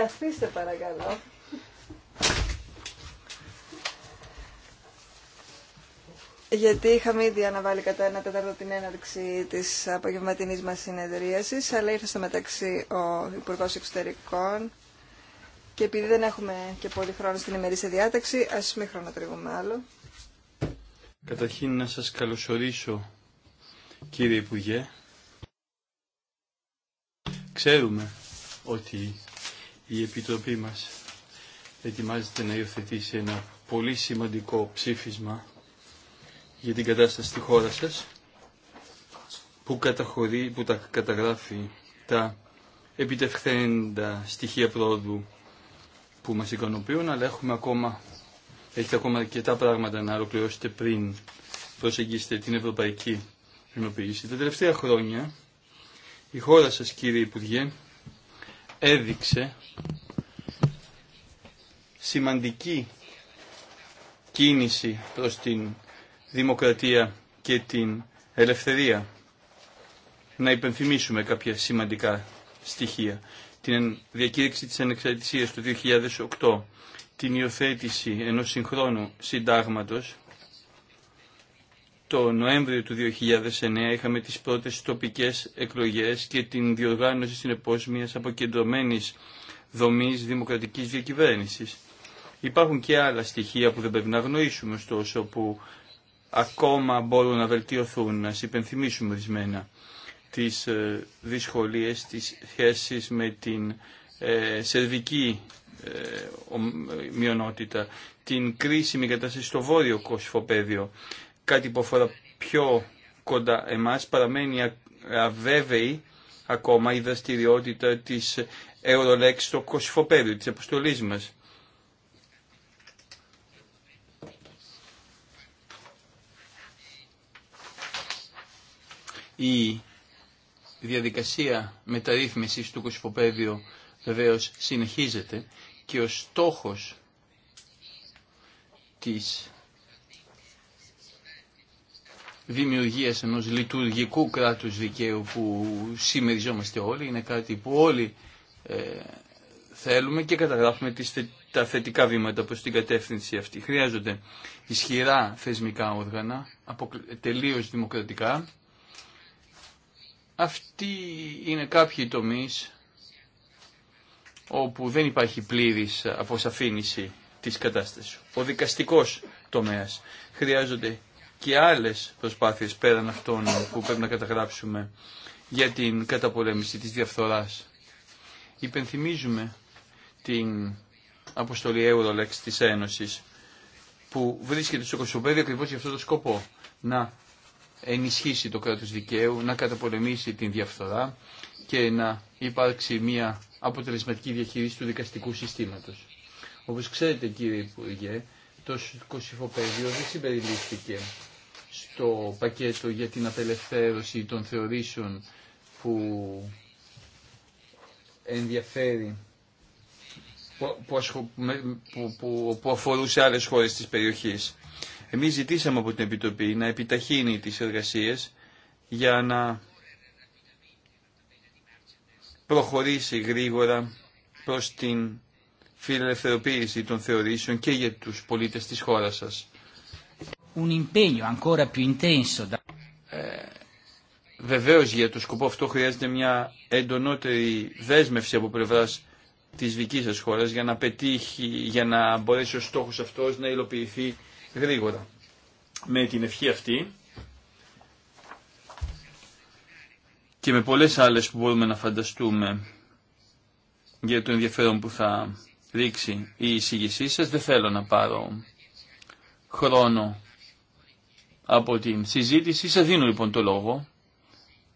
Καθίστε παρακαλώ. Γιατί είχαμε ήδη αναβάλει κατά ένα τέταρτο την έναρξη τη απογευματινή μα συνεδρίασης, αλλά ήρθε στο μεταξύ ο υπουργό Εξωτερικών και επειδή δεν έχουμε και πολύ χρόνο στην ημερήσια διάταξη, α μην χρονοτριβούμε άλλο. Καταρχήν να σας καλωσορίσω κύριε Υπουργέ. Ξέρουμε ότι η Επιτροπή μας ετοιμάζεται να υιοθετήσει ένα πολύ σημαντικό ψήφισμα για την κατάσταση στη χώρα σας που, καταχωρεί, που τα καταγράφει τα επιτευχθέντα στοιχεία πρόοδου που μας ικανοποιούν, αλλά έχουμε ακόμα, έχετε ακόμα αρκετά πράγματα να ολοκληρώσετε πριν προσεγγίσετε την ευρωπαϊκή ενοποίηση. Τα τελευταία χρόνια η χώρα σας κύριε Υπουργέ έδειξε σημαντική κίνηση προς την δημοκρατία και την ελευθερία. Να υπενθυμίσουμε κάποια σημαντικά στοιχεία. Την διακήρυξη της ανεξαρτησίας του 2008, την υιοθέτηση ενός συγχρόνου συντάγματος το Νοέμβριο του 2009 είχαμε τις πρώτες τοπικές εκλογές και την διοργάνωση συνεπώς μιας αποκεντρωμένης δομής δημοκρατικής διακυβέρνησης. Υπάρχουν και άλλα στοιχεία που δεν πρέπει να γνωρίσουμε ωστόσο που ακόμα μπορούν να βελτιωθούν, να συμπενθυμίσουμε ορισμένα τις ε, δυσκολίες τις σχέσεις με την ε, σερβική ε, ε, μειονότητα, την κρίσιμη κατάσταση στο βόρειο κοσφοπέδιο, κάτι που αφορά πιο κοντά εμάς, παραμένει αβέβαιη ακόμα η δραστηριότητα της Eurolex στο Κωσυφοπέδιο, της αποστολής μας. Η διαδικασία μεταρρύθμισης του Κωσυφοπέδιου βεβαίως συνεχίζεται και ο στόχος της δημιουργία ενό λειτουργικού κράτους δικαίου που συμμεριζόμαστε όλοι, είναι κάτι που όλοι ε, θέλουμε και καταγράφουμε τις, τα θετικά βήματα προ την κατεύθυνση αυτή. Χρειάζονται ισχυρά θεσμικά όργανα, τελείω δημοκρατικά. Αυτοί είναι κάποιοι τομείς όπου δεν υπάρχει πλήρης αποσαφήνιση της κατάστασης. Ο δικαστικός τομέας χρειάζονται και άλλες προσπάθειες πέραν αυτών που πρέπει να καταγράψουμε για την καταπολέμηση της διαφθοράς. Υπενθυμίζουμε την αποστολή Eurolex της Ένωσης που βρίσκεται στο Κωσοπέδιο ακριβώ για αυτό τον σκοπό να ενισχύσει το κράτος δικαίου, να καταπολεμήσει την διαφθορά και να υπάρξει μια αποτελεσματική διαχείριση του δικαστικού συστήματος. Όπως ξέρετε κύριε Υπουργέ, το κοσυφοπέδιο δεν συμπεριλήφθηκε στο πακέτο για την απελευθέρωση των θεωρήσεων που ενδιαφέρει που, που, που, αφορούσε άλλες χώρες της περιοχής. Εμείς ζητήσαμε από την Επιτροπή να επιταχύνει τις εργασίες για να προχωρήσει γρήγορα προς την φιλελευθεροποίηση των θεωρήσεων και για τους πολίτες της χώρας σας. Un impegno ancora più intenso da... ε, βεβαίως για το σκοπό αυτό χρειάζεται μια εντονότερη δέσμευση από πλευράς της δικής σας χώρας για να πετύχει, για να μπορέσει ο στόχος αυτός να υλοποιηθεί γρήγορα. Με την ευχή αυτή και με πολλές άλλες που μπορούμε να φανταστούμε για το ενδιαφέρον που θα ρίξει η εισήγησή σας. Δεν θέλω να πάρω χρόνο από την συζήτηση. Σας δίνω λοιπόν το λόγο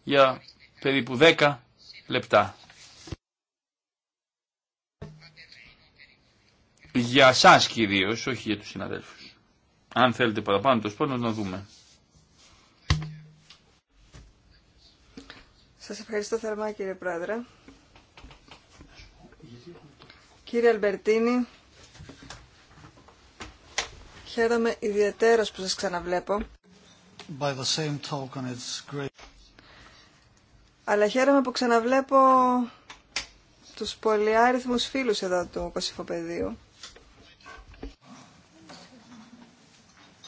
για περίπου 10 λεπτά. Για σας κυρίως, όχι για τους συναδέλφους. Αν θέλετε παραπάνω το πάνω να δούμε. Σας ευχαριστώ θερμά κύριε Πρόεδρε. Κύριε Αλμπερτίνη, χαίρομαι ιδιαίτερα που σας ξαναβλέπω. By the same token, it's great. Αλλά χαίρομαι που ξαναβλέπω τους πολυάριθμους φίλους εδώ του Κωσυφοπεδίου.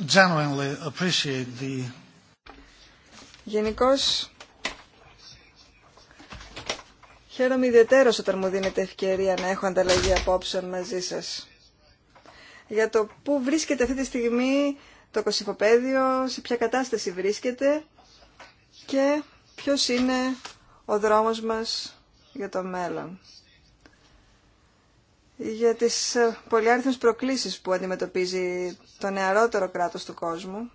Genuinely appreciate the... Γενικώς Χαίρομαι ιδιαίτερα όταν μου δίνετε ευκαιρία να έχω ανταλλαγή απόψεων μαζί σας. Για το πού βρίσκεται αυτή τη στιγμή το κοσυφοπαίδιο, σε ποια κατάσταση βρίσκεται και ποιος είναι ο δρόμος μας για το μέλλον. Για τις ε, πολυάριθμες προκλήσεις που αντιμετωπίζει το νεαρότερο κράτος του κόσμου,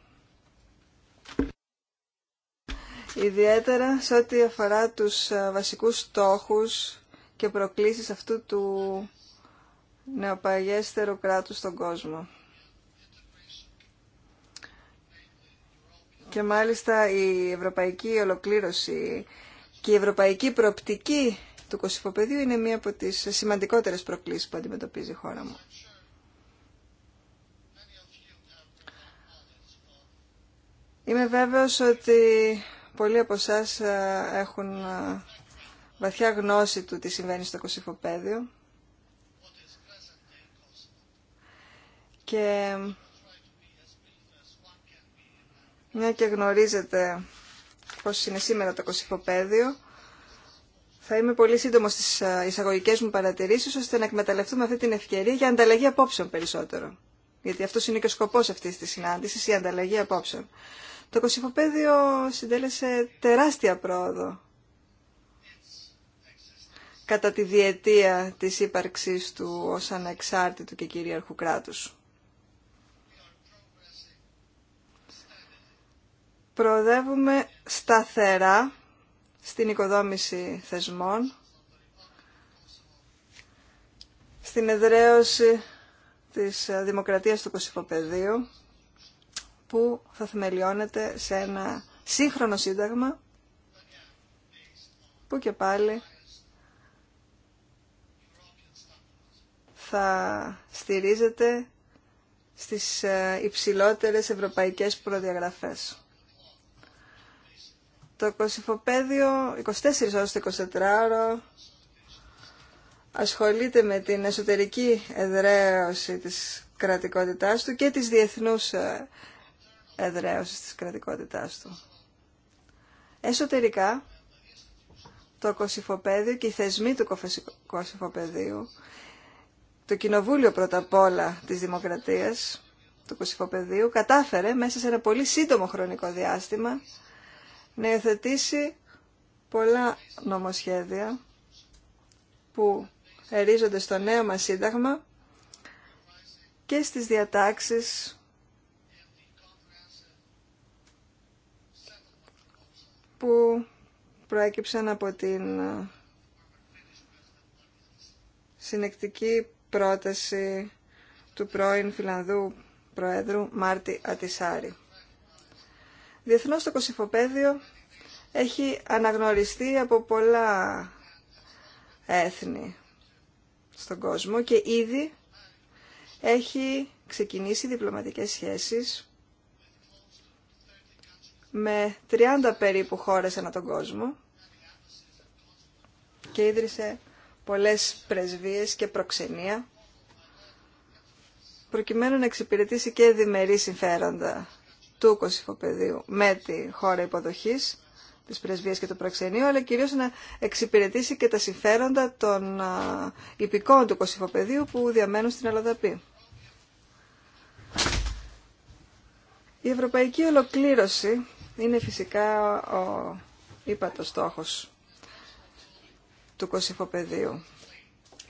ιδιαίτερα σε ό,τι αφορά τους ε, βασικούς στόχους και προκλήσεις αυτού του νεοπαγέστερου κράτου στον κόσμο. Και μάλιστα η ευρωπαϊκή ολοκλήρωση και η ευρωπαϊκή προοπτική του Κωσυφοπεδίου είναι μία από τις σημαντικότερες προκλήσεις που αντιμετωπίζει η χώρα μου. Είμαι βέβαιος ότι πολλοί από εσά ε, έχουν ε, βαθιά γνώση του τι συμβαίνει στο κοσυφοπαίδιο. Και μια και γνωρίζετε πώς είναι σήμερα το κοσυφοπαίδιο, θα είμαι πολύ σύντομο στις ε, εισαγωγικές μου παρατηρήσεις, ώστε να εκμεταλλευτούμε αυτή την ευκαιρία για ανταλλαγή απόψεων περισσότερο. Γιατί αυτός είναι και ο σκοπός αυτής της συνάντησης, η ανταλλαγή απόψεων. Το κοσυφοπαίδιο συντέλεσε τεράστια πρόοδο κατά τη διετία της ύπαρξής του ως ανεξάρτητου και κυρίαρχου κράτους. Προοδεύουμε σταθερά στην οικοδόμηση θεσμών, στην εδραίωση της δημοκρατίας του Κωσυφοπεδίου, που θα θεμελιώνεται σε ένα σύγχρονο σύνταγμα που και πάλι θα στηρίζεται στις ε, υψηλότερες ευρωπαϊκές προδιαγραφές. Το κοσυφοπαίδιο 24 ώρες το 24ωρο ασχολείται με την εσωτερική εδραίωση της κρατικότητάς του και της διεθνούς ε, εδραίωση της κρατικότητάς του. Εσωτερικά, το κοσυφοπεδίο και οι θεσμοί του κοσυφοπεδίου, το κοινοβούλιο πρώτα απ' όλα της Δημοκρατίας, του κοσυφοπεδίου, κατάφερε μέσα σε ένα πολύ σύντομο χρονικό διάστημα να υιοθετήσει πολλά νομοσχέδια που ερίζονται στο νέο μας σύνταγμα και στις διατάξεις που προέκυψαν από την ε, συνεκτική πρόταση του πρώην Φιλανδού Προέδρου Μάρτι Ατισάρη. Διεθνώς το Κωσυφοπαίδιο έχει αναγνωριστεί από πολλά έθνη στον κόσμο και ήδη έχει ξεκινήσει διπλωματικές σχέσεις με 30 περίπου χώρες ανά τον κόσμο και ίδρυσε πολλές πρεσβείες και προξενία προκειμένου να εξυπηρετήσει και διμερεί συμφέροντα του κοσυφοπεδίου με τη χώρα υποδοχής της πρεσβείας και του προξενείου, αλλά κυρίως να εξυπηρετήσει και τα συμφέροντα των υπηκών του κοσυφοπεδίου που διαμένουν στην Αλοδαπή. Η ευρωπαϊκή ολοκλήρωση είναι φυσικά ο ύπατος στόχος του κοσυφοπεδίου.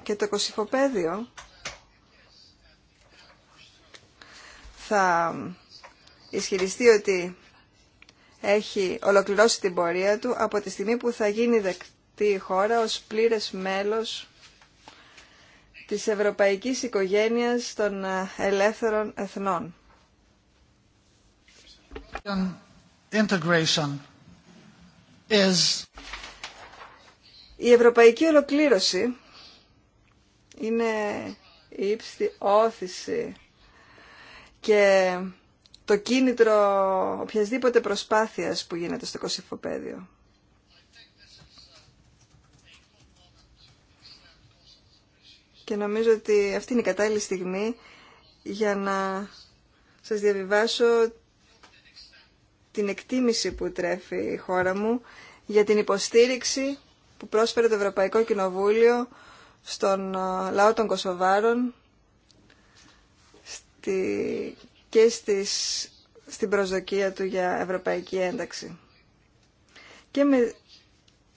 Και το κοσυφοπέδιο θα ισχυριστεί ότι έχει ολοκληρώσει την πορεία του από τη στιγμή που θα γίνει δεκτή η χώρα ως πλήρες μέλος της Ευρωπαϊκής Οικογένειας των Ελεύθερων Εθνών. Η ευρωπαϊκή ολοκλήρωση είναι η ύψη όθηση και το κίνητρο οποιασδήποτε προσπάθειας που γίνεται στο κοσυφοπαίδιο. Και νομίζω ότι αυτή είναι η κατάλληλη στιγμή για να σας διαβιβάσω την εκτίμηση που τρέφει η χώρα μου για την υποστήριξη που πρόσφερε το Ευρωπαϊκό Κοινοβούλιο στον ε, λαό των Κωσοβάρων στη, και στις, στην προσδοκία του για ευρωπαϊκή ένταξη. Και με,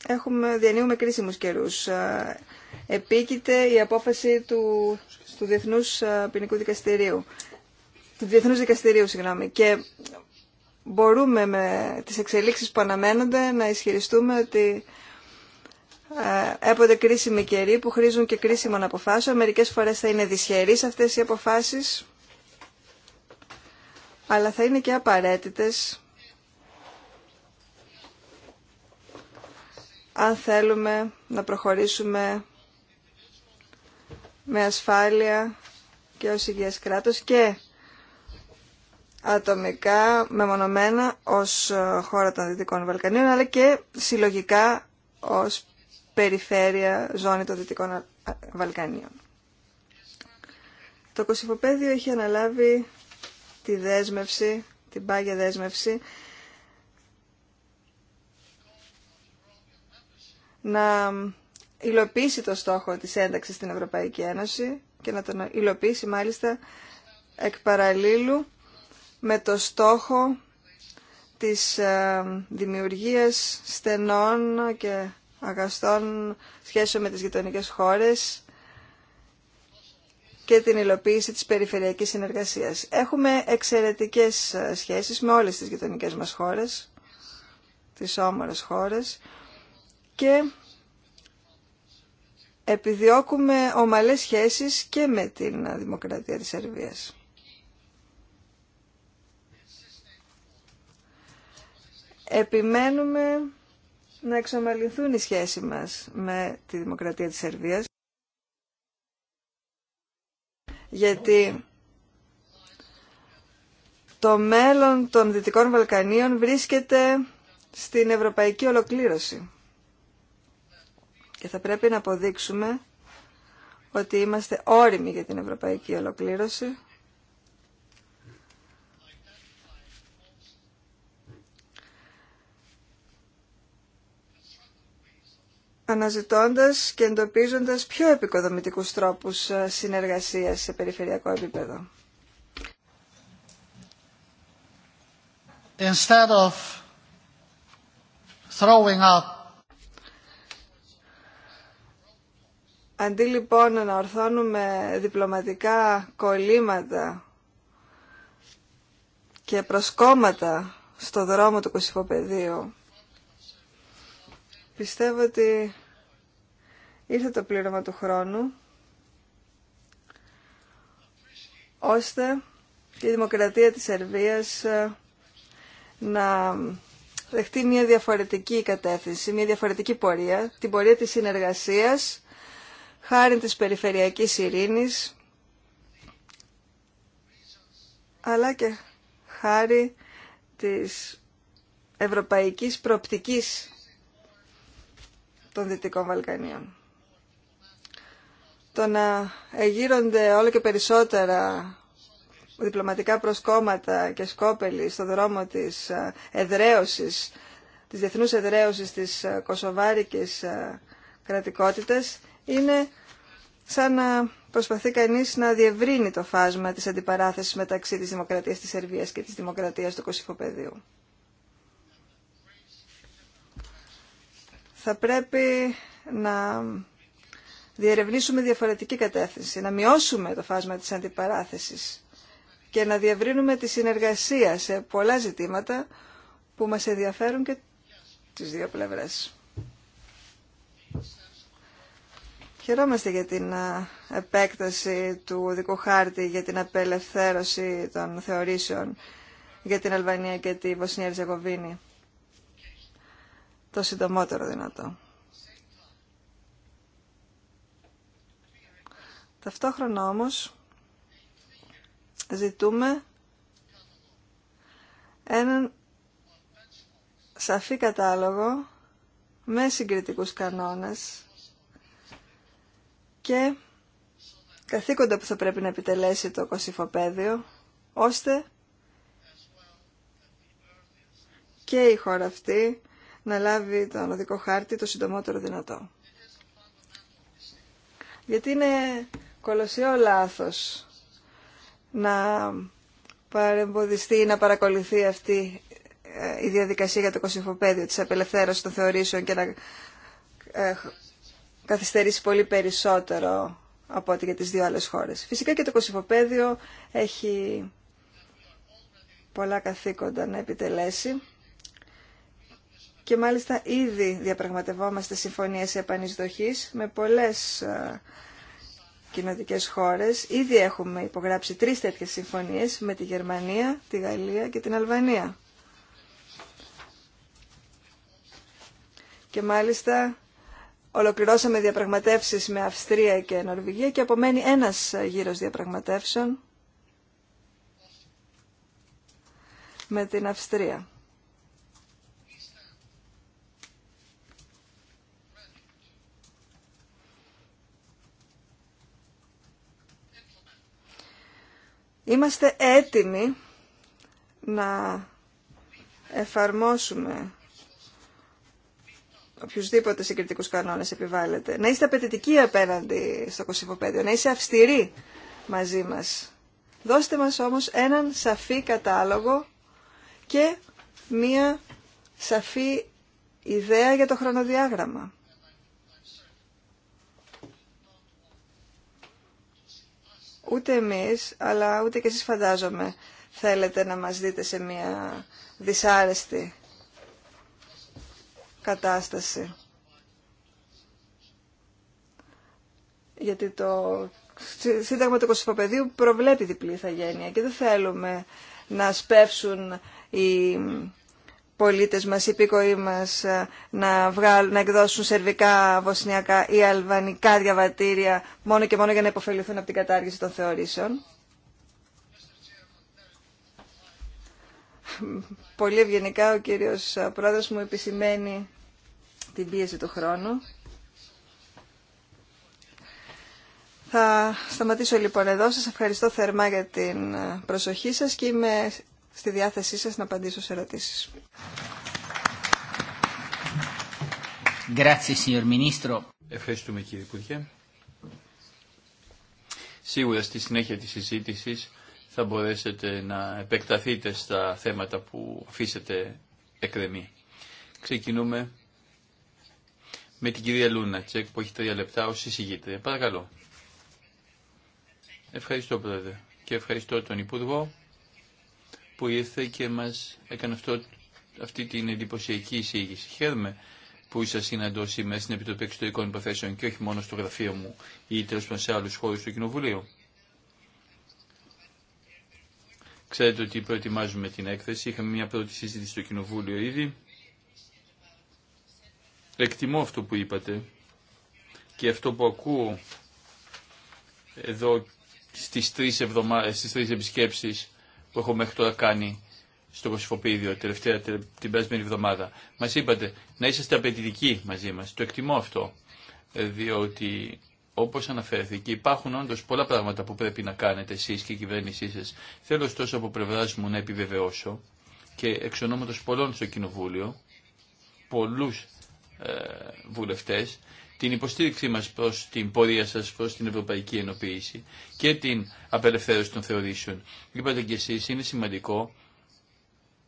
έχουμε, διανύουμε κρίσιμους καιρούς. Ε, επίκειται η απόφαση του, του Διεθνούς ε, Ποινικού Δικαστηρίου. Του Διεθνούς Δικαστηρίου, συγγνώμη. Και μπορούμε με τις εξελίξεις που αναμένονται να ισχυριστούμε ότι ε, έπονται κρίσιμοι καιροί που χρήζουν και κρίσιμων αποφάσεων. Μερικές φορές θα είναι δυσχερείς αυτές οι αποφάσεις, αλλά θα είναι και απαραίτητες αν θέλουμε να προχωρήσουμε με ασφάλεια και ως υγιές κράτος και ατομικά μεμονωμένα ως ε, χώρα των Δυτικών Βαλκανίων αλλά και συλλογικά ως περιφέρεια ζώνη των Δυτικών ε, Βαλκανίων. Το Κωσυφοπαίδιο έχει αναλάβει τη δέσμευση, την πάγια δέσμευση να υλοποιήσει το στόχο της ένταξης στην Ευρωπαϊκή Ένωση και να τον υλοποιήσει μάλιστα εκ παραλίλου με το στόχο της ε, δημιουργίας στενών και αγαστών σχέσεων με τις γειτονικές χώρες και την υλοποίηση της περιφερειακής συνεργασίας. Έχουμε εξαιρετικές ε, σχέσεις με όλες τις γειτονικές μας χώρες, τις όμορες χώρες και επιδιώκουμε ομαλές σχέσεις και με την ε, Δημοκρατία της Σερβίας. επιμένουμε να εξομαλυνθούν οι σχέσεις μας με τη Δημοκρατία της Σερβίας γιατί το μέλλον των Δυτικών Βαλκανίων βρίσκεται στην ευρωπαϊκή ολοκλήρωση και θα πρέπει να αποδείξουμε ότι είμαστε όριμοι για την ευρωπαϊκή ολοκλήρωση αναζητώντας και εντοπίζοντας πιο επικοδομητικούς τρόπους ε, συνεργασίας σε περιφερειακό επίπεδο. Instead of throwing up Αντί λοιπόν να ορθώνουμε διπλωματικά κολλήματα και προσκόμματα στο δρόμο του κωσυφοπεδίου, πιστεύω ότι ήρθε το πλήρωμα του χρόνου ώστε η δημοκρατία της Σερβίας ε, να δεχτεί μια διαφορετική κατεύθυνση, μια διαφορετική πορεία, την πορεία της συνεργασίας, χάρη της περιφερειακής ειρήνης, αλλά και χάρη της ευρωπαϊκής προοπτικής των Δυτικών Βαλκανίων το να εγείρονται όλο και περισσότερα διπλωματικά προσκόμματα και σκόπελοι στο δρόμο της ε, εδραίωσης, της διεθνούς εδραίωσης της ε, κοσοβάρικης ε, κρατικότητας, είναι σαν να προσπαθεί κανείς να διευρύνει το φάσμα της αντιπαράθεσης μεταξύ της Δημοκρατίας της Σερβίας και της Δημοκρατίας του Κωσυφοπεδίου. Θα πρέπει να διερευνήσουμε διαφορετική κατεύθυνση, να μειώσουμε το φάσμα της αντιπαράθεσης και να διευρύνουμε τη συνεργασία σε πολλά ζητήματα που μας ενδιαφέρουν και τις δύο πλευρές. Χαιρόμαστε για την επέκταση του οδικού χάρτη για την απελευθέρωση των θεωρήσεων για την Αλβανία και τη Βοσνία Ριζεγοβίνη. Το συντομότερο δυνατό. Ταυτόχρονα όμως ζητούμε έναν σαφή κατάλογο με συγκριτικούς κανόνες και καθήκοντα που θα πρέπει να επιτελέσει το κοσυφοπαίδιο, ώστε και η χώρα αυτή να λάβει τον οδικό χάρτη το συντομότερο δυνατό. Γιατί είναι κολοσιαίο λάθος να παρεμποδιστεί ή να παρακολουθεί αυτή ε, η διαδικασία για το κοσυφοπαίδιο της απελευθέρωσης των θεωρήσεων και να ε, καθυστερήσει πολύ περισσότερο από ό,τι για τις δύο άλλες χώρες. Φυσικά και το κοσυφοπαίδιο έχει πολλά καθήκοντα να επιτελέσει και μάλιστα ήδη διαπραγματευόμαστε συμφωνίες επανεισδοχής με πολλές ε, κοινοτικέ χώρες. Ήδη έχουμε υπογράψει τρει τέτοιες συμφωνίες με τη Γερμανία, τη Γαλλία και την Αλβανία. Και μάλιστα ολοκληρώσαμε διαπραγματεύσεις με Αυστρία και Νορβηγία και απομένει ένας γύρος διαπραγματεύσεων με την Αυστρία. Είμαστε έτοιμοι να εφαρμόσουμε οποιουσδήποτε συγκριτικούς κανόνες επιβάλλεται. Να είστε απαιτητικοί απέναντι στο κωσυφοπέδιο, να είστε αυστηροί μαζί μας. Δώστε μας όμως έναν σαφή κατάλογο και μία σαφή ιδέα για το χρονοδιάγραμμα. Ούτε εμείς, αλλά ούτε και εσείς φαντάζομαι θέλετε να μας δείτε σε μια δυσάρεστη κατάσταση. Γιατί το Σύνταγμα του Κωσυφοπεδίου προβλέπει διπλή ηθαγένεια και δεν θέλουμε να σπεύσουν οι πολίτες μας, οι υπηκοοί ε, να, βγάλ, να εκδώσουν σερβικά, βοσνιακά ή αλβανικά διαβατήρια μόνο και μόνο για να υποφεληθούν από την κατάργηση των θεωρήσεων. Πολύ ευγενικά ο κύριος ε, πρόεδρος μου επισημαίνει την πίεση του χρόνου. Θα σταματήσω λοιπόν εδώ. Σας ευχαριστώ θερμά για την ε, προσοχή σας και είμαι στη διάθεσή σας να απαντήσω σε ερωτήσεις. Ευχαριστούμε κύριε Υπουργέ. Σίγουρα στη συνέχεια της συζήτησης θα μπορέσετε να επεκταθείτε στα θέματα που αφήσετε εκρεμή. Ξεκινούμε με την κυρία Λούνα Τσεκ που έχει τρία λεπτά ως εισηγήτρια. Παρακαλώ. Ευχαριστώ πρόεδρε και ευχαριστώ τον Υπουργό που ήρθε και μας έκανε αυτό, αυτή την εντυπωσιακή εισήγηση. Χαίρομαι που σα συναντώ σήμερα στην Επιτροπή Εξωτερικών Υποθέσεων και όχι μόνο στο γραφείο μου ή τέλο πάντων σε άλλου χώρου του Κοινοβουλίου. Ξέρετε ότι προετοιμάζουμε την έκθεση. Είχαμε μια πρώτη συζήτηση στο Κοινοβούλιο ήδη. Εκτιμώ αυτό που είπατε και αυτό που ακούω εδώ στις τρεις, εβδομα... στις τρεις επισκέψεις που έχω μέχρι τώρα κάνει στο Κοσφοπίδιο τελευταία, την περασμένη εβδομάδα. Μας είπατε να είσαστε απαιτητικοί μαζί μας. Το εκτιμώ αυτό, ε, διότι όπως αναφέρθηκε υπάρχουν όντω πολλά πράγματα που πρέπει να κάνετε εσείς και η κυβέρνησή σα, Θέλω ωστόσο από πλευρά μου να επιβεβαιώσω και εξ πολλών στο Κοινοβούλιο, πολλού ε, βουλευτές, την υποστήριξή μας προς την πορεία σας προς την Ευρωπαϊκή Ενοποίηση και την απελευθέρωση των θεωρήσεων. Είπατε και εσείς, είναι σημαντικό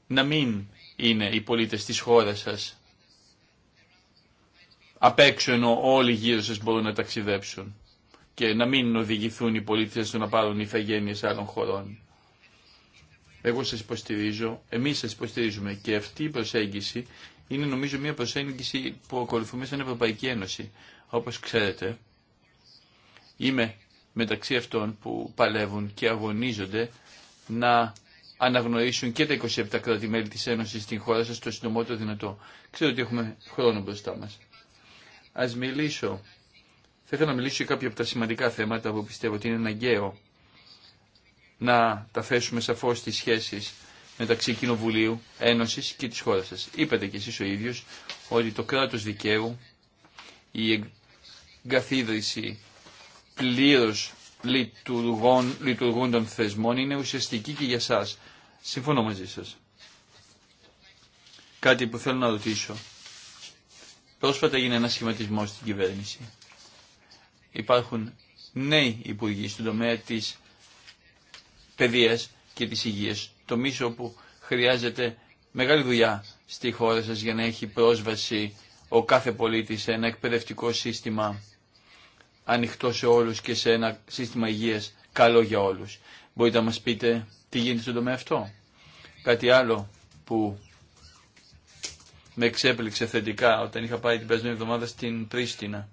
να μην είναι οι πολίτες της χώρας σας απ' έξω ενώ όλοι γύρω σας μπορούν να ταξιδέψουν και να μην οδηγηθούν οι πολίτες του να πάρουν υφαγένειες άλλων χωρών εγώ σας υποστηρίζω, εμείς σας υποστηρίζουμε και αυτή η προσέγγιση είναι νομίζω μια προσέγγιση που ακολουθούμε σαν Ευρωπαϊκή Ένωση. Όπως ξέρετε, είμαι μεταξύ αυτών που παλεύουν και αγωνίζονται να αναγνωρίσουν και τα 27 κράτη-μέλη της Ένωσης στην χώρα σας το συντομότερο δυνατό. Ξέρω ότι έχουμε χρόνο μπροστά μας. Ας μιλήσω. Θα ήθελα να μιλήσω για κάποια από τα σημαντικά θέματα που πιστεύω ότι είναι αναγκαίο να τα θέσουμε σαφώς στι σχέσει μεταξύ Κοινοβουλίου, Ένωση και τη χώρα σα. Είπατε κι εσεί ο ίδιο ότι το κράτο δικαίου, η εγκαθίδρυση πλήρω λειτουργών, λειτουργών των θεσμών είναι ουσιαστική και για εσά. Συμφωνώ μαζί σα. Κάτι που θέλω να ρωτήσω. Πρόσφατα έγινε ένα σχηματισμό στην κυβέρνηση. Υπάρχουν νέοι υπουργοί στον τομέα της παιδείας και της υγείας. Το μίσο που χρειάζεται μεγάλη δουλειά στη χώρα σας για να έχει πρόσβαση ο κάθε πολίτης σε ένα εκπαιδευτικό σύστημα ανοιχτό σε όλους και σε ένα σύστημα υγείας καλό για όλους. Μπορείτε να μας πείτε τι γίνεται στον τομέα αυτό. Κάτι άλλο που με εξέπληξε θετικά όταν είχα πάει την περασμένη εβδομάδα στην Πρίστινα.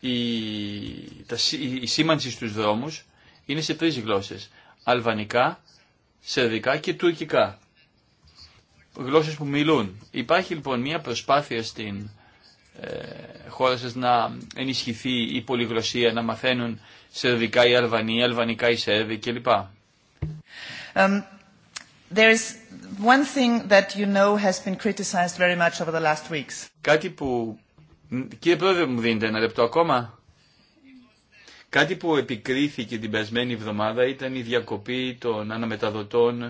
Η, τα, η σήμανση στους δρόμους είναι σε τρεις γλώσσες. Αλβανικά, σερβικά και τουρκικά. Γλώσσες που μιλούν. Υπάρχει λοιπόν μια προσπάθεια στην ε, χώρα σας να ενισχυθεί η πολυγλωσία, να μαθαίνουν σερβικά οι Αλβανοί, αλβανικά ή Σέρβοι κλπ. Um, there is one thing that you know has been very much over the last weeks. Κάτι που... Κύριε Πρόεδρε, μου δίνετε ένα λεπτό ακόμα. Κάτι που επικρίθηκε την περασμένη εβδομάδα ήταν η διακοπή των αναμεταδοτών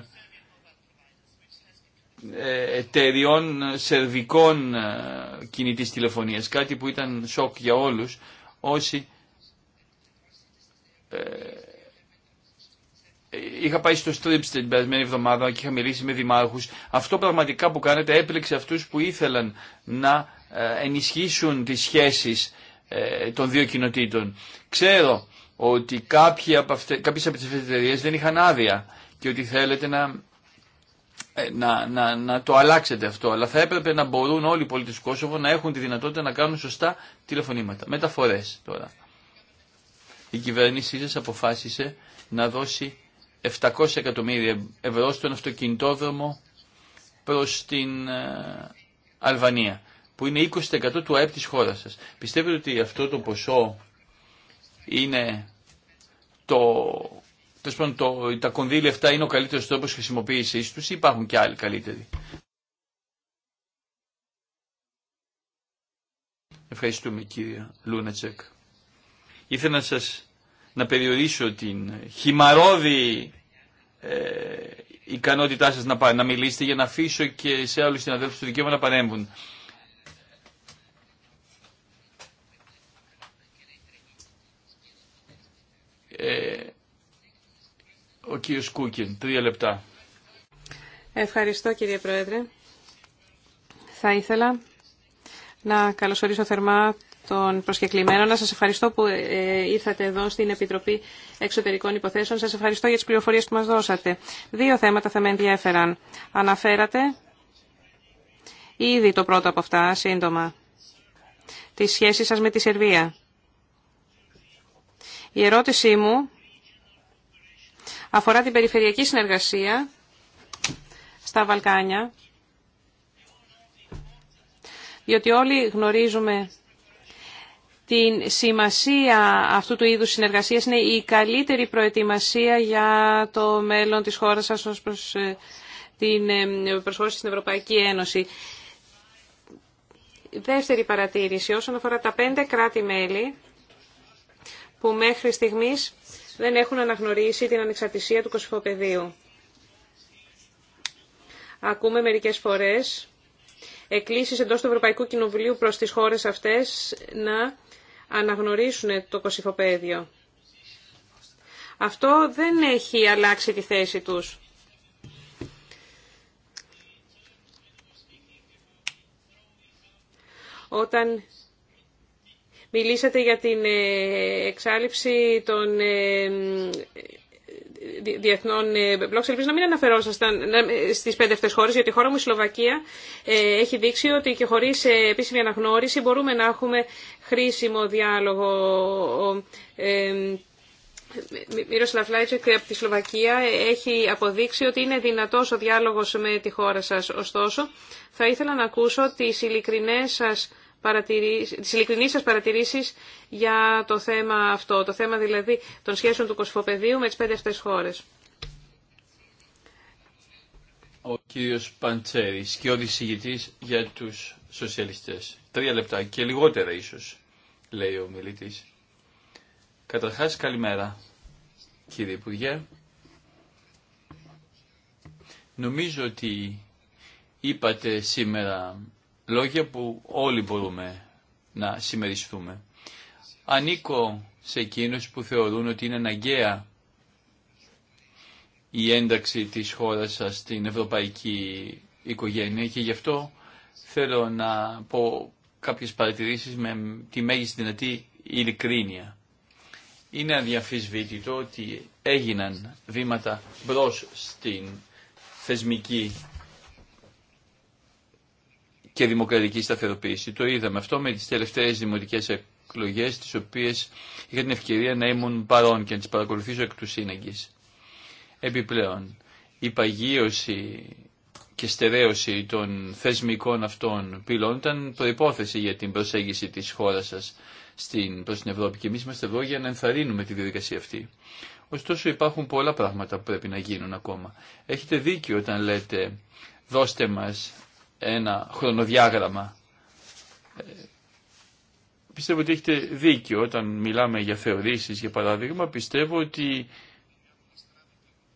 ε, εταιριών σερβικών ε, κινητής τηλεφωνίας. Κάτι που ήταν σοκ για όλους όσοι ε, είχα πάει στο Στρίψ την περασμένη εβδομάδα και είχα μιλήσει με δημάρχους. Αυτό πραγματικά που κάνετε έπληξε αυτούς που ήθελαν να ενισχύσουν τις σχέσεις ε, των δύο κοινοτήτων. Ξέρω ότι κάποιε από τι κάποιες από εταιρείε δεν είχαν άδεια και ότι θέλετε ε, να, να, να, το αλλάξετε αυτό. Αλλά θα έπρεπε να μπορούν όλοι οι πολίτες του Κόσοβο να έχουν τη δυνατότητα να κάνουν σωστά τηλεφωνήματα. Μεταφορές τώρα. Η κυβέρνησή σα αποφάσισε να δώσει 700 εκατομμύρια ευρώ στον αυτοκινητόδρομο προς την ε, Αλβανία που είναι 20% του ΑΕΠ της χώρας σας. Πιστεύετε ότι αυτό το ποσό είναι το, το, το, τα κονδύλια αυτά είναι ο καλύτερος τρόπος χρησιμοποίησης τους ή υπάρχουν και άλλοι καλύτεροι. Ευχαριστούμε κύριε Λούνατσεκ. Ήθελα να σας να περιορίσω την χυμαρόδη ε, ικανότητά σας να, να μιλήσετε για να αφήσω και σε άλλους συναδέλφους το δικαίωμα να παρέμβουν. Ε, ο κύριος Κούκιν, τρία λεπτά. Ευχαριστώ κύριε Πρόεδρε. Θα ήθελα να καλωσορίσω θερμά τον προσκεκλημένο. Να σας ευχαριστώ που ε, ήρθατε εδώ στην Επιτροπή Εξωτερικών Υποθέσεων. Σας ευχαριστώ για τις πληροφορίες που μας δώσατε. Δύο θέματα θα με ενδιαφέραν. Αναφέρατε ήδη το πρώτο από αυτά, σύντομα, τη σχέση σας με τη Σερβία. Η ερώτησή μου αφορά την περιφερειακή συνεργασία στα Βαλκάνια, διότι όλοι γνωρίζουμε την σημασία αυτού του είδους συνεργασίας είναι η καλύτερη προετοιμασία για το μέλλον της χώρας σας ως προς ε, την ε, προσχώρηση στην Ευρωπαϊκή Ένωση. Δεύτερη παρατήρηση, όσον αφορά τα πέντε κράτη-μέλη, που μέχρι στιγμής δεν έχουν αναγνωρίσει την ανεξαρτησία του κοσφοπεδίου. Ακούμε μερικές φορές εκκλήσεις εντός του Ευρωπαϊκού Κοινοβουλίου προς τις χώρες αυτές να αναγνωρίσουν το κοσυφοπέδιο. Αυτό δεν έχει αλλάξει τη θέση τους. Όταν Μιλήσατε για την ε, εξάλληψη των ε, διεθνών μπλοκ. Ε, Ελπίζω να μην αναφερόσασταν στι πέντε αυτέ χώρε, γιατί η χώρα μου, η Σλοβακία, έχει δείξει ότι και χωρί επίσημη αναγνώριση μπορούμε να έχουμε χρήσιμο διάλογο. Μύροσλαβ Λάιτσεκ από τη Σλοβακία έχει αποδείξει ότι είναι δυνατός ο διάλογος με τη χώρα σας. Ωστόσο, θα ήθελα να ακούσω τις ειλικρινές σας τις ειλικρινείς σας παρατηρήσεις για το θέμα αυτό, το θέμα δηλαδή των σχέσεων του κοσφοπεδίου με τις πέντε αυτές χώρες. Ο κύριος και ο ηγητής για τους σοσιαλιστές. Τρία λεπτά και λιγότερα ίσως, λέει ο μιλητής. Καταρχάς, καλημέρα, κύριε Υπουργέ. Νομίζω ότι είπατε σήμερα λόγια που όλοι μπορούμε να συμμεριστούμε. Ανήκω σε εκείνους που θεωρούν ότι είναι αναγκαία η ένταξη της χώρας σας στην ευρωπαϊκή οικογένεια και γι' αυτό θέλω να πω κάποιες παρατηρήσεις με τη μέγιστη δυνατή ειλικρίνεια. Είναι αδιαφυσβήτητο ότι έγιναν βήματα μπρος στην θεσμική και δημοκρατική σταθεροποίηση. Το είδαμε αυτό με τις τελευταίες δημοτικές εκλογές, τις οποίες είχα την ευκαιρία να ήμουν παρόν και να τις παρακολουθήσω εκ του σύναγκης. Επιπλέον, η παγίωση και στερέωση των θεσμικών αυτών πυλών ήταν προϋπόθεση για την προσέγγιση της χώρας σας στην, προς την Ευρώπη και εμείς είμαστε εδώ για να ενθαρρύνουμε τη διαδικασία αυτή. Ωστόσο υπάρχουν πολλά πράγματα που πρέπει να γίνουν ακόμα. Έχετε δίκιο όταν λέτε δώστε μας ένα χρονοδιάγραμμα. Ε, πιστεύω ότι έχετε δίκιο όταν μιλάμε για θεωρήσεις, για παράδειγμα. Πιστεύω ότι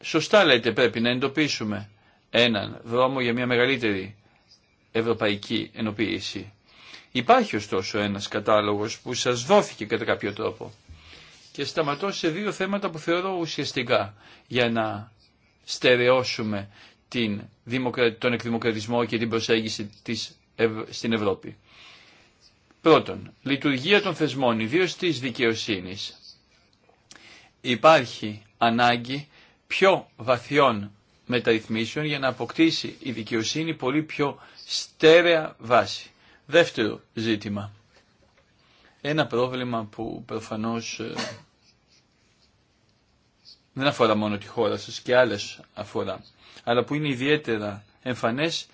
σωστά λέτε πρέπει να εντοπίσουμε έναν δρόμο για μια μεγαλύτερη ευρωπαϊκή ενοποίηση. Υπάρχει ωστόσο ένας κατάλογος που σας δόθηκε κατά κάποιο τρόπο και σταματώ σε δύο θέματα που θεωρώ ουσιαστικά για να στερεώσουμε την, τον εκδημοκρατισμό και την προσέγγιση της στην Ευρώπη. Πρώτον, λειτουργία των θεσμών, ιδίω της δικαιοσύνης. Υπάρχει ανάγκη πιο βαθιών μεταρρυθμίσεων για να αποκτήσει η δικαιοσύνη πολύ πιο στέρεα βάση. Δεύτερο ζήτημα. Ένα πρόβλημα που προφανώς ε, δεν αφορά μόνο τη χώρα σας και άλλες αφορά αλλά που είναι ιδιαίτερα εμφανές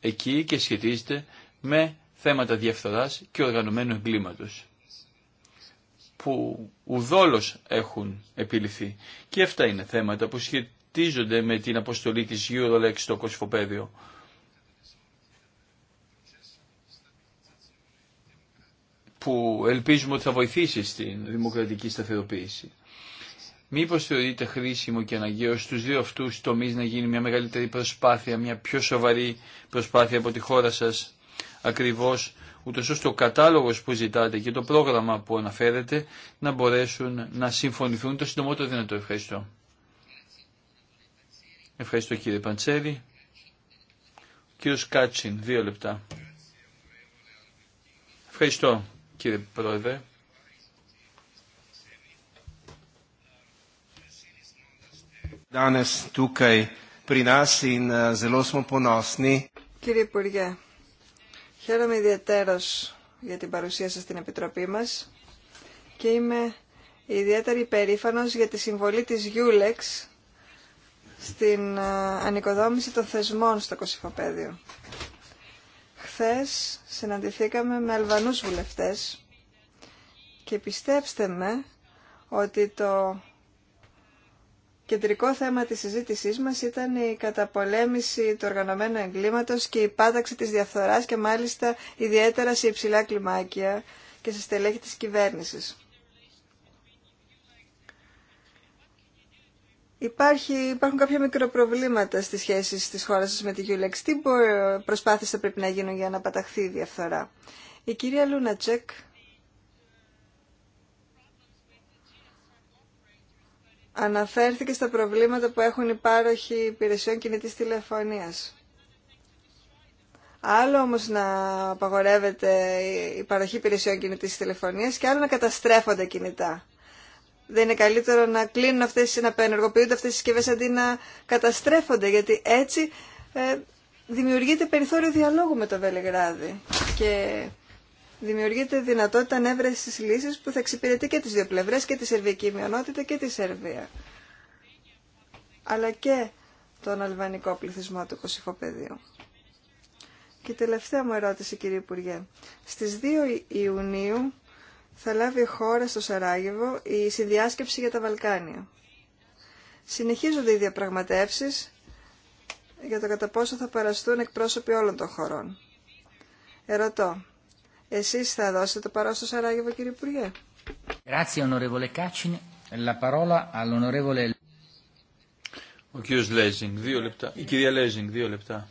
εκεί και σχετίζεται με θέματα διαφθοράς και οργανωμένου εγκλήματος που ουδόλως έχουν επιληθεί. Και αυτά είναι θέματα που σχετίζονται με την αποστολή της Eurolex στο Κοσφοπέδιο. που ελπίζουμε ότι θα βοηθήσει στην δημοκρατική σταθεροποίηση. Μήπως θεωρείτε χρήσιμο και αναγκαίο στους δύο αυτούς τομείς να γίνει μια μεγαλύτερη προσπάθεια, μια πιο σοβαρή προσπάθεια από τη χώρα σας ακριβώς, ούτως ώστε ο κατάλογος που ζητάτε και το πρόγραμμα που αναφέρετε να μπορέσουν να συμφωνηθούν το συντομότερο δυνατό. Ευχαριστώ. Ευχαριστώ κύριε Παντσέρη. κύριος Κάτσιν, δύο λεπτά. Ευχαριστώ κύριε Πρόεδρε. Eh, Κύριε Υπουργέ, χαίρομαι ιδιαίτερος για την παρουσία σας στην Επιτροπή μας και είμαι ιδιαίτερη υπερήφανος για τη συμβολή της Γιούλεξ στην ε, ανοικοδόμηση των θεσμών στο Κωσυφοπαίδιο. Χθες συναντηθήκαμε με Αλβανούς βουλευτές και πιστέψτε με ότι το Κεντρικό θέμα της συζήτησής μας ήταν η καταπολέμηση του οργανωμένου εγκλήματος και η πάταξη της διαφθοράς και μάλιστα ιδιαίτερα σε υψηλά κλιμάκια και σε στελέχη της κυβέρνησης. Υπάρχει, υπάρχουν κάποια μικροπροβλήματα στις σχέσεις της χώρας σας με τη Γιούλεξ. Τι προσπάθειες θα πρέπει να γίνουν για να παταχθεί η διαφθορά. Η κυρία Τσέκ. αναφέρθηκε στα προβλήματα που έχουν οι πάροχοι υπηρεσιών κινητής τηλεφωνίας. Άλλο όμως να απαγορεύεται η παροχή υπηρεσιών κινητής τηλεφωνίας και άλλο να καταστρέφονται κινητά. Δεν είναι καλύτερο να κλείνουν αυτές, να απενεργοποιούνται αυτές οι συσκευές αντί να καταστρέφονται, γιατί έτσι ε, δημιουργείται περιθώριο διαλόγου με το Βελεγράδι δημιουργείται δυνατότητα ανέβρεση λύση που θα εξυπηρετεί και τι δύο πλευρέ, και τη σερβική μειονότητα και τη Σερβία. Αλλά και τον αλβανικό πληθυσμό του Κωσυφοπεδίου. Και τελευταία μου ερώτηση, κύριε Υπουργέ. Στις 2 Ιουνίου θα λάβει η χώρα στο Σαράγεβο η συνδιάσκεψη για τα Βαλκάνια. Συνεχίζονται οι διαπραγματεύσει για το κατά πόσο θα παραστούν εκπρόσωποι όλων των χωρών. Ερωτώ, εσείς θα δώσετε το παρόν στο Σαράγεβο, κύριε Υπουργέ. Ο Λέζινγκ, δύο λεπτά. Η κυρία Λέζινγκ, δύο λεπτά.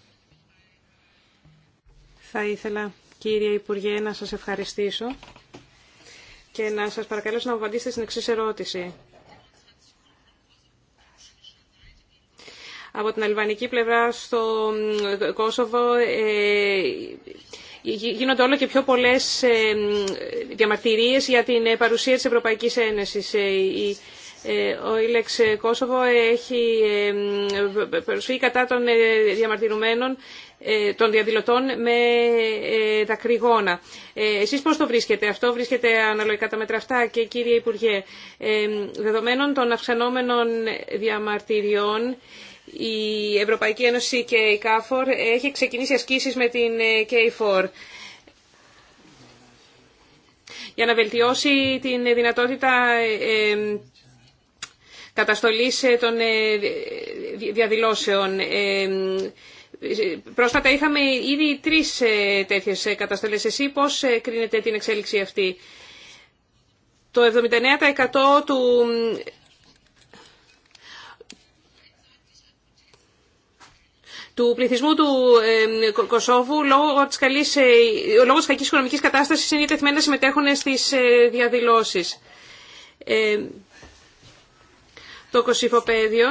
Θα ήθελα, κύριε Υπουργέ, να σας ευχαριστήσω και να σας παρακαλέσω να απαντήσετε στην εξή ερώτηση. Από την αλβανική πλευρά στο Κόσοβο ε, Γίνονται όλο και πιο πολλές ε, διαμαρτυρίες για την ε, παρουσία της Ευρωπαϊκής Ένωσης. Ε, ο Ήλεξ Κόσοβο έχει προσφύγει κατά των διαμαρτυρουμένων των διαδηλωτών με τα κρυγόνα. Εσείς πώς το βρίσκετε αυτό, βρίσκετε αναλογικά τα μέτρα και κύριε Υπουργέ, δεδομένων των αυξανόμενων διαμαρτυριών η Ευρωπαϊκή Ένωση και η ΚΑΦΟΡ έχει ξεκινήσει ασκήσεις με την ε, k για να βελτιώσει την δυνατότητα ε, ε, καταστολής των διαδηλώσεων. Πρόσφατα είχαμε ήδη τρεις τέτοιες καταστολές. Εσύ πώς κρίνετε την εξέλιξη αυτή. Το 79% του του πληθυσμού του Κωσόβου λόγω της, καλής, ε, λόγω της κακής οικονομικής κατάστασης είναι τεθμένα να συμμετέχουν στις ε, διαδηλώσεις. Το Κωσυφοπαίδιο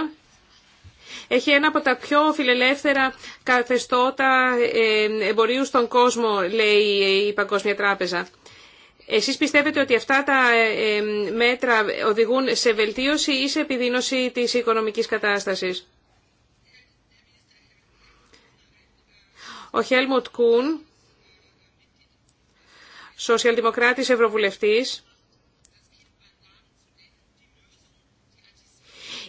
έχει ένα από τα πιο φιλελεύθερα καθεστώτα εμπορίου στον κόσμο, λέει η Παγκόσμια Τράπεζα. Εσείς πιστεύετε ότι αυτά τα μέτρα οδηγούν σε βελτίωση ή σε επιδείνωση της οικονομικής κατάστασης. Ο Χέλμουτ Κούν, σοσιαλδημοκράτης ευρωβουλευτής,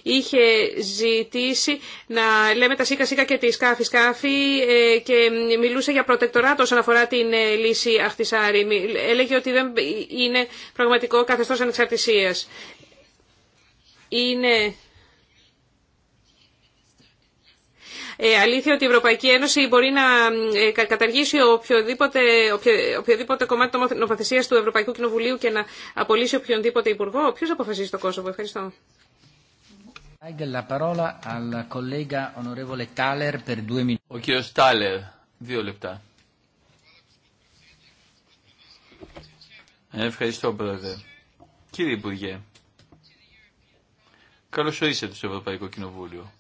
είχε ζητήσει να λέμε τα σίκα σίκα και τη σκάφη σκάφη ε, και μιλούσε για προτεκτοράτο όσον αφορά την ε, λύση Αχτισάρη. Έλεγε ότι δεν είναι πραγματικό καθεστώς ανεξαρτησίας. Είναι Ε, αλήθεια ότι η Ευρωπαϊκή Ένωση μπορεί να ε, καταργήσει οποιοδήποτε, οποιοδήποτε κομμάτι νομοθεσία του Ευρωπαϊκού Κοινοβουλίου και να απολύσει οποιονδήποτε υπουργό. Ποιο αποφασίζει το Κόσοβο. Ευχαριστώ. Ο κύριο Τάλερ, δύο λεπτά. Ευχαριστώ, Πρόεδρε. Κύριε Υπουργέ, καλώς ορίσατε στο Ευρωπαϊκό Κοινοβούλιο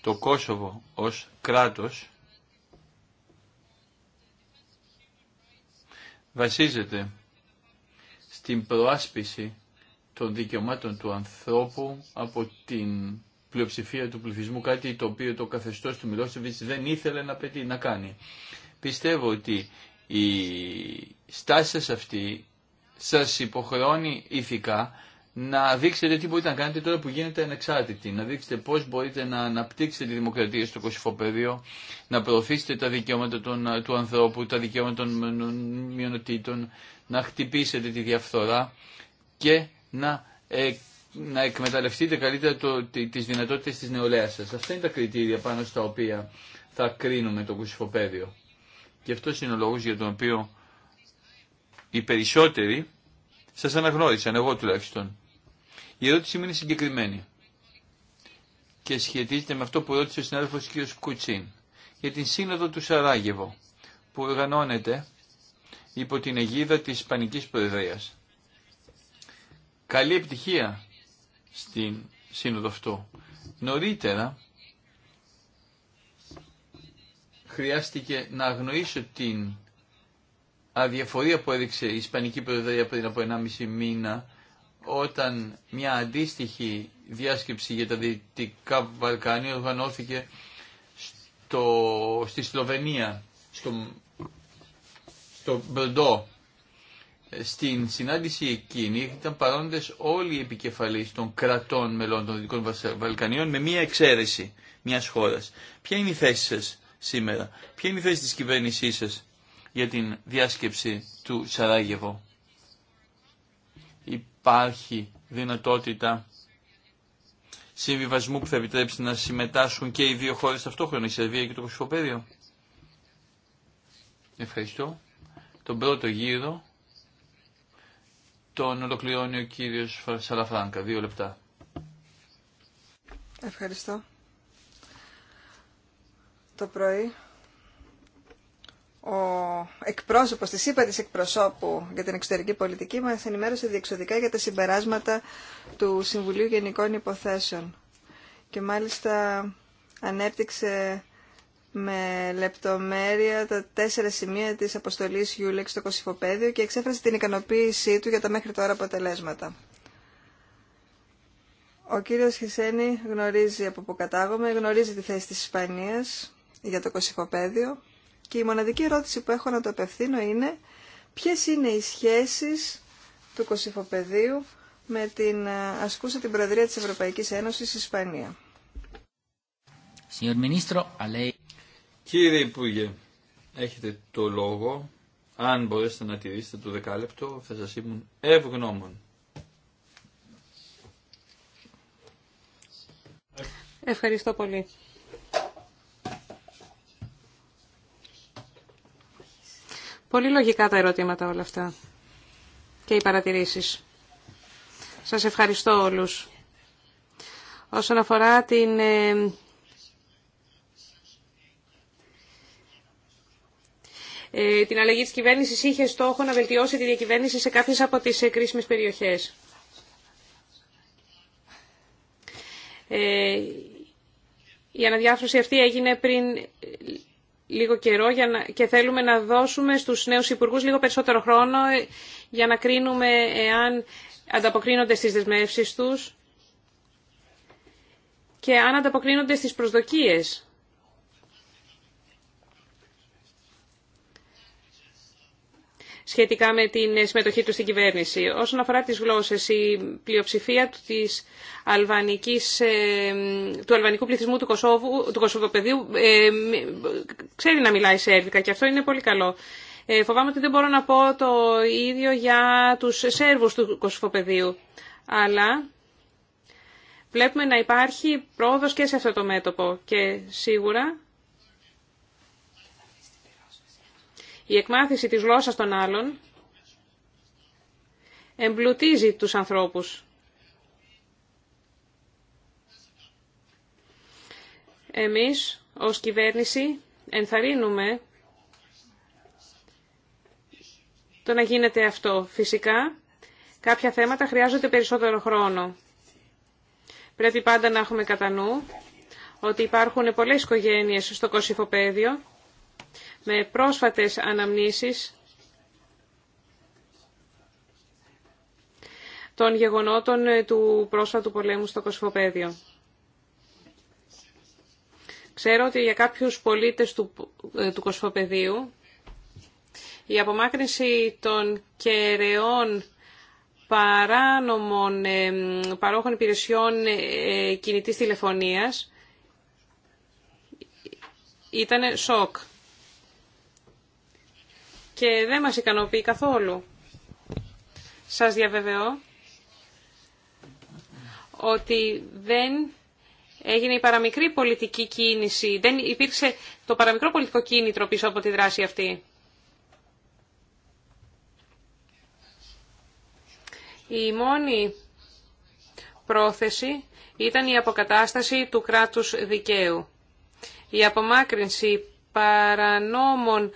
το Κόσοβο ως κράτος βασίζεται στην προάσπιση των δικαιωμάτων του ανθρώπου από την πλειοψηφία του πληθυσμού, κάτι το οποίο το καθεστώς του Μιλόσεβιτς δεν ήθελε να πετύχει να κάνει. Πιστεύω ότι η στάση σας αυτή σας υποχρεώνει ηθικά να δείξετε τι μπορείτε να κάνετε τώρα που γίνετε ανεξάρτητοι, να δείξετε πώ μπορείτε να αναπτύξετε τη δημοκρατία στο πεδίο, να προωθήσετε τα δικαιώματα των, του ανθρώπου, τα δικαιώματα των μειονοτήτων, να χτυπήσετε τη διαφθορά και να, ε, να εκμεταλλευτείτε καλύτερα το, τις δυνατότητες της νεολαίας σας. Αυτά είναι τα κριτήρια πάνω στα οποία θα κρίνουμε το κουσιφοπέδιο. Και αυτό είναι ο λόγος για τον οποίο οι περισσότεροι σας αναγνώρισαν, εγώ τουλάχιστον. Η ερώτησή μου είναι συγκεκριμένη και σχετίζεται με αυτό που ρώτησε ο συνάδελφος κ. Κουτσίν για την σύνοδο του Σαράγεβο που οργανώνεται υπό την αιγίδα της Ισπανικής Προεδρίας. Καλή επιτυχία στην σύνοδο αυτό. Νωρίτερα χρειάστηκε να αγνοήσω την αδιαφορία που έδειξε η Ισπανική Προεδρία πριν από 1,5 μήνα όταν μια αντίστοιχη διάσκεψη για τα Δυτικά Βαλκάνια οργανώθηκε στο, στη Σλοβενία, στο, στο ε, Στην συνάντηση εκείνη ήταν παρόντες όλοι οι επικεφαλείς των κρατών μελών των Δυτικών Βαλκανίων με μία εξαίρεση μιας χώρας. Ποια είναι η θέση σας σήμερα, ποια είναι η θέση της κυβέρνησής σας για την διάσκεψη του Σαράγεβο υπάρχει δυνατότητα συμβιβασμού που θα επιτρέψει να συμμετάσχουν και οι δύο χώρες ταυτόχρονα, η Σερβία και το Κωσυφοπέδιο. Ευχαριστώ. Τον πρώτο γύρο τον ολοκληρώνει ο κύριος Σαλαφράνκα. Δύο λεπτά. Ευχαριστώ. Το πρωί ο εκπρόσωπος της ΥΠΑ της εκπροσώπου για την εξωτερική πολιτική μας ενημέρωσε διεξοδικά για τα συμπεράσματα του Συμβουλίου Γενικών Υποθέσεων και μάλιστα ανέπτυξε με λεπτομέρεια τα τέσσερα σημεία της αποστολής Γιούλεξ στο Κωσυφοπαίδιο και εξέφρασε την ικανοποίησή του για τα μέχρι τώρα αποτελέσματα. Ο κύριος Χισένη γνωρίζει από που κατάγομαι, γνωρίζει τη θέση της Ισπανίας για το Κωσυφοπαίδιο και η μοναδική ερώτηση που έχω να το απευθύνω είναι ποιες είναι οι σχέσεις του Κωσυφοπεδίου με την ε, ασκούσα την Προεδρία της Ευρωπαϊκής Ένωσης Ισπανία. Κύριε Υπουργέ, έχετε το λόγο. Αν μπορέσετε να τηρήσετε το δεκάλεπτο, θα σας ήμουν ευγνώμων. Ευχαριστώ πολύ. Πολύ λογικά τα ερωτήματα όλα αυτά και οι παρατηρήσεις. Σας ευχαριστώ όλους. Όσον αφορά την ε, ε, την αλλαγή της κυβέρνησης είχε στόχο να βελτιώσει τη διακυβέρνηση σε κάποιες από τις ε, κρίσιμες περιοχές. Η αναδιάφρωση αυτή έγινε πριν λίγο καιρό για να... και θέλουμε να δώσουμε στους νέους υπουργούς λίγο περισσότερο χρόνο ε, για να κρίνουμε εάν ανταποκρίνονται στις δεσμεύσεις τους και αν ανταποκρίνονται στις προσδοκίες. σχετικά με την συμμετοχή του στην κυβέρνηση. Όσον αφορά τις γλώσσες, η πλειοψηφία της αλβανικής, ε, του αλβανικού πληθυσμού του, Κωσόβου, του ε, ξέρει να μιλάει σέρβικα και αυτό είναι πολύ καλό. Ε, φοβάμαι ότι δεν μπορώ να πω το ίδιο για τους Σέρβους του Κωσοφοπεδίου. Αλλά βλέπουμε να υπάρχει πρόοδος και σε αυτό το μέτωπο και σίγουρα Η εκμάθηση της γλώσσας των άλλων εμπλουτίζει τους ανθρώπους. Εμείς ως κυβέρνηση ενθαρρύνουμε το να γίνεται αυτό. Φυσικά, κάποια θέματα χρειάζονται περισσότερο χρόνο. Πρέπει πάντα να έχουμε κατά νου ότι υπάρχουν πολλές οικογένειες στο κοσυφοπαίδιο με πρόσφατες αναμνήσεις των γεγονότων ε, του πρόσφατου πολέμου στο Κοσφοπέδιο. Ξέρω ότι για κάποιους πολίτες του, ε, του Κοσφοπεδίου η απομάκρυνση των κεραιών παράνομων ε, παρόχων υπηρεσιών κινητής τηλεφωνίας ήταν σοκ και δεν μας ικανοποιεί καθόλου. Σας διαβεβαιώ ότι δεν έγινε η παραμικρή πολιτική κίνηση, δεν υπήρξε το παραμικρό πολιτικό κίνητρο πίσω από τη δράση αυτή. Η μόνη πρόθεση ήταν η αποκατάσταση του κράτους δικαίου. Η απομάκρυνση παρανόμων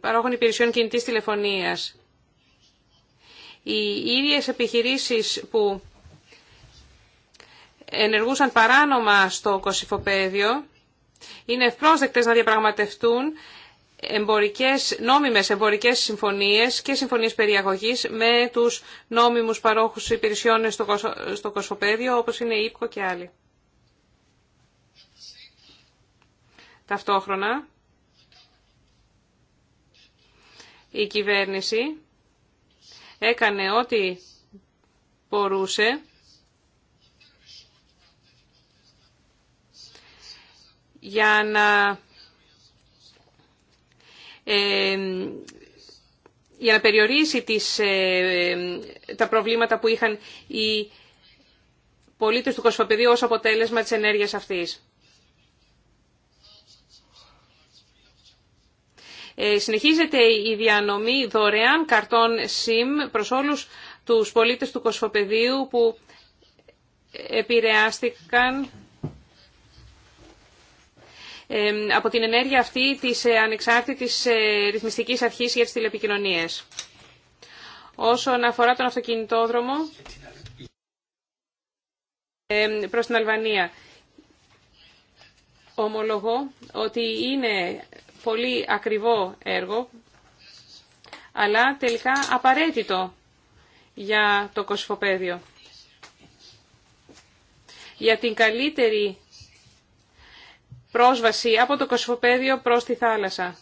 παρόχων υπηρεσιών κινητής τηλεφωνίας. Οι ίδιες επιχειρήσεις που ενεργούσαν παράνομα στο κοσυφοπαίδιο είναι ευπρόσδεκτες να διαπραγματευτούν εμπορικές, νόμιμες εμπορικές συμφωνίες και συμφωνίες περιαγωγής με τους νόμιμους παρόχους υπηρεσιών στο, κοσο, στο κοσοπέδιο όπως είναι η ΥΠΚΟ και άλλοι. Ταυτόχρονα, η κυβέρνηση έκανε ό,τι μπορούσε για να, ε, για να περιορίσει τις, ε, τα προβλήματα που είχαν οι πολίτες του Κοσμοπεδίου ως αποτέλεσμα της ενέργειας αυτής. Ε, συνεχίζεται η διανομή δωρεάν καρτών SIM προς όλους τους πολίτες του Κοσφοπεδίου που επηρεάστηκαν ε, από την ενέργεια αυτή της ε, ανεξάρτητης ρυθμιστικής αρχής για τις τηλεπικοινωνίες. Όσον αφορά τον αυτοκινητόδρομο προς την Αλβανία, ομολογώ ότι είναι πολύ ακριβό έργο, αλλά τελικά απαραίτητο για το κοσφοπέδιο. Για την καλύτερη πρόσβαση από το κοσφοπέδιο προς τη θάλασσα.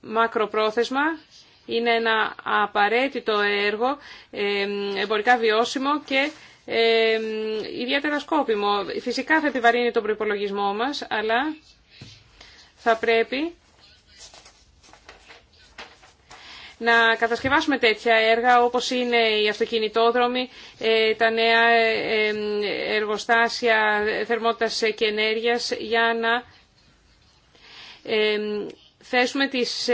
Μακροπρόθεσμα είναι ένα απαραίτητο έργο, εμπορικά βιώσιμο και ε, ιδιαίτερα σκόπιμο. Φυσικά θα επιβαρύνει τον προϋπολογισμό μας, αλλά θα πρέπει να κατασκευάσουμε τέτοια έργα όπως είναι οι αυτοκινητόδρομοι, ε, τα νέα ε, ε, εργοστάσια θερμότητας και ενέργειας για να θέσουμε τις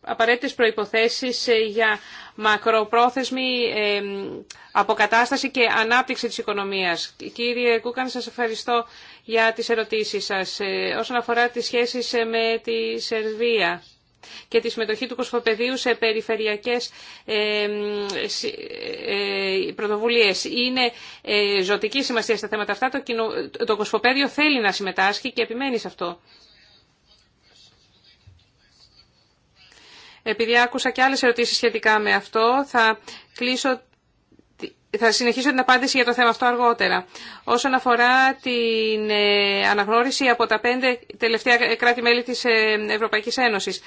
απαραίτητες προϋποθέσεις ε, για μακροπρόθεσμη ε, αποκατάσταση και ανάπτυξη της οικονομίας. Κύριε Κούκαν, σας ευχαριστώ για τις ερωτήσεις σας. Ε, όσον αφορά τις σχέσεις με τη Σερβία και τη συμμετοχή του κοσμοπεδίου σε περιφερειακές πρωτοβουλίες. Είναι ζωτική σημασία στα θέματα αυτά. Το κοσμοπέδιο θέλει να συμμετάσχει και επιμένει σε αυτό. Επειδή άκουσα και άλλες ερωτήσεις σχετικά με αυτό, θα, κλείσω, θα συνεχίσω την απάντηση για το θέμα αυτό αργότερα. Όσον αφορά την ε, αναγνώριση από τα πέντε τελευταία κράτη-μέλη της ε, Ευρωπαϊκής Ένωσης,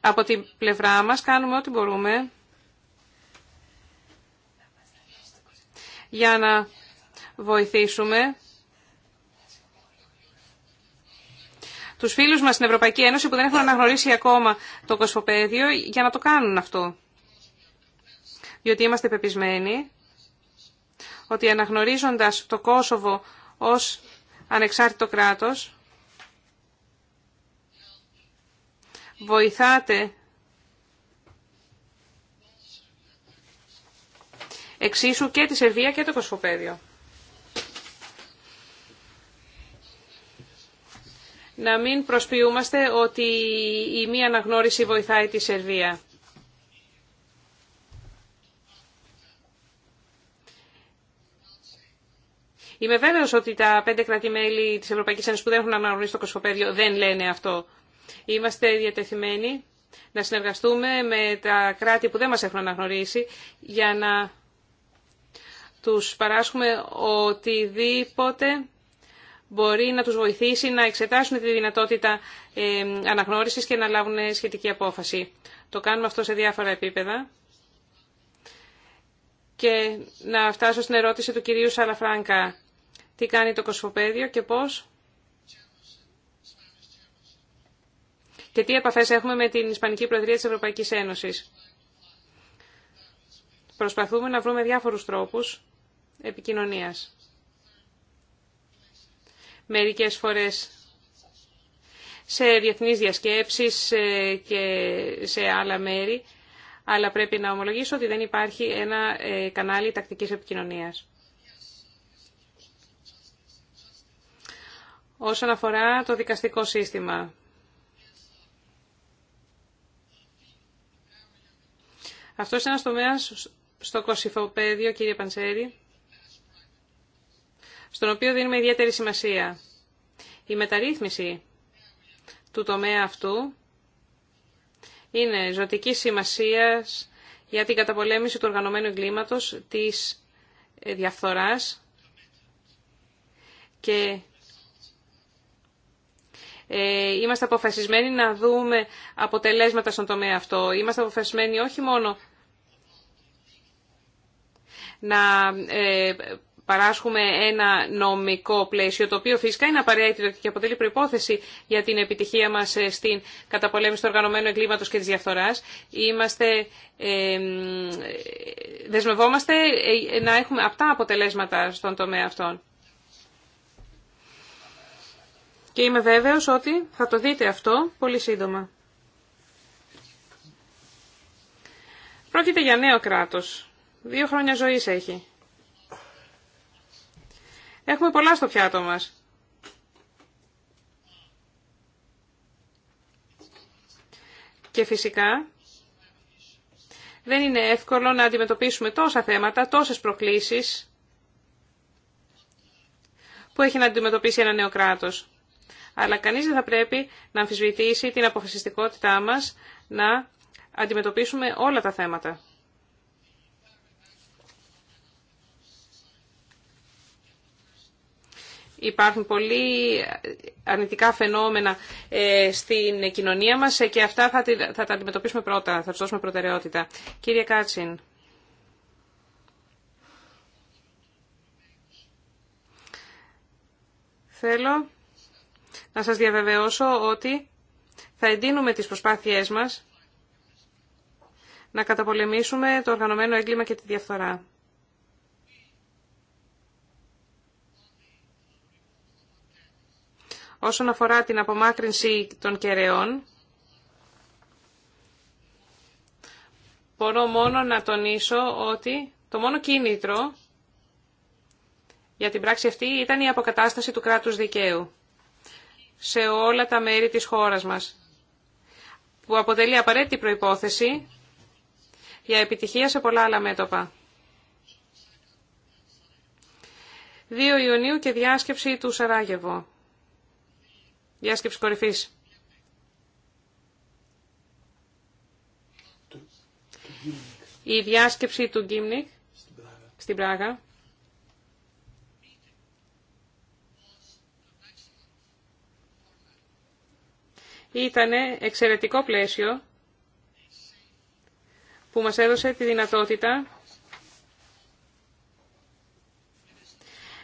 από την πλευρά μας κάνουμε ό,τι μπορούμε για να βοηθήσουμε τους φίλους μας στην Ευρωπαϊκή Ένωση που δεν έχουν αναγνωρίσει ακόμα το κοσμοπέδιο για να το κάνουν αυτό. Διότι είμαστε πεπισμένοι ότι αναγνωρίζοντας το Κόσοβο ως ανεξάρτητο κράτος, βοηθάτε εξίσου και τη Σερβία και το κοσφοπέδιο. να μην προσποιούμαστε ότι η μία αναγνώριση βοηθάει τη Σερβία. Είμαι βέβαιο ότι τα πέντε κράτη-μέλη της Ευρωπαϊκής Ένωσης που δεν έχουν αναγνωρίσει το κοσμοπέδιο δεν λένε αυτό. Είμαστε διατεθειμένοι να συνεργαστούμε με τα κράτη που δεν μας έχουν αναγνωρίσει για να τους παράσχουμε οτιδήποτε μπορεί να τους βοηθήσει να εξετάσουν τη δυνατότητα ε, αναγνώρισης και να λάβουν σχετική απόφαση. Το κάνουμε αυτό σε διάφορα επίπεδα. Και να φτάσω στην ερώτηση του κυρίου Σαλαφράνκα. Τι κάνει το κοσμοπέδιο και πώς. Και τι επαφές έχουμε με την Ισπανική Προεδρία της Ευρωπαϊκής Ένωσης. Προσπαθούμε να βρούμε διάφορους τρόπους επικοινωνίας μερικές φορές σε διεθνείς διασκέψεις και σε άλλα μέρη, αλλά πρέπει να ομολογήσω ότι δεν υπάρχει ένα ε, κανάλι τακτικής επικοινωνίας. Όσον αφορά το δικαστικό σύστημα, Αυτός είναι ένας τομέας στο κοσυφοπαίδιο, κύριε Παντσέρη, στον οποίο δίνουμε ιδιαίτερη σημασία. Η μεταρρύθμιση του τομέα αυτού είναι ζωτική σημασία για την καταπολέμηση του οργανωμένου εγκλήματος, της διαφθοράς και ε, είμαστε αποφασισμένοι να δούμε αποτελέσματα στον τομέα αυτό. Είμαστε αποφασισμένοι όχι μόνο να ε, παράσχουμε ένα νομικό πλαίσιο, το οποίο φυσικά είναι απαραίτητο και αποτελεί προπόθεση για την επιτυχία μας ε, στην καταπολέμηση του οργανωμένου εγκλήματος και της διαφθορά. Είμαστε, δεσμευόμαστε ε, να έχουμε αυτά αποτελέσματα στον τομέα αυτών. Και είμαι βέβαιος ότι θα το δείτε αυτό πολύ σύντομα. Πρόκειται για νέο κράτος. Δύο χρόνια ζωής έχει. Έχουμε πολλά στο πιάτο μας. Και φυσικά δεν είναι εύκολο να αντιμετωπίσουμε τόσα θέματα, τόσες προκλήσεις που έχει να αντιμετωπίσει ένα νέο κράτος. Αλλά κανείς δεν θα πρέπει να αμφισβητήσει την αποφασιστικότητά μας να αντιμετωπίσουμε όλα τα θέματα. Υπάρχουν πολλοί αρνητικά φαινόμενα ε, στην κοινωνία μας και αυτά θα τα αντιμετωπίσουμε πρώτα, θα τους δώσουμε προτεραιότητα. Κύριε Κάτσιν. Θέλω να σας διαβεβαιώσω ότι θα εντείνουμε τις προσπάθειές μας να καταπολεμήσουμε το οργανωμένο έγκλημα και τη διαφθορά. Όσον αφορά την απομάκρυνση των κεραιών, μπορώ μόνο να τονίσω ότι το μόνο κίνητρο για την πράξη αυτή ήταν η αποκατάσταση του κράτους δικαίου σε όλα τα μέρη της χώρας μας, που αποτελεί απαραίτητη προϋπόθεση για επιτυχία σε πολλά άλλα μέτωπα. 2 Ιουνίου και διάσκεψη του Σαράγεβο διάσκεψη κορυφή. Η διάσκεψη του Γκίμνικ στην Πράγα ήταν εξαιρετικό πλαίσιο που μας έδωσε τη δυνατότητα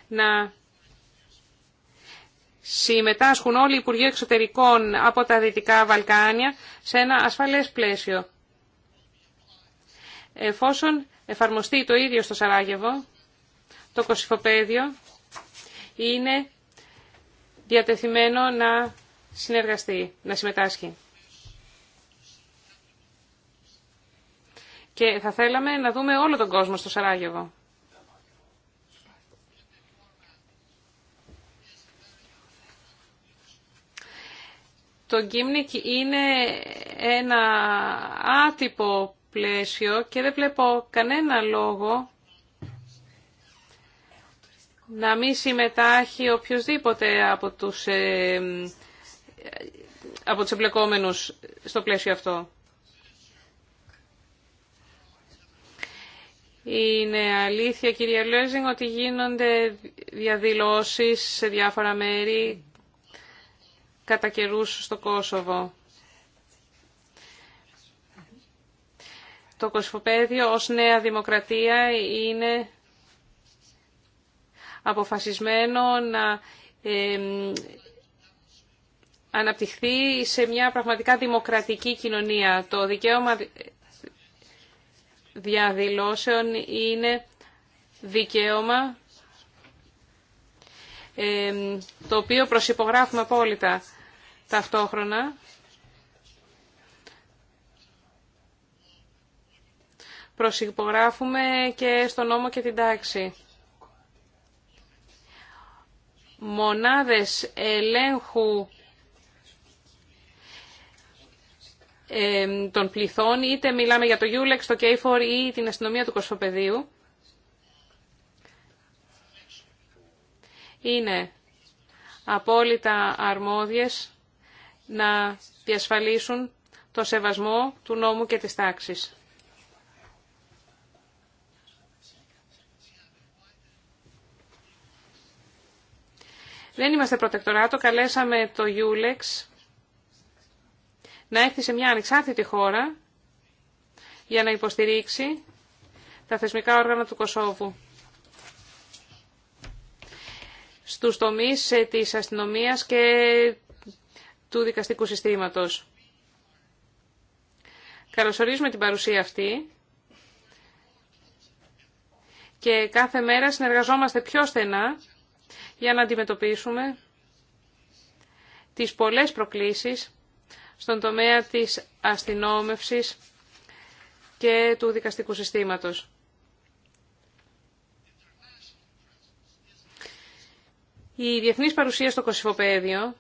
να συμμετάσχουν όλοι οι Υπουργοί Εξωτερικών από τα Δυτικά Βαλκάνια σε ένα ασφαλές πλαίσιο. Εφόσον εφαρμοστεί το ίδιο στο Σαράγεβο, το Κωσυφοπαίδιο είναι διατεθειμένο να συνεργαστεί, να συμμετάσχει. Και θα θέλαμε να δούμε όλο τον κόσμο στο Σαράγεβο. το Gimnik είναι ένα άτυπο πλαίσιο και δεν βλέπω κανένα λόγο να μην συμμετάχει οποιοδήποτε από τους, ε, από τους εμπλεκόμενους στο πλαίσιο αυτό. Είναι αλήθεια, κυρία Λέζινγκ, ότι γίνονται διαδηλώσεις σε διάφορα μέρη κατά καιρού στο Κόσοβο. Το Κοσφοπέδιο ως νέα δημοκρατία είναι αποφασισμένο να αναπτυχθεί σε μια πραγματικά δημοκρατική κοινωνία. Το δικαίωμα διαδηλώσεων είναι δικαίωμα το οποίο προσυπογράφουμε απόλυτα. Ταυτόχρονα, προσυπογράφουμε και στο νόμο και την τάξη. Μονάδες ελέγχου των πληθών, είτε μιλάμε για το Ulex, το k e ή την αστυνομία του Κοσμοπεδίου. Είναι απόλυτα αρμόδιες να διασφαλίσουν το σεβασμό του νόμου και της τάξης. Δεν είμαστε προτεκτοράτο, καλέσαμε το Ιούλεξ να έρθει σε μια ανεξάρτητη χώρα για να υποστηρίξει τα θεσμικά όργανα του Κωσόβου. Στους τομείς ε, της αστυνομίας και του δικαστικού συστήματος. Καλωσορίζουμε την παρουσία αυτή και κάθε μέρα συνεργαζόμαστε πιο στενά για να αντιμετωπίσουμε τις πολλές προκλήσεις στον τομέα της αστυνόμευσης και του δικαστικού συστήματος. Η διεθνής παρουσία στο Κωσυφοπαίδιο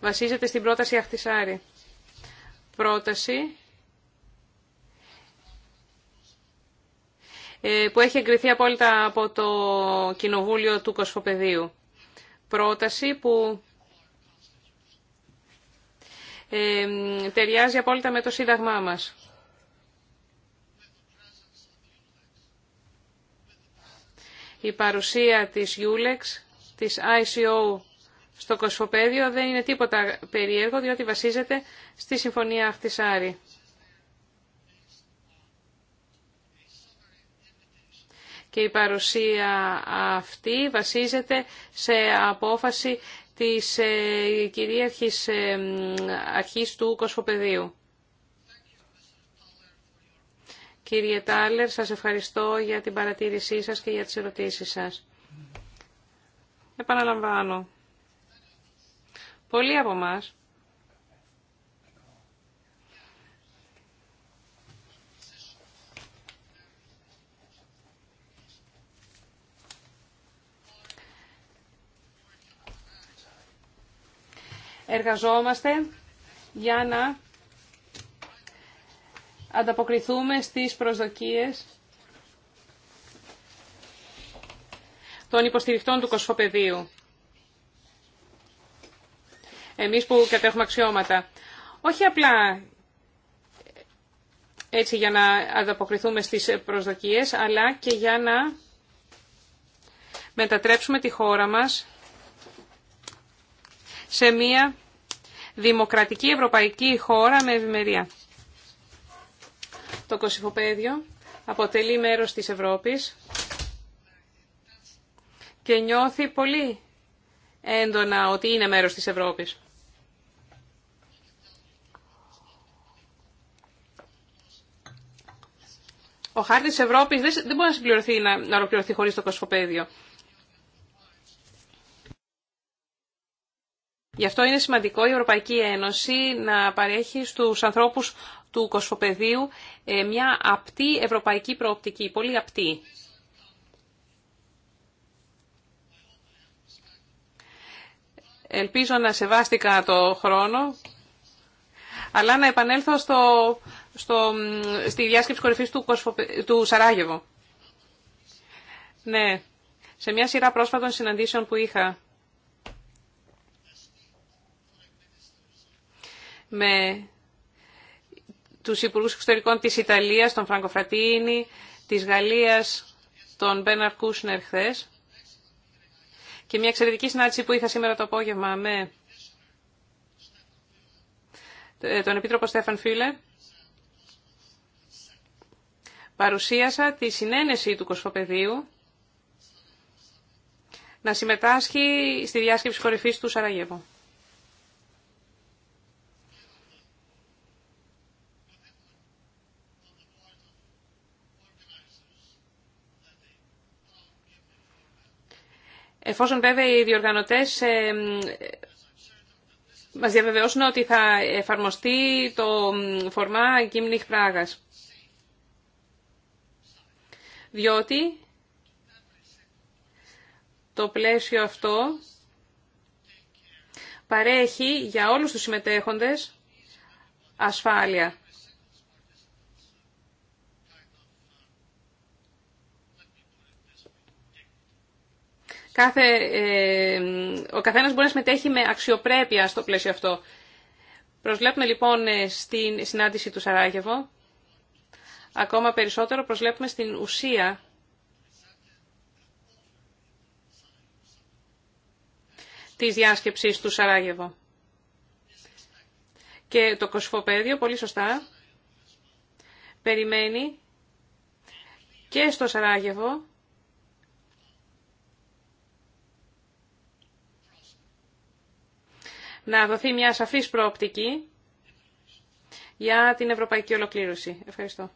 βασίζεται στην πρόταση Αχτισάρη. Πρόταση ε, που έχει εγκριθεί απόλυτα από το Κοινοβούλιο του Κοσφοπεδίου. Πρόταση που ε, ταιριάζει απόλυτα με το Σύνταγμά μας. Η παρουσία της Ιούλεξ, της ICO στο Κοσμοπέδιο δεν είναι τίποτα περίεργο διότι βασίζεται στη Συμφωνία Αχτισάρη. Και η παρουσία αυτή βασίζεται σε απόφαση της ε, κυρίαρχης ε, αρχής του κοσφοπεδίου. Κύριε Τάλερ, σας ευχαριστώ για την παρατήρησή σας και για τις ερωτήσεις σας. Επαναλαμβάνω. Πολλοί από εμά. Εργαζόμαστε για να ανταποκριθούμε στις προσδοκίες των υποστηριχτών του κοσφοπεδίου εμείς που κατέχουμε αξιώματα. Όχι απλά έτσι για να ανταποκριθούμε στις προσδοκίες, αλλά και για να μετατρέψουμε τη χώρα μας σε μια δημοκρατική ευρωπαϊκή χώρα με ευημερία. Το Κωσυφοπαίδιο αποτελεί μέρος της Ευρώπης και νιώθει πολύ έντονα ότι είναι μέρος της Ευρώπης. Ο χάρτης Ευρώπης δεν, δεν μπορεί να συμπληρωθεί να, να ολοκληρωθεί χωρίς το κοσμοπέδιο. Γι' αυτό είναι σημαντικό η Ευρωπαϊκή Ένωση να παρέχει στους ανθρώπους του κοσφοπεδίου ε, μια απτή ευρωπαϊκή προοπτική, πολύ απτή. Ελπίζω να σεβάστηκα το χρόνο, αλλά να επανέλθω στο στο, στη διάσκεψη κορυφή του, του Σαράγεβο. Ναι, σε μια σειρά πρόσφατων συναντήσεων που είχα με τους Υπουργούς Εξωτερικών της Ιταλίας, τον Φραγκοφρατίνη της Γαλλίας, τον Μπέναρ Κούσνερ χθε. και μια εξαιρετική συνάντηση που είχα σήμερα το απόγευμα με τον Επίτροπο Στέφαν Φίλε παρουσίασα τη συνένεση του Κοσμοπεδίου να συμμετάσχει στη διάσκεψη κορυφής του Σαραγεύου. Εφόσον βέβαια οι διοργανωτές ε, μας διαβεβαιώσουν ότι θα εφαρμοστεί το φορμά γκίμνιχ Πράγας διότι το πλαίσιο αυτό παρέχει για όλους τους συμμετέχοντες ασφάλεια. Κάθε, ε, ο καθένας μπορεί να συμμετέχει με αξιοπρέπεια στο πλαίσιο αυτό. Προσβλέπουμε λοιπόν ε, στην συνάντηση του Σαράγεβο ακόμα περισσότερο προσλέπουμε στην ουσία της διάσκεψης του Σαράγεβο. Και το κοσφοπέδιο, πολύ σωστά, περιμένει και στο Σαράγεβο να δοθεί μια σαφής προοπτική για την ευρωπαϊκή ολοκλήρωση. Ευχαριστώ.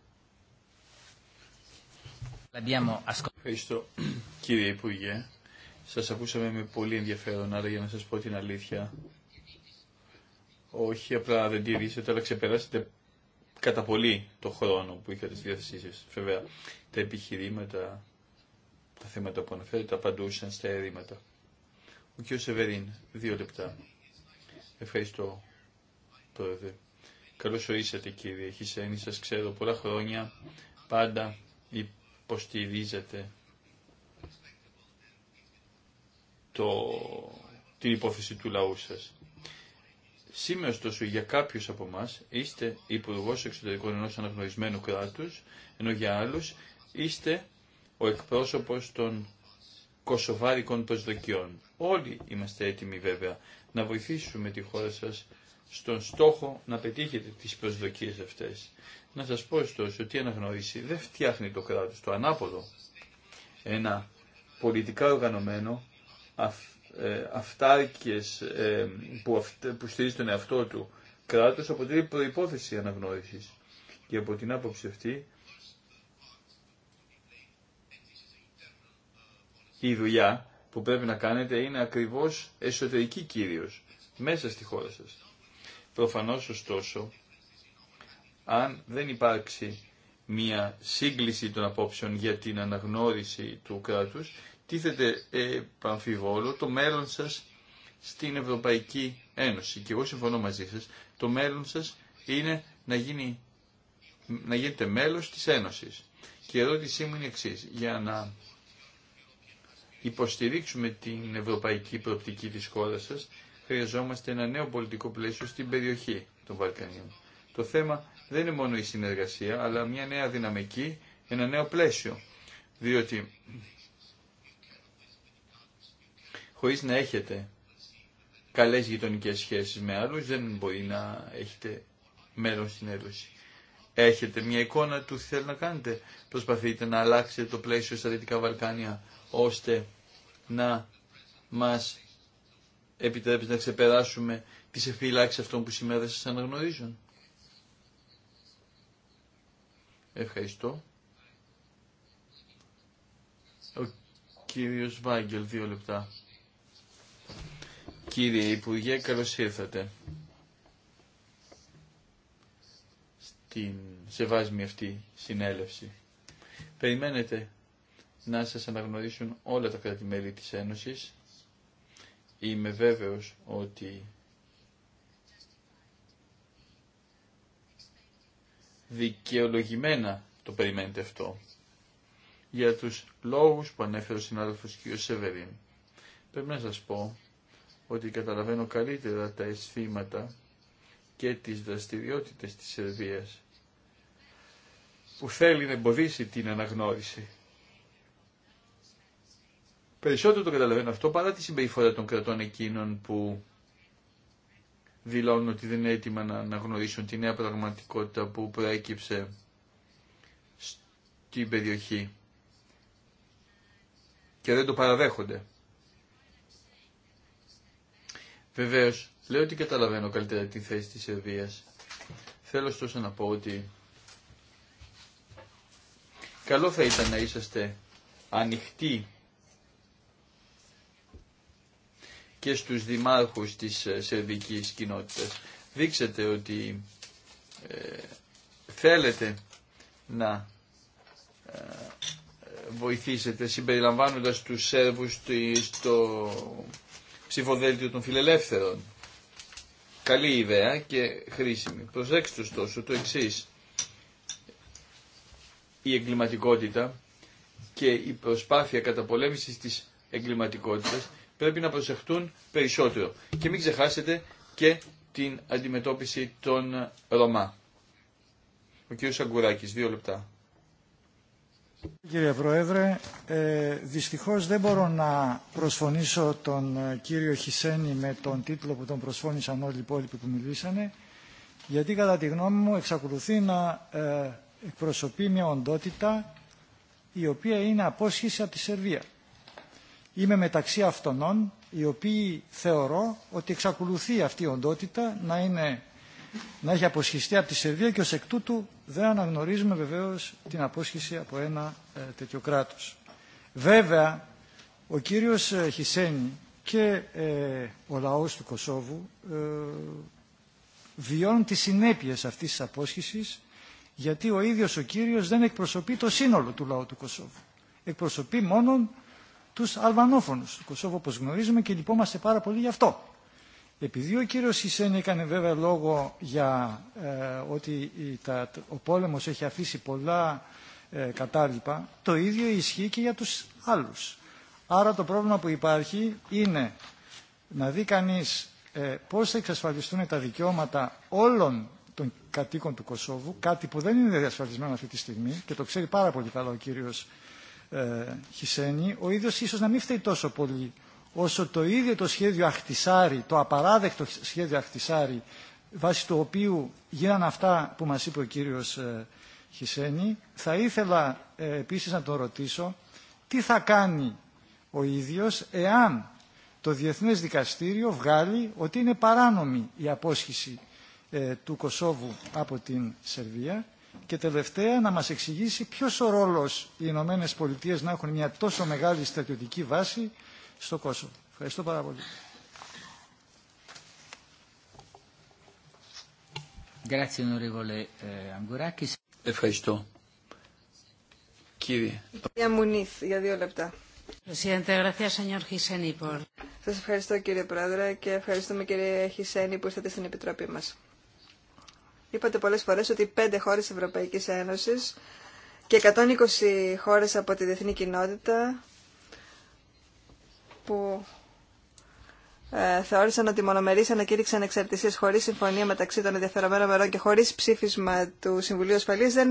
Ευχαριστώ κύριε Υπουργέ. Σας ακούσαμε με πολύ ενδιαφέρον, άρα για να σας πω την αλήθεια. Όχι απλά δεν τηρήσετε, αλλά ξεπεράσετε κατά πολύ το χρόνο που είχατε στη διάθεσή σας. Βέβαια, τα επιχειρήματα, τα θέματα που αναφέρετε, απαντούσαν στα ερήματα. Ο κ. Σεβερίν, δύο λεπτά. Ευχαριστώ, πρόεδρε. Καλώς ορίσατε κύριε Χισένη, σας ξέρω πολλά χρόνια πάντα υποστηρίζεται το, την υπόθεση του λαού σας. Σήμερα, ωστόσο, για κάποιου από εμά είστε υπουργό εξωτερικών ενό αναγνωρισμένου κράτου, ενώ για άλλου είστε ο εκπρόσωπο των κοσοβάρικων προσδοκιών. Όλοι είμαστε έτοιμοι, βέβαια, να βοηθήσουμε τη χώρα σα στον στόχο να πετύχετε τι προσδοκίε αυτέ. Να σας πω ωστόσο ότι η αναγνώριση δεν φτιάχνει το κράτος, το ανάποδο. Ένα πολιτικά οργανωμένο αφ, ε, ε, που, που στηρίζει τον εαυτό του κράτος αποτελεί προϋπόθεση αναγνώρισης. Και από την άποψη αυτή η δουλειά που πρέπει να κάνετε είναι ακριβώς εσωτερική κύριος, μέσα στη χώρα σας. Προφανώς ωστόσο αν δεν υπάρξει μία σύγκληση των απόψεων για την αναγνώριση του κράτους, τίθεται επαμφιβόλο το μέλλον σας στην Ευρωπαϊκή Ένωση. Και εγώ συμφωνώ μαζί σας, το μέλλον σας είναι να, γίνει, να γίνετε μέλος της Ένωσης. Και η ερώτησή μου είναι εξή. Για να υποστηρίξουμε την ευρωπαϊκή προοπτική της χώρας σας, χρειαζόμαστε ένα νέο πολιτικό πλαίσιο στην περιοχή των Βαλκανίων. Το θέμα δεν είναι μόνο η συνεργασία, αλλά μια νέα δυναμική, ένα νέο πλαίσιο. Διότι χωρίς να έχετε καλές γειτονικέ σχέσεις με άλλους, δεν μπορεί να έχετε μέλλον στην Ένωση. Έχετε μια εικόνα του τι θέλετε να κάνετε. Προσπαθείτε να αλλάξετε το πλαίσιο στα Δυτικά Βαλκάνια, ώστε να μας επιτρέψετε να ξεπεράσουμε τις εφυλάξεις αυτών που σήμερα σας αναγνωρίζουν. Ευχαριστώ. Ο κύριος Βάγγελ, δύο λεπτά. Κύριε Υπουργέ, καλώς ήρθατε. Στην σεβάσμη αυτή συνέλευση. Περιμένετε να σας αναγνωρίσουν όλα τα κράτη-μέλη της Ένωσης. Είμαι βέβαιος ότι δικαιολογημένα το περιμένετε αυτό για τους λόγους που ανέφερε ο συνάδελφος κ. Σεβερίν. Πρέπει να σας πω ότι καταλαβαίνω καλύτερα τα αισθήματα και τις δραστηριότητες της Σερβίας που θέλει να εμποδίσει την αναγνώριση. Περισσότερο το καταλαβαίνω αυτό παρά τη συμπεριφορά των κρατών εκείνων που δηλώνουν ότι δεν είναι έτοιμα να αναγνωρίσουν τη νέα πραγματικότητα που προέκυψε στην περιοχή και δεν το παραδέχονται. Βεβαίω, λέω ότι καταλαβαίνω καλύτερα τη θέση της Σερβίας. Θέλω ωστόσο να πω ότι καλό θα ήταν να είσαστε ανοιχτοί και στους δημάρχους της ε, σερβικής κοινότητας. Δείξετε ότι ε, θέλετε να ε, βοηθήσετε συμπεριλαμβάνοντας τους Σέρβους στο ψηφοδέλτιο των φιλελεύθερων. Καλή ιδέα και χρήσιμη. Προσέξτε ωστόσο το εξής. Η εγκληματικότητα και η προσπάθεια καταπολέμησης της εγκληματικότητας πρέπει να προσεχτούν περισσότερο. Και μην ξεχάσετε και την αντιμετώπιση των Ρωμά. Ο κύριος Αγκουράκης, δύο λεπτά. Κύριε Πρόεδρε, ε, δυστυχώς δεν μπορώ να προσφωνήσω τον ε, κύριο Χισένη με τον τίτλο που τον προσφώνησαν όλοι οι υπόλοιποι που μιλήσανε, γιατί κατά τη γνώμη μου εξακολουθεί να ε, εκπροσωπεί μια οντότητα η οποία είναι απόσχηση από τη Σερβία. Είμαι μεταξύ αυτών οι οποίοι θεωρώ ότι εξακολουθεί αυτή η οντότητα να, είναι, να έχει αποσχιστεί από τη Σερβία και ως εκ τούτου δεν αναγνωρίζουμε βεβαίως την απόσχηση από ένα ε, τέτοιο κράτος. Βέβαια, ο κύριος ε, Χισένη και ε, ο λαός του Κωσόβου ε, βιώνουν τις συνέπειες αυτής της απόσχησης γιατί ο ίδιος ο κύριος δεν εκπροσωπεί το σύνολο του λαού του Κωσόβου. Εκπροσωπεί μόνον τους αλβανόφωνους του Κωσόβου όπως γνωρίζουμε και λυπόμαστε πάρα πολύ γι' αυτό. Επειδή ο κύριος Ισέν έκανε βέβαια λόγο για ε, ότι τα, ο πόλεμος έχει αφήσει πολλά ε, κατάλοιπα, το ίδιο ισχύει και για τους άλλους. Άρα το πρόβλημα που υπάρχει είναι να δει κανείς ε, πώς θα εξασφαλιστούν τα δικαιώματα όλων των κατοίκων του Κωσόβου, κάτι που δεν είναι διασφαλισμένο αυτή τη στιγμή και το ξέρει πάρα πολύ καλά ο κύριος ε, Χισένη, ο ίδιος ίσω να μην φταίει τόσο πολύ όσο το ίδιο το σχέδιο Αχτισάρη, το απαράδεκτο σχέδιο Αχτισάρη, βάσει του οποίου γίνανε αυτά που μας είπε ο κύριος ε, Χισένη. Θα ήθελα ε, επίσης να τον ρωτήσω τι θα κάνει ο ίδιος εάν το Διεθνές Δικαστήριο βγάλει ότι είναι παράνομη η απόσχηση του Κωσόβου από την Σερβία και τελευταία, να μας εξηγήσει ποιος ο ρόλος οι Ηνωμένε Πολιτείες να έχουν μια τόσο μεγάλη στρατιωτική βάση στο Κόσοβο. Ευχαριστώ πάρα πολύ. Eh, ευχαριστώ. Κυρία Μουνίθ, για δύο λεπτά. Σας ευχαριστώ κύριε Πρόεδρε και ευχαριστούμε κύριε Χισένη που ήρθατε στην Επιτροπή μας. Είπατε πολλές φορές ότι πέντε χώρες Ευρωπαϊκής Ένωσης και 120 χώρες από τη διεθνή κοινότητα που ε, θεώρησαν ότι μονομερείς ανακήρυξαν εξαρτησίες χωρίς συμφωνία μεταξύ των ενδιαφερομένων μερών και χωρίς ψήφισμα του Συμβουλίου Ασφαλείας δεν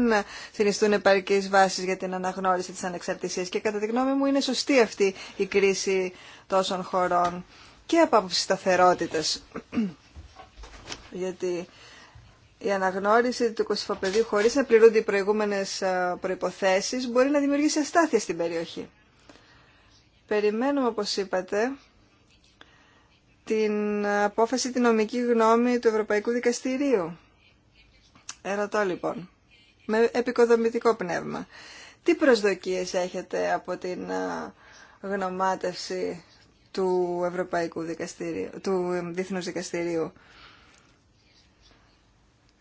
συνιστούν επαρκείς βάσεις για την αναγνώριση της ανεξαρτησίας και κατά τη γνώμη μου είναι σωστή αυτή η κρίση τόσων χωρών και από άποψη σταθερότητας γιατί η αναγνώριση του κοσυφοπεδίου χωρίς να πληρούνται οι προηγούμενες ε, προϋποθέσεις μπορεί να δημιουργήσει αστάθεια στην περιοχή. Περιμένουμε, όπως είπατε, την απόφαση, την νομική γνώμη του Ευρωπαϊκού Δικαστηρίου. Ερωτώ λοιπόν, με επικοδομητικό πνεύμα, τι προσδοκίες έχετε από την ε, γνωμάτευση του Ευρωπαϊκού Δικαστηρίου, του ε, Δικαστηρίου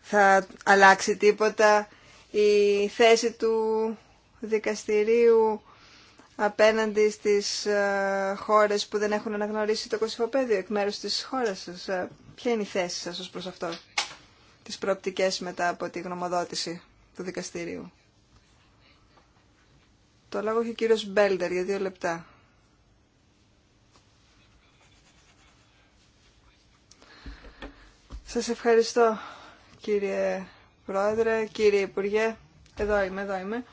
θα αλλάξει τίποτα η θέση του δικαστηρίου απέναντι στις ε, χώρες που δεν έχουν αναγνωρίσει το κοσυφοπαίδιο εκ μέρους της χώρας σας. Ε, ποια είναι η θέση σας ως προς αυτό, τις προοπτικές μετά από τη γνωμοδότηση του δικαστηρίου. Το λόγο έχει ο κύριος Μπέλτερ για δύο λεπτά. Σας ευχαριστώ κύριε Πρόεδρε, κύριε Υπουργέ. Εδώ είμαι, εδώ είμαι.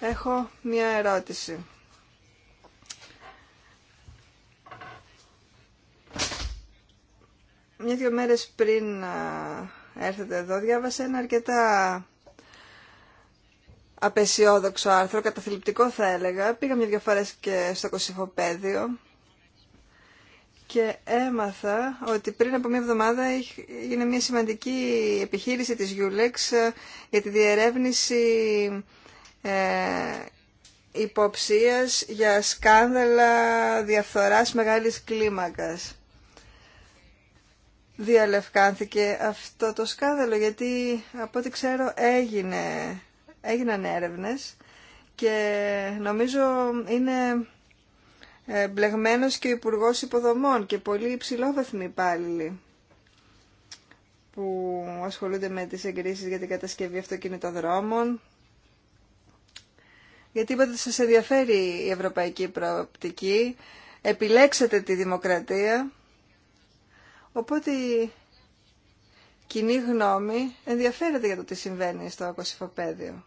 Έχω μία ερώτηση. Μια-δυο μέρες πριν έρθετε εδώ, διάβασα ένα αρκετά απεσιόδοξο άρθρο, καταθλιπτικό θα έλεγα. Πήγα μια-δυο φορές και στο κοσυφοπαίδιο και έμαθα ότι πριν από μία εβδομάδα έγινε μία σημαντική επιχείρηση της Γιούλεξ ε, για τη διερεύνηση ε, υποψίας για σκάνδαλα διαφθοράς μεγάλης κλίμακας. Διαλευκάνθηκε αυτό το σκάνδαλο γιατί από ό,τι ξέρω έγινε, έγιναν έρευνες και νομίζω είναι μπλεγμένος και ο υπουργό Υποδομών και πολύ υψηλόβαθμοι υπάλληλοι που ασχολούνται με τις εγκρίσεις για την κατασκευή αυτοκινητοδρόμων. Γιατί είπατε ότι σας ενδιαφέρει η ευρωπαϊκή προοπτική, επιλέξατε τη δημοκρατία, οπότε η κοινή γνώμη ενδιαφέρεται για το τι συμβαίνει στο κοσυφοπαίδιο.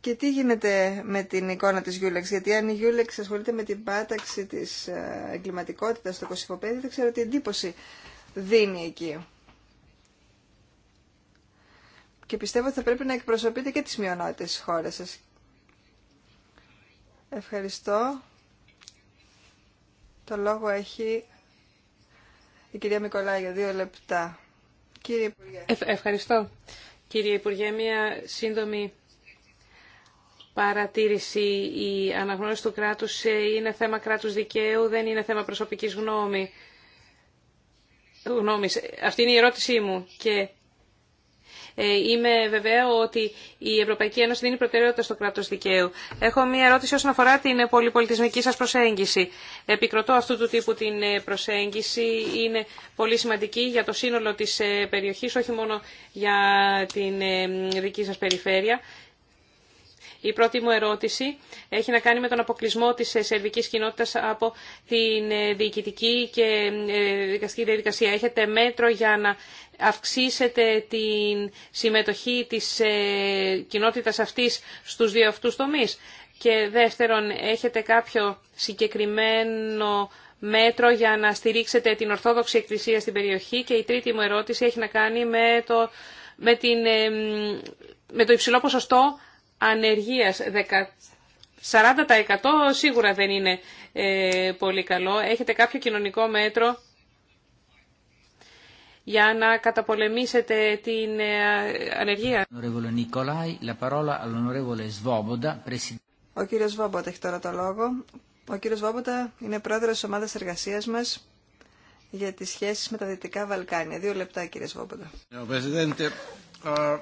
Και τι γίνεται με την εικόνα της Γιούλεξ, γιατί αν η Γιούλεξ ασχολείται με την πάταξη της ε, εγκληματικότητας στο Κωσυφοπέδι, δεν ξέρω τι εντύπωση δίνει εκεί. Και πιστεύω ότι θα πρέπει να εκπροσωπείτε και τις μειονότητες της χώρας σας. Ευχαριστώ. Το λόγο έχει η κυρία Μικολά για δύο λεπτά. Κύριε Υπουργέ. ευχαριστώ. Κύριε Υπουργέ, μια σύντομη παρατήρηση. Η αναγνώριση του κράτους ε, είναι θέμα κράτους δικαίου, δεν είναι θέμα προσωπικής γνώμη. γνώμης. Αυτή είναι η ερώτησή μου και ε, είμαι βεβαίω ότι η Ευρωπαϊκή Ένωση δίνει προτεραιότητα στο κράτος δικαίου. Έχω μία ερώτηση όσον αφορά την πολυπολιτισμική σας προσέγγιση. Επικροτώ αυτού του τύπου την ε, προσέγγιση. Είναι πολύ σημαντική για το σύνολο της περιοχής, όχι μόνο για την δική σας περιφέρεια. Η πρώτη μου ερώτηση έχει να κάνει με τον αποκλεισμό της ε, σερβική κοινότητας από την ε, διοικητική και ε, δικαστική διαδικασία. Έχετε μέτρο για να αυξήσετε την συμμετοχή της κοινότητας αυτής στους δύο αυτούς τομείς. Και δεύτερον, έχετε κάποιο συγκεκριμένο μέτρο για να στηρίξετε την Ορθόδοξη Εκκλησία στην περιοχή. Και η τρίτη μου ερώτηση έχει να κάνει με το, με την, με το υψηλό ποσοστό ανεργίας. 40% σίγουρα δεν είναι ε, πολύ καλό. Έχετε κάποιο κοινωνικό μέτρο για να καταπολεμήσετε την ε, ανεργία. Ο κύριος Βόμποτα έχει τώρα το λόγο. Ο κύριος Βόμποτα είναι πρόεδρος της ομάδας εργασίας μας για τις σχέσεις με τα Δυτικά Βαλκάνια. Δύο λεπτά κύριε Βόμποτα. Uh,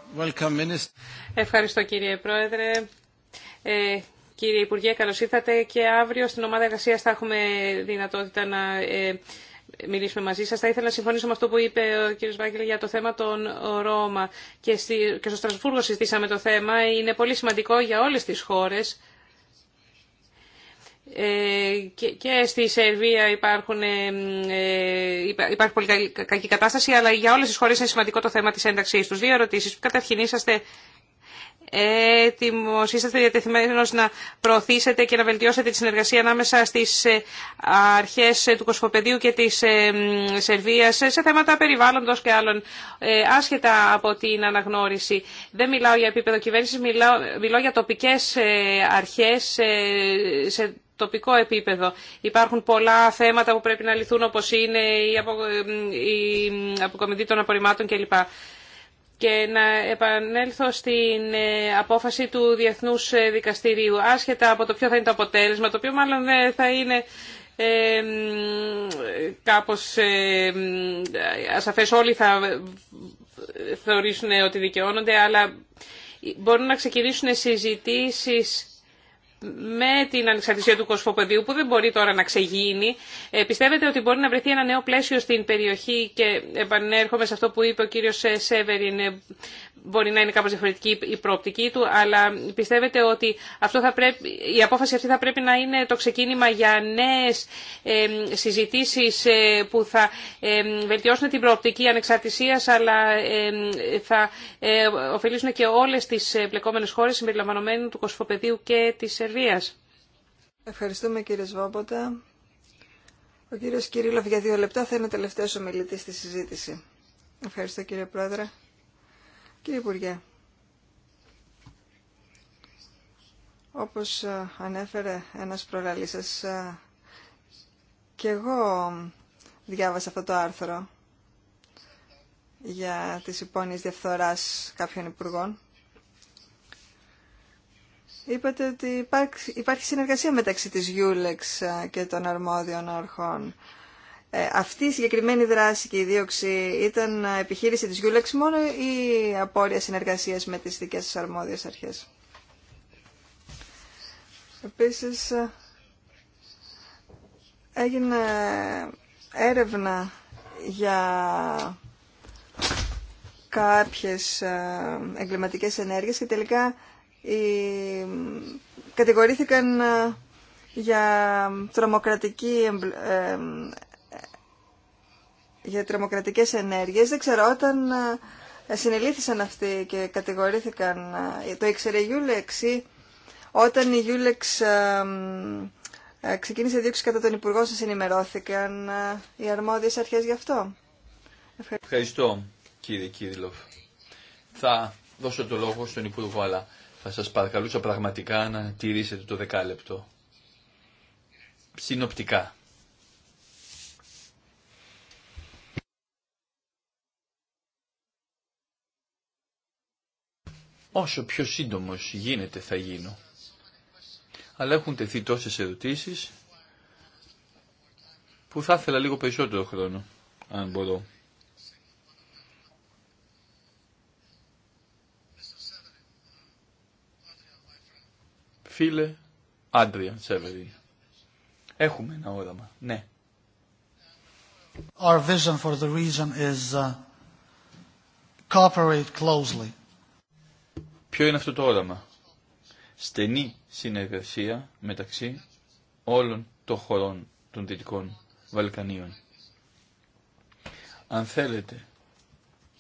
Ευχαριστώ κύριε Πρόεδρε. Ε, κύριε Υπουργέ, καλώς ήρθατε και αύριο στην ομάδα εργασία θα έχουμε δυνατότητα να ε, μιλήσουμε μαζί σας. Θα ήθελα να συμφωνήσω με αυτό που είπε ο κύριος Βάγκελ για το θέμα των Ρώμα. Και, και στο Στρασβούργο συζητήσαμε το θέμα. Είναι πολύ σημαντικό για όλες τις χώρες ε, και στη Σερβία υπάρχουν, ε, ε, υπάρχει πολύ κακή κατάσταση, αλλά για όλες τις χώρες είναι σημαντικό το θέμα της ένταξής τους. Δύο ερωτήσεις. Καταρχήν είσαστε έτοιμος, είσαστε διατεθειμένος να προωθήσετε και να βελτιώσετε τη συνεργασία ανάμεσα στις αρχές του κοσφοπεδίου και της Σερβίας σε θέματα περιβάλλοντος και άλλων, άσχετα από την αναγνώριση. Δεν μιλάω για επίπεδο κυβέρνησης, μιλάω, μιλάω για τοπικές αρχές σε τοπικό επίπεδο. Υπάρχουν πολλά θέματα που πρέπει να λυθούν όπως είναι η, απο... η αποκομιδή των απορριμμάτων κλπ. Και να επανέλθω στην ε, απόφαση του Διεθνούς ε, Δικαστηρίου, άσχετα από το ποιο θα είναι το αποτέλεσμα, το οποίο μάλλον ε, θα είναι ε, κάπως ασαφές όλοι θα θεωρήσουν ότι δικαιώνονται, αλλά μπορούν να ξεκινήσουν συζητήσεις με την ανεξαρτησία του κοσφοπεδίου που δεν μπορεί τώρα να ξεγίνει, ε, πιστεύετε ότι μπορεί να βρεθεί ένα νέο πλαίσιο στην περιοχή και επανέρχομαι σε αυτό που είπε ο κύριος ε, Σέβεριν. Ε, μπορεί να είναι κάπως διαφορετική η προοπτική του, αλλά πιστεύετε ότι αυτό θα πρέπει, η απόφαση αυτή θα πρέπει να είναι το ξεκίνημα για νέες ε, συζητήσεις που θα βελτιώσουν την προοπτική ανεξαρτησίας, αλλά θα ε, ωφελήσουν και όλες τις ε, πλεκόμενες χώρες συμπεριλαμβανομένου του Κοσφοπεδίου και της Σερβίας. Ευχαριστούμε κύριε Σβόμποτα. Ο κύριος Κυρίλοφ για δύο λεπτά θα είναι ο τελευταίος ομιλητής στη συζήτηση. Ευχαριστώ κύριε Πρόεδρε. Κύριε Υπουργέ, όπως ε, ανέφερε ένας προλαλής ε, και εγώ διάβασα αυτό το άρθρο για τις υπόνοιες διαφθοράς κάποιων υπουργών. Είπατε ότι υπάρχει συνεργασία μεταξύ της Γιούλεξ ε, και των αρμόδιων αρχών. Ε, αυτή η συγκεκριμένη δράση και η δίωξη ήταν επιχείρηση της Γιούλεξ μόνο ή απόρρια συνεργασίας με τις δικές σας αρμόδιες αρχές. Επίσης, έγινε έρευνα για κάποιες ε, εγκληματικές ενέργειες και τελικά οι... κατηγορήθηκαν ε, για τρομοκρατική για τρομοκρατικές ενέργειες. Δεν ξέρω, όταν ε, συνελήθησαν αυτοί και κατηγορήθηκαν, ε, το ήξερε η Γιούλεξ ή όταν η Γιούλεξ ε, ξεκίνησε δίωξη κατά τον Υπουργό σας ενημερώθηκαν οι αρμόδιες αρχές γι' αυτό. Ευχαριστώ, Ευχαριστώ κύριε Κύριλοφ. Θα δώσω το λόγο στον Υπουργό, αλλά θα σας παρακαλούσα πραγματικά να τηρήσετε το δεκάλεπτο. Συνοπτικά. όσο πιο σύντομος γίνεται θα γίνω. Αλλά έχουν τεθεί τόσες ερωτήσεις που θα ήθελα λίγο περισσότερο χρόνο, αν μπορώ. Φίλε Άντριαν Σέβεριν. Έχουμε ένα όραμα, ναι. Our vision for the region is uh, cooperate closely. Ποιο είναι αυτό το όραμα. Στενή συνεργασία μεταξύ όλων των χωρών των Δυτικών Βαλκανίων. Αν θέλετε,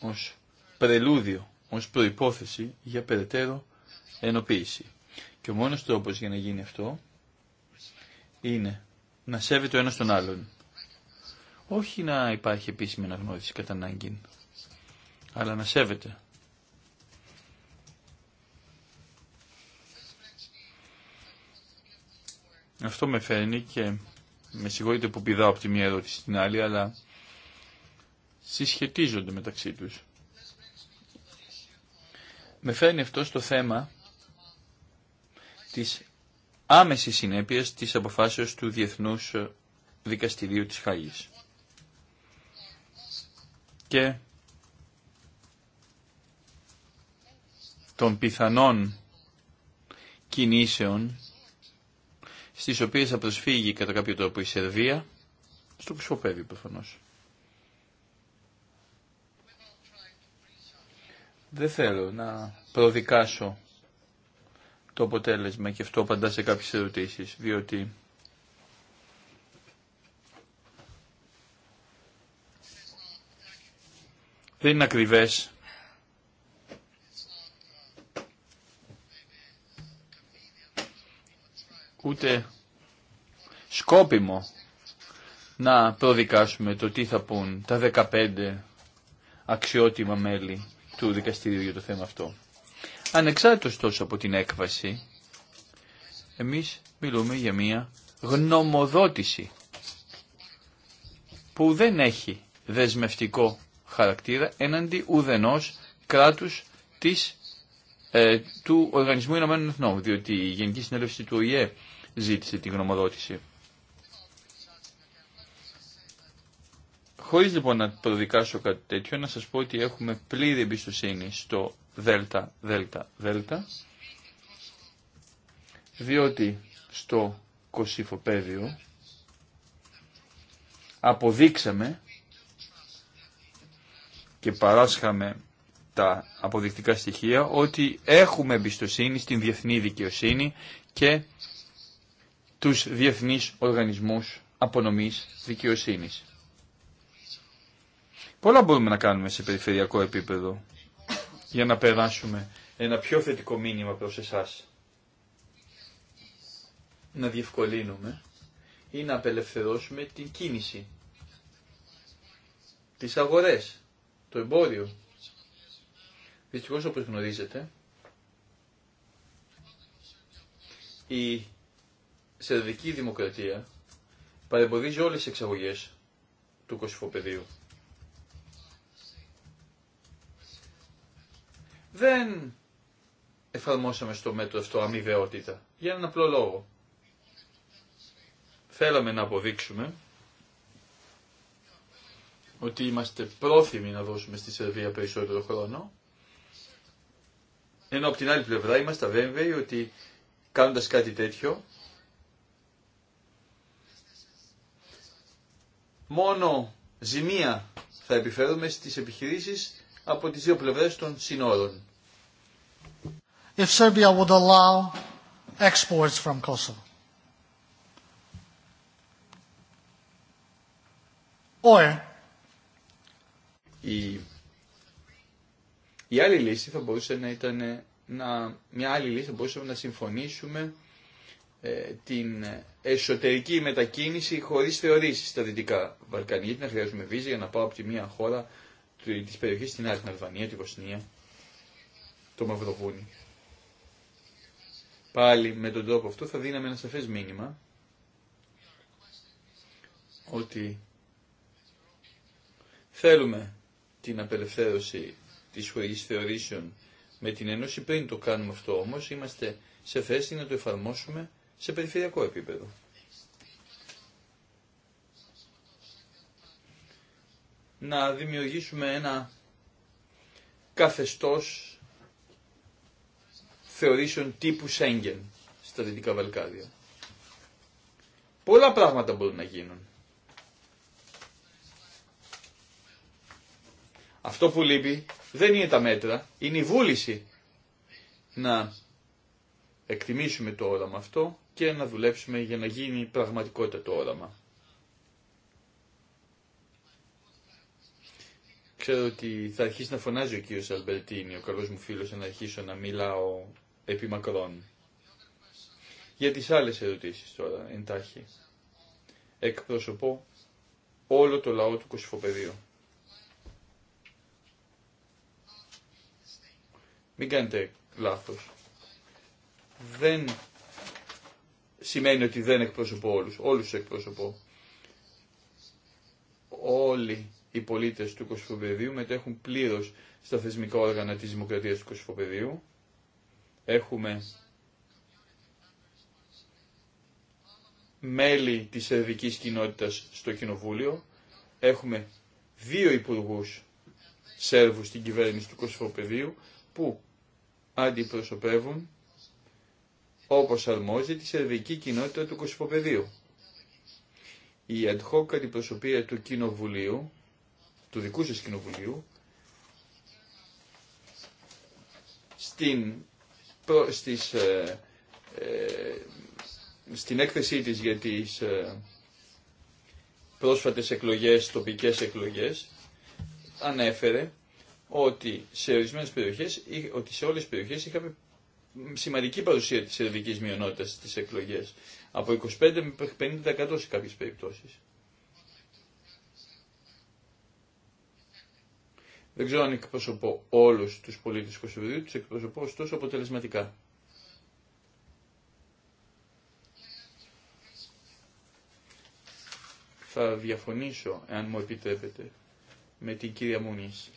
ως πρελούδιο, ως προϋπόθεση για περαιτέρω ενοποίηση. Και ο μόνος τρόπος για να γίνει αυτό είναι να σέβεται ο ένας τον άλλον. Όχι να υπάρχει επίσημη αναγνώριση κατά ανάγκη, αλλά να σέβεται Αυτό με φέρνει και με συγχωρείτε που πηδάω από τη μία ερώτηση στην άλλη, αλλά συσχετίζονται μεταξύ τους. Με φέρνει αυτό στο θέμα της άμεσης συνέπειας της αποφάσεως του Διεθνούς Δικαστηρίου της Χάγης. Και των πιθανών κινήσεων στις οποίες θα προσφύγει κατά κάποιο τρόπο η Σερβία, στο σκοπεύει προφανώς. Δεν θέλω να προδικάσω το αποτέλεσμα και αυτό απαντά σε κάποιες ερωτήσεις, διότι δεν είναι ακριβές ούτε σκόπιμο να προδικάσουμε το τι θα πούν τα 15 αξιότιμα μέλη του δικαστηρίου για το θέμα αυτό. Ανεξάρτητος τόσο από την έκβαση, εμείς μιλούμε για μία γνωμοδότηση που δεν έχει δεσμευτικό χαρακτήρα έναντι ουδενός κράτους της ε, του Οργανισμού Ηνωμένων Εθνών, διότι η Γενική Συνέλευση του ΟΗΕ ζήτησε τη γνωμοδότηση. Χωρίς λοιπόν να προδικάσω κάτι τέτοιο, να σας πω ότι έχουμε πλήρη εμπιστοσύνη στο ΔΕΛΤΑ, ΔΕΛΤΑ, ΔΕΛΤΑ, διότι στο Πέδιο αποδείξαμε και παράσχαμε τα αποδεικτικά στοιχεία ότι έχουμε εμπιστοσύνη στην διεθνή δικαιοσύνη και τους διεθνείς οργανισμούς απονομής δικαιοσύνης. Πολλά μπορούμε να κάνουμε σε περιφερειακό επίπεδο για να περάσουμε ένα πιο θετικό μήνυμα προς εσάς. Να διευκολύνουμε ή να απελευθερώσουμε την κίνηση, τις αγορές, το εμπόριο, Δυστυχώς όπως γνωρίζετε, η Σερβική Δημοκρατία παρεμποδίζει όλες τις εξαγωγές του κοσυφοπεδίου. Δεν εφαρμόσαμε στο μέτρο αυτό αμοιβαιότητα, για έναν απλό λόγο. Θέλαμε να αποδείξουμε ότι είμαστε πρόθυμοι να δώσουμε στη Σερβία περισσότερο χρόνο ενώ από την άλλη πλευρά είμαστε βέβαιοι ότι κάνοντας κάτι τέτοιο, μόνο ζημία θα επιφέρουμε στις επιχειρήσεις από τις δύο πλευρές των συνόρων. If would allow exports from Kosovo. Or... Η η άλλη λύση θα μπορούσε να ήταν να, μια άλλη λύση θα μπορούσαμε να συμφωνήσουμε ε, την εσωτερική μετακίνηση χωρίς θεωρήσεις στα Δυτικά Βαλκάνια. Γιατί να χρειάζομαι βίζα για να πάω από τη μία χώρα της περιοχής στην άλλη, την Αλβανία, τη Βοσνία, το Μαυροβούνι. Πάλι με τον τρόπο αυτό θα δίναμε ένα σαφές μήνυμα ότι θέλουμε την απελευθέρωση της χορηγής θεωρήσεων με την Ένωση. Πριν το κάνουμε αυτό όμως είμαστε σε θέση να το εφαρμόσουμε σε περιφερειακό επίπεδο. Να δημιουργήσουμε ένα καθεστώς θεωρήσεων τύπου Σέγγεν στα Δυτικά Βαλκάρια. Πολλά πράγματα μπορούν να γίνουν. Αυτό που λείπει δεν είναι τα μέτρα, είναι η βούληση να εκτιμήσουμε το όραμα αυτό και να δουλέψουμε για να γίνει πραγματικότητα το όραμα. Ξέρω ότι θα αρχίσει να φωνάζει ο κύριος Αλμπερτίνη, ο καλός μου φίλος, να αρχίσω να μιλάω επί μακρόν. Για τις άλλες ερωτήσεις τώρα, εντάχει. Εκπροσωπώ όλο το λαό του Κωσυφοπεδίου. Μην κάνετε λάθος. Δεν σημαίνει ότι δεν εκπροσωπώ όλους. Όλους τους εκπροσωπώ. Όλοι οι πολίτες του Κοσμοπεδίου μετέχουν πλήρως στα θεσμικά όργανα της Δημοκρατίας του Κοσμοπεδίου. Έχουμε μέλη της σερβικής κοινότητας στο Κοινοβούλιο. Έχουμε δύο υπουργούς Σέρβους στην κυβέρνηση του Κοσμοπεδίου που αντιπροσωπεύουν όπως αρμόζει τη σερβική κοινότητα του Κωσυφοπεδίου. Η ad hoc αντιπροσωπεία του Κοινοβουλίου, του δικού σας Κοινοβουλίου, στην, στις, ε, ε, στην έκθεσή της για τις ε, πρόσφατες εκλογές, τοπικές εκλογές, ανέφερε ότι σε ορισμένε περιοχέ, ότι σε όλες τις περιοχές είχαμε σημαντική παρουσία τη σερβική μειονότητας στις εκλογέ Από 25 με 50% σε κάποιε περιπτώσει. Δεν ξέρω αν εκπροσωπώ όλους τους πολίτε του του εκπροσωπώ ωστόσο αποτελεσματικά. Θα διαφωνήσω, εάν μου επιτρέπετε, με την κυρία Μουνής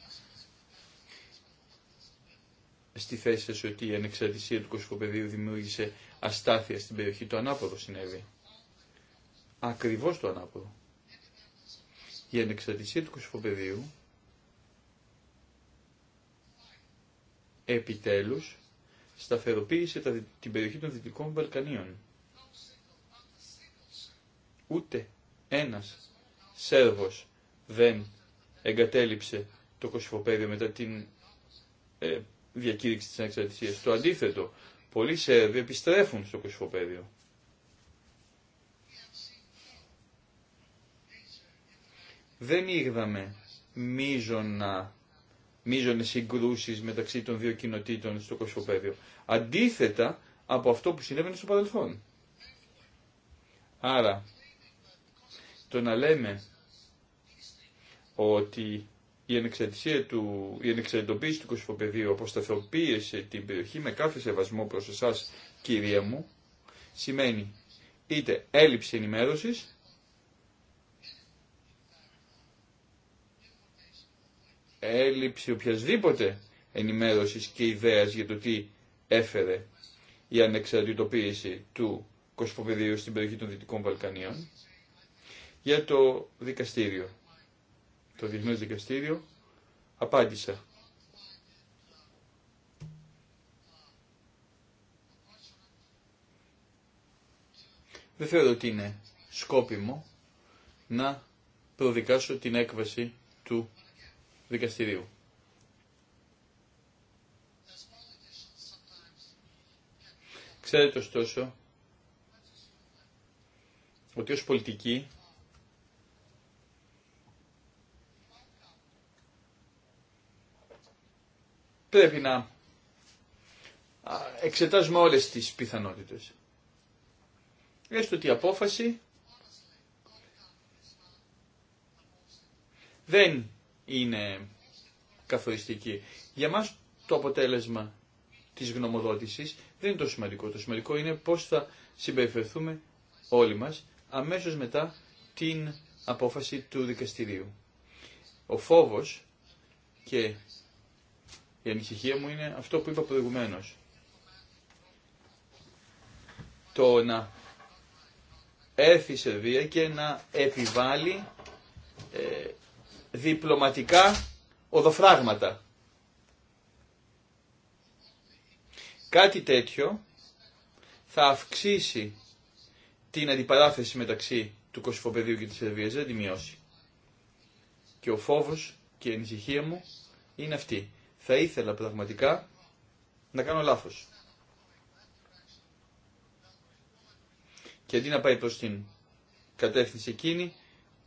στη θέση σας ότι η ανεξαρτησία του κοσμοπεδίου δημιούργησε αστάθεια στην περιοχή. Το ανάποδο συνέβη. Ακριβώς το ανάποδο. Η ανεξαρτησία του κοσμοπεδίου επιτέλους σταθεροποίησε τα, την περιοχή των Δυτικών Βαλκανίων. Ούτε ένας Σέρβος δεν εγκατέλειψε το Κωσφοπέδιο μετά την ε, διακήρυξη της ανεξαρτησίας. Το αντίθετο, πολλοί Σέρβοι επιστρέφουν στο Κοσμοπέδιο. Δεν είδαμε μείζωνα, μείζονες συγκρούσεις μεταξύ των δύο κοινοτήτων στο Κοσμοπέδιο. Αντίθετα από αυτό που συνέβαινε στο παρελθόν. Άρα, το να λέμε ότι η, του, η ανεξαρτητοποίηση του κοσμοπεδίου αποσταθροποίησε την περιοχή με κάθε σεβασμό προς εσάς κυρία μου σημαίνει είτε έλλειψη ενημέρωσης έλλειψη οποιασδήποτε ενημέρωσης και ιδέας για το τι έφερε η ανεξαρτητοποίηση του κοσμοπεδίου στην περιοχή των Δυτικών Βαλκανίων για το δικαστήριο το Διεθνές Δικαστήριο, απάντησα. Δεν θεωρώ ότι είναι σκόπιμο να προδικάσω την έκβαση του δικαστηρίου. Ξέρετε ωστόσο ότι ως πολιτική. πρέπει να εξετάζουμε όλες τις πιθανότητες. Έστω ότι η απόφαση δεν είναι καθοριστική. Για μας το αποτέλεσμα της γνωμοδότησης δεν είναι το σημαντικό. Το σημαντικό είναι πώς θα συμπεριφερθούμε όλοι μας αμέσως μετά την απόφαση του δικαστηρίου. Ο φόβος και η ανησυχία μου είναι αυτό που είπα προηγουμένω. Το να έρθει η Σερβία και να επιβάλλει ε, διπλωματικά οδοφράγματα. Κάτι τέτοιο θα αυξήσει την αντιπαράθεση μεταξύ του Κωσυφοπεδίου και της Σερβίας, δεν τη μειώσει. Και ο φόβος και η ανησυχία μου είναι αυτή θα ήθελα πραγματικά να κάνω λάθος. Και αντί να πάει προς την κατεύθυνση εκείνη,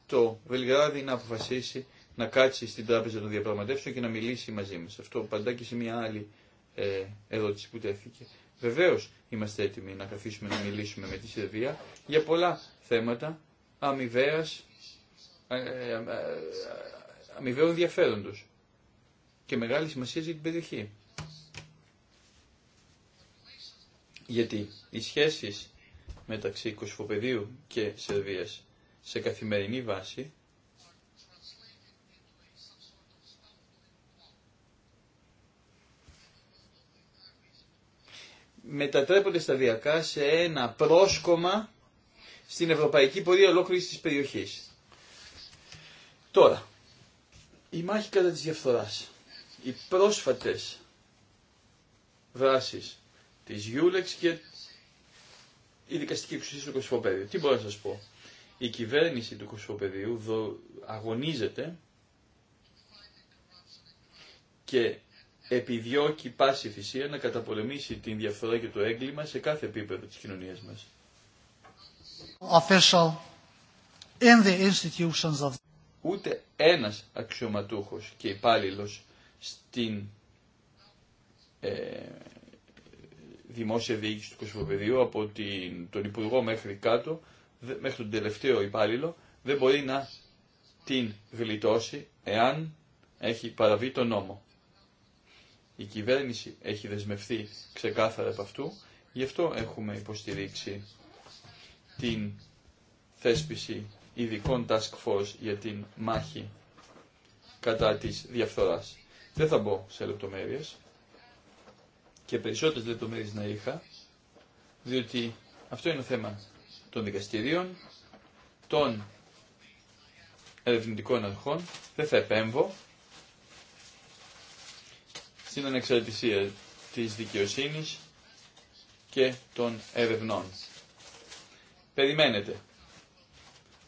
το Βελιγράδι να αποφασίσει να κάτσει στην τράπεζα των διαπραγματεύσεων και να μιλήσει μαζί μας. Αυτό παντά και σε μια άλλη ε, ερώτηση που τέθηκε. Βεβαίω είμαστε έτοιμοι να καθίσουμε να μιλήσουμε με τη Σερβία για πολλά θέματα αμοιβαίας, ενδιαφέροντο. Ε, ε, ενδιαφέροντος και μεγάλη σημασία για την περιοχή. Γιατί οι σχέσεις μεταξύ Κοσφοπεδίου και Σερβίας σε καθημερινή βάση μετατρέπονται σταδιακά σε ένα πρόσκομα στην ευρωπαϊκή πορεία ολόκληρη της περιοχής. Τώρα, η μάχη κατά της διαφθοράς οι πρόσφατες δράσεις της Γιούλεξ και η δικαστική εξουσία του Κωσυφοπέδιο. Τι μπορώ να σας πω. Η κυβέρνηση του Κωσυφοπέδιου αγωνίζεται και επιδιώκει πάση θυσία να καταπολεμήσει την διαφθορά και το έγκλημα σε κάθε επίπεδο της κοινωνίας μας. Ούτε ένας αξιωματούχος και υπάλληλος στην ε, δημόσια διοίκηση του Κοσμοπεδίου από την, τον Υπουργό μέχρι κάτω, μέχρι τον τελευταίο υπάλληλο, δεν μπορεί να την γλιτώσει εάν έχει παραβεί τον νόμο. Η κυβέρνηση έχει δεσμευθεί ξεκάθαρα από αυτού, γι' αυτό έχουμε υποστηρίξει την θέσπιση ειδικών task force για την μάχη κατά της διαφθοράς. Δεν θα μπω σε λεπτομέρειες και περισσότερες λεπτομέρειες να είχα, διότι αυτό είναι θέμα των δικαστηρίων, των ερευνητικών αρχών, δεν θα επέμβω στην ανεξαρτησία της δικαιοσύνης και των ερευνών. Περιμένετε.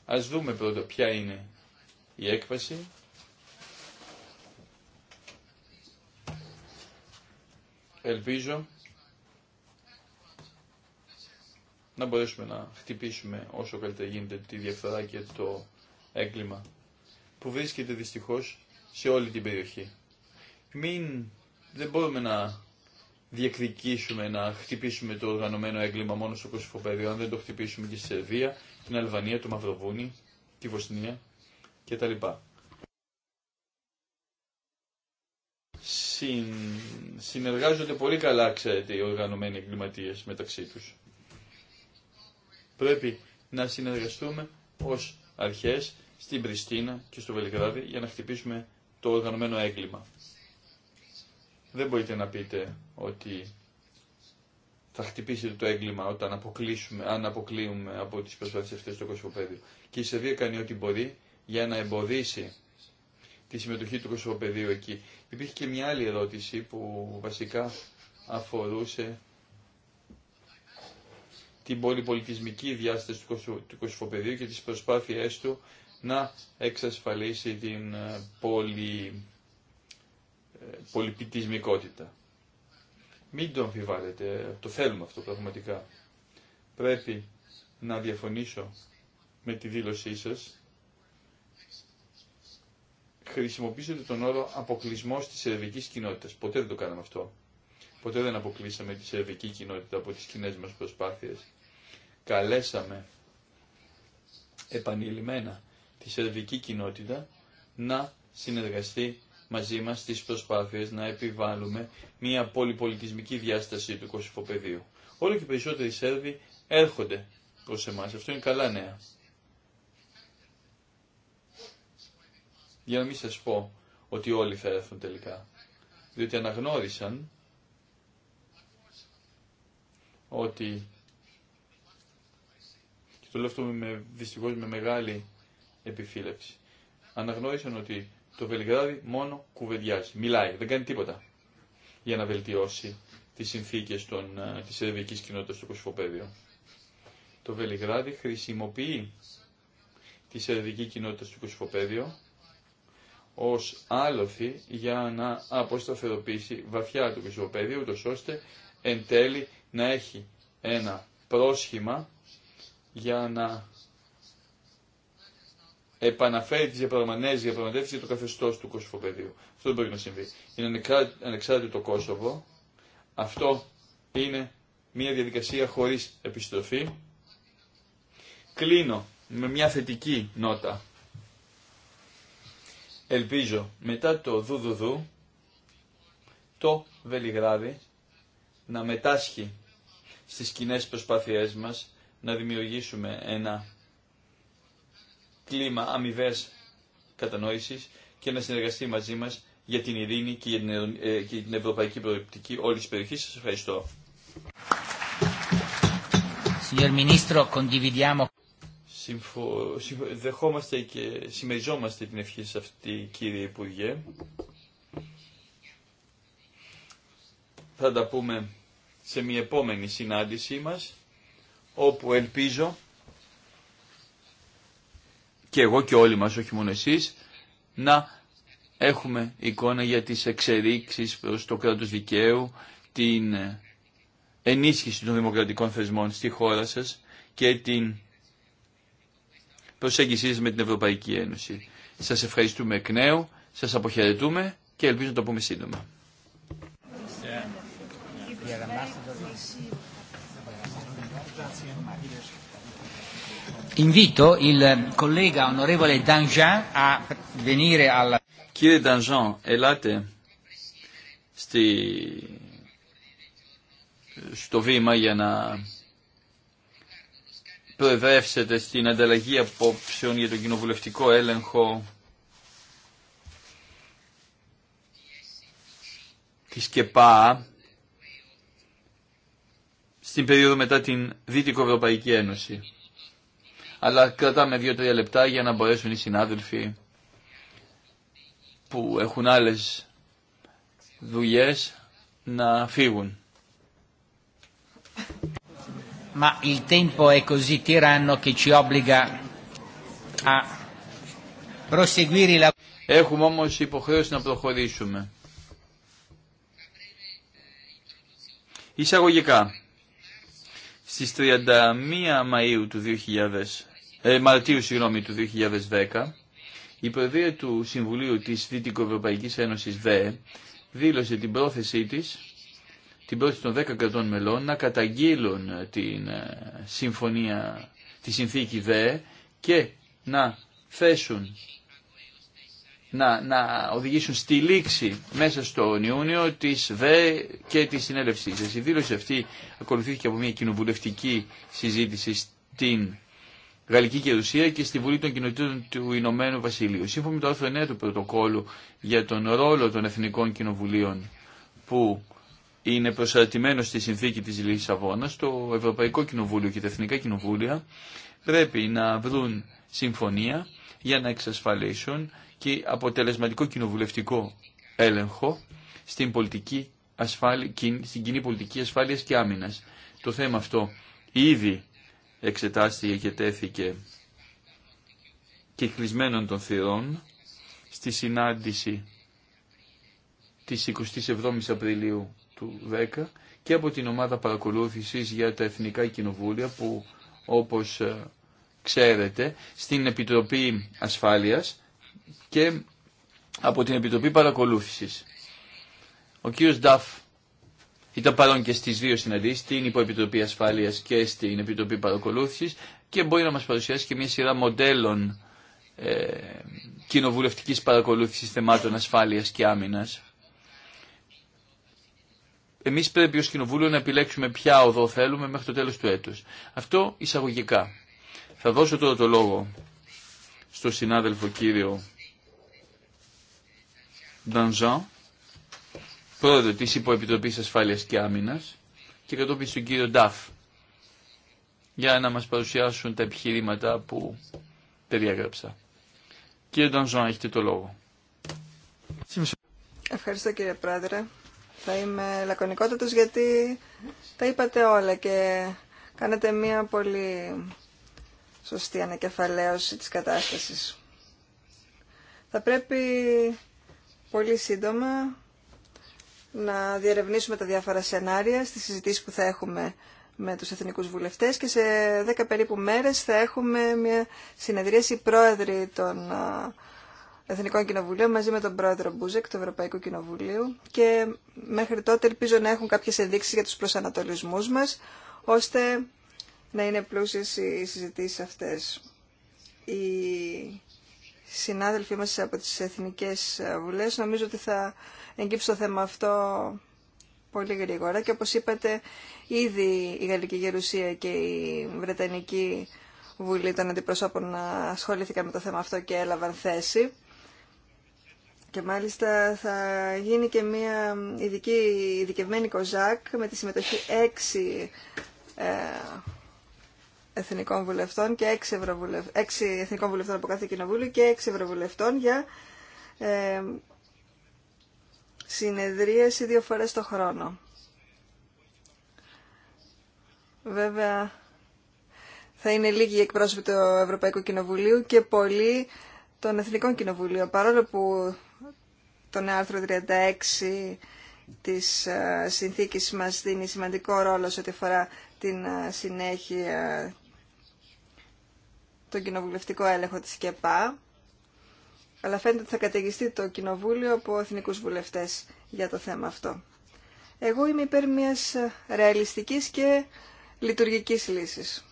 Ας δούμε πρώτα ποια είναι η έκβαση Ελπίζω να μπορέσουμε να χτυπήσουμε όσο καλύτερα γίνεται τη διαφθορά και το έγκλημα που βρίσκεται δυστυχώς σε όλη την περιοχή. Μην, δεν μπορούμε να διεκδικήσουμε, να χτυπήσουμε το οργανωμένο έγκλημα μόνο στο Κωσυφοπέδιο, αν δεν το χτυπήσουμε και στη Σερβία, την Αλβανία, το Μαυροβούνι, τη Βοσνία κτλ. συν, συνεργάζονται πολύ καλά, ξέρετε, οι οργανωμένοι εγκληματίε μεταξύ τους. Πρέπει να συνεργαστούμε ω αρχές στην Πριστίνα και στο Βελιγράδι για να χτυπήσουμε το οργανωμένο έγκλημα. Δεν μπορείτε να πείτε ότι θα χτυπήσετε το έγκλημα όταν αποκλείσουμε, αν αποκλείουμε από τις προσπάθειες αυτές το κοσμοπέδιο. Και η Σερβία κάνει ό,τι μπορεί για να εμποδίσει τη συμμετοχή του κοσμοπεδίου εκεί. Υπήρχε και μια άλλη ερώτηση που βασικά αφορούσε την πολυπολιτισμική διάσταση του κοσμοπεδίου και τις προσπάθειές του να εξασφαλίσει την ε, πολυ... Ε, πολυπιτισμικότητα. Μην το αμφιβάλλετε, το θέλουμε αυτό πραγματικά. Πρέπει να διαφωνήσω με τη δήλωσή σας χρησιμοποιήσετε τον όρο αποκλεισμό τη σερβική κοινότητα. Ποτέ δεν το κάναμε αυτό. Ποτέ δεν αποκλείσαμε τη σερβική κοινότητα από τι κοινέ μα προσπάθειε. Καλέσαμε επανειλημμένα τη σερβική κοινότητα να συνεργαστεί μαζί μας στις προσπάθειες να επιβάλλουμε μια πολυπολιτισμική διάσταση του κοσυφοπεδίου. Όλο και περισσότεροι Σέρβοι έρχονται προς εμάς. Αυτό είναι καλά νέα. Για να μην σας πω ότι όλοι θα έρθουν τελικά. Διότι αναγνώρισαν ότι και το λέω αυτό με, δυστυχώς με μεγάλη επιφύλαξη. Αναγνώρισαν ότι το Βελιγράδι μόνο κουβεντιάζει, μιλάει, δεν κάνει τίποτα για να βελτιώσει τις συνθήκες των, ε, της ερευνικής κοινότητας του Κοσμοπέδιο. Το Βελιγράδι χρησιμοποιεί τη ερευνική κοινότητα του Κοσμοπέδιο ως άλοθη για να αποσταθεροποιήσει βαθιά το κοσμοπέδιο, ούτως ώστε εν τέλει να έχει ένα πρόσχημα για να επαναφέρει τις διαπραγματεύσεις, διαπραγματεύσεις για το καθεστώς του κοσμοπεδίου. Αυτό δεν μπορεί να συμβεί. Είναι ανεξάρτητο το Κόσοβο. Αυτό είναι μια διαδικασία χωρίς επιστροφή. Κλείνω με μια θετική νότα. Ελπίζω μετά το δουδουδού το Βελιγράδι να μετάσχει στις κοινέ προσπάθειές μας να δημιουργήσουμε ένα κλίμα αμοιβέ κατανόησης και να συνεργαστεί μαζί μας για την ειρήνη και την, ε, και την ευρωπαϊκή προεπτική όλης της περιοχής. Σας ευχαριστώ. Συμφω... Δεχόμαστε και συμμεριζόμαστε την ευχή σε αυτή, κύριε Υπουργέ. Θα τα πούμε σε μια επόμενη συνάντησή μας, όπου ελπίζω και εγώ και όλοι μας, όχι μόνο εσείς, να έχουμε εικόνα για τις εξερίξεις προς το κράτος δικαίου, την ενίσχυση των δημοκρατικών θεσμών στη χώρα σας και την προσέγγιση με την Ευρωπαϊκή Ένωση. Σα ευχαριστούμε εκ νέου, σα αποχαιρετούμε και ελπίζω να το πούμε σύντομα. Κύριε Danjean, ελάτε στη... στο βήμα για να προεδρεύσετε στην ανταλλαγή απόψεων για τον κοινοβουλευτικό έλεγχο της ΚΕΠΑ στην περίοδο μετά την Δυτικό Ευρωπαϊκή Ένωση. Αλλά κρατάμε δύο-τρία λεπτά για να μπορέσουν οι συνάδελφοι που έχουν άλλες δουλειές να φύγουν ma il tempo è così tiranno che ci obbliga a proseguire la Έχουμε όμως υποχρέωση να προχωρήσουμε. Εισαγωγικά, στις 31 Μαΐου του 2000, ε, Μαρτίου συγγνώμη, του 2010, η Προεδρία του Συμβουλίου της Δυτικοευρωπαϊκής Ένωσης ΔΕΕ δήλωσε την πρόθεσή της την πρόταση των 10 κρατών μελών να καταγγείλουν την ε, συμφωνία, τη συνθήκη ΔΕ και να θέσουν, να, να οδηγήσουν στη λήξη μέσα στον Ιούνιο της ΔΕ και της συνέλευσής Η δήλωση αυτή ακολουθήθηκε από μια κοινοβουλευτική συζήτηση στην Γαλλική Κερουσία και στη Βουλή των Κοινοτήτων του Ηνωμένου Βασιλείου. Σύμφωνα με το άρθρο 9 του πρωτοκόλου για τον ρόλο των Εθνικών Κοινοβουλίων που είναι προσαρτημένο στη συνθήκη της Λισαβόνας, το Ευρωπαϊκό Κοινοβούλιο και τα Εθνικά Κοινοβούλια πρέπει να βρουν συμφωνία για να εξασφαλίσουν και αποτελεσματικό κοινοβουλευτικό έλεγχο στην, πολιτική ασφάλεια, στην κοινή πολιτική ασφάλειας και άμυνας. Το θέμα αυτό ήδη εξετάστηκε και τέθηκε και κλεισμένων των θυρών στη συνάντηση της 27ης Απριλίου του 10 και από την ομάδα παρακολούθησης για τα Εθνικά Κοινοβούλια που όπως ε, ξέρετε στην Επιτροπή Ασφάλειας και από την Επιτροπή Παρακολούθησης. Ο κύριος Νταφ ήταν παρόν και στις δύο συναντήσεις, στην Υποεπιτροπή Ασφάλειας και στην Επιτροπή Παρακολούθησης και μπορεί να μας παρουσιάσει και μια σειρά μοντέλων ε, κοινοβουλευτικής παρακολούθησης θεμάτων ασφάλειας και άμυνας Εμεί πρέπει ω Κοινοβούλιο να επιλέξουμε ποια οδό θέλουμε μέχρι το τέλος του έτους. Αυτό εισαγωγικά. Θα δώσω τώρα το λόγο στο συνάδελφο κύριο Ντανζάν, πρόεδρο τη Υποεπιτροπή Ασφάλεια και Αμύνα και κατόπιν στον κύριο Νταφ για να μας παρουσιάσουν τα επιχειρήματα που περιέγραψα. Κύριε Ντανζάν, έχετε το λόγο. Ευχαριστώ κύριε Πρόεδρε. Θα είμαι λακωνικότατος γιατί τα είπατε όλα και κάνατε μία πολύ σωστή ανακεφαλαίωση της κατάστασης. Θα πρέπει πολύ σύντομα να διερευνήσουμε τα διάφορα σενάρια στις συζητήσεις που θα έχουμε με τους εθνικούς βουλευτές και σε δέκα περίπου μέρες θα έχουμε μια συνεδρίαση πρόεδρη των Εθνικών Κοινοβουλίο μαζί με τον πρόεδρο Μπούζεκ του Ευρωπαϊκού Κοινοβουλίου και μέχρι τότε ελπίζω να έχουν κάποιες ενδείξεις για τους προσανατολισμούς μας ώστε να είναι πλούσιες οι συζητήσεις αυτές. Οι συνάδελφοί μας από τις Εθνικές Βουλές νομίζω ότι θα εγκύψει το θέμα αυτό πολύ γρήγορα και όπως είπατε ήδη η Γαλλική Γερουσία και η Βρετανική Βουλή των Αντιπροσώπων ασχολήθηκαν με το θέμα αυτό και έλαβαν θέση. Και μάλιστα θα γίνει και μια ειδική, ειδικευμένη κοζάκ με τη συμμετοχή έξι ε, εθνικών βουλευτών και έξι, ευρωβουλευ... έξι εθνικών βουλευτών από κάθε κοινοβούλιο και έξι ευρωβουλευτών για ε, συνεδρίαση δύο φορές το χρόνο. Βέβαια, θα είναι λίγοι εκπρόσωποι του Ευρωπαϊκού Κοινοβουλίου και πολλοί των Εθνικών Κοινοβουλίων. Παρόλο που τον άρθρο 36 της ε, συνθήκης μας δίνει σημαντικό ρόλο σε ό,τι αφορά την ε, συνέχεια το κοινοβουλευτικό έλεγχο της ΚΕΠΑ αλλά φαίνεται ότι θα καταιγιστεί το Κοινοβούλιο από εθνικούς βουλευτές για το θέμα αυτό. Εγώ είμαι υπέρ μιας ρεαλιστικής και λειτουργικής λύσης.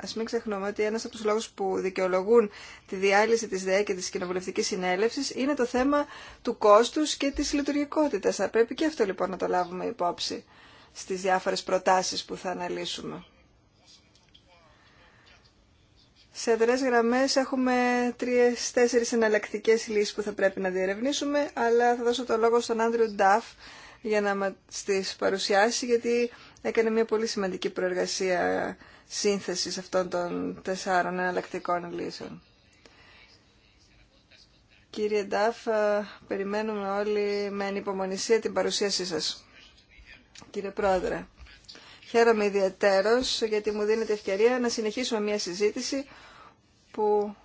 Α μην ξεχνούμε ότι ένα από του λόγου που δικαιολογούν τη διάλυση τη ΔΕΕ και της κοινοβουλευτική συνέλευση είναι το θέμα του κόστου και της λειτουργικότητα. Θα πρέπει και αυτό λοιπόν να το λάβουμε υπόψη στι διάφορε προτάσει που θα αναλύσουμε. Σε αδρες γραμμε γραμμές έχουμε τρει-τέσσερι εναλλακτικέ λύσει που θα πρέπει να διερευνήσουμε, αλλά θα δώσω το λόγο στον Άντριου Νταφ για να μα τι παρουσιάσει, γιατί έκανε μια πολύ σημαντική προεργασία σύνθεσης αυτών των τεσσάρων εναλλακτικών λύσεων. Κύριε Ντάφ, ε, περιμένουμε όλοι με ανυπομονησία την παρουσίασή σας. Κύριε Πρόεδρε, χαίρομαι ιδιαίτερος γιατί μου δίνετε ευκαιρία να συνεχίσουμε μια συζήτηση που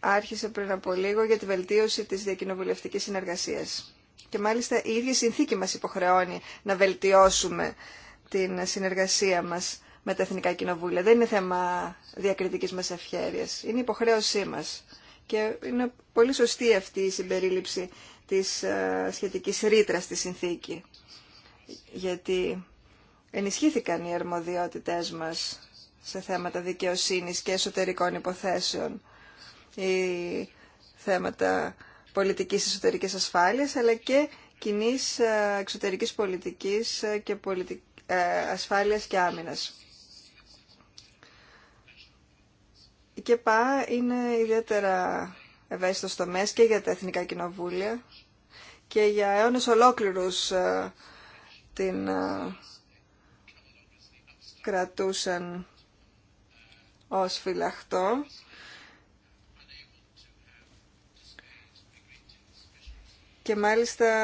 άρχισε πριν από λίγο για τη βελτίωση της διακοινοβουλευτικής συνεργασίας. Και μάλιστα η ίδια συνθήκη μας υποχρεώνει να βελτιώσουμε την συνεργασία μας με τα Εθνικά Κοινοβούλια. Δεν είναι θέμα διακριτικής μας ευχέρειας. Είναι υποχρέωσή μας. Και είναι πολύ σωστή αυτή η συμπερίληψη της ε, σχετικής ρήτρα στη συνθήκη. Γιατί ενισχύθηκαν οι αρμοδιότητές μας σε θέματα δικαιοσύνης και εσωτερικών υποθέσεων ή θέματα πολιτικής εσωτερικής ασφάλειας, αλλά και κοινή ε, εξωτερικής πολιτικής ε, και πολιτικής ε, ασφάλειας και άμυνας. Η ΚΕΠΑ είναι ιδιαίτερα ευαίσθητος τομέας και για τα εθνικά κοινοβούλια και για αιώνες ολόκληρους ε, την ε, κρατούσαν ως φυλαχτό. Και μάλιστα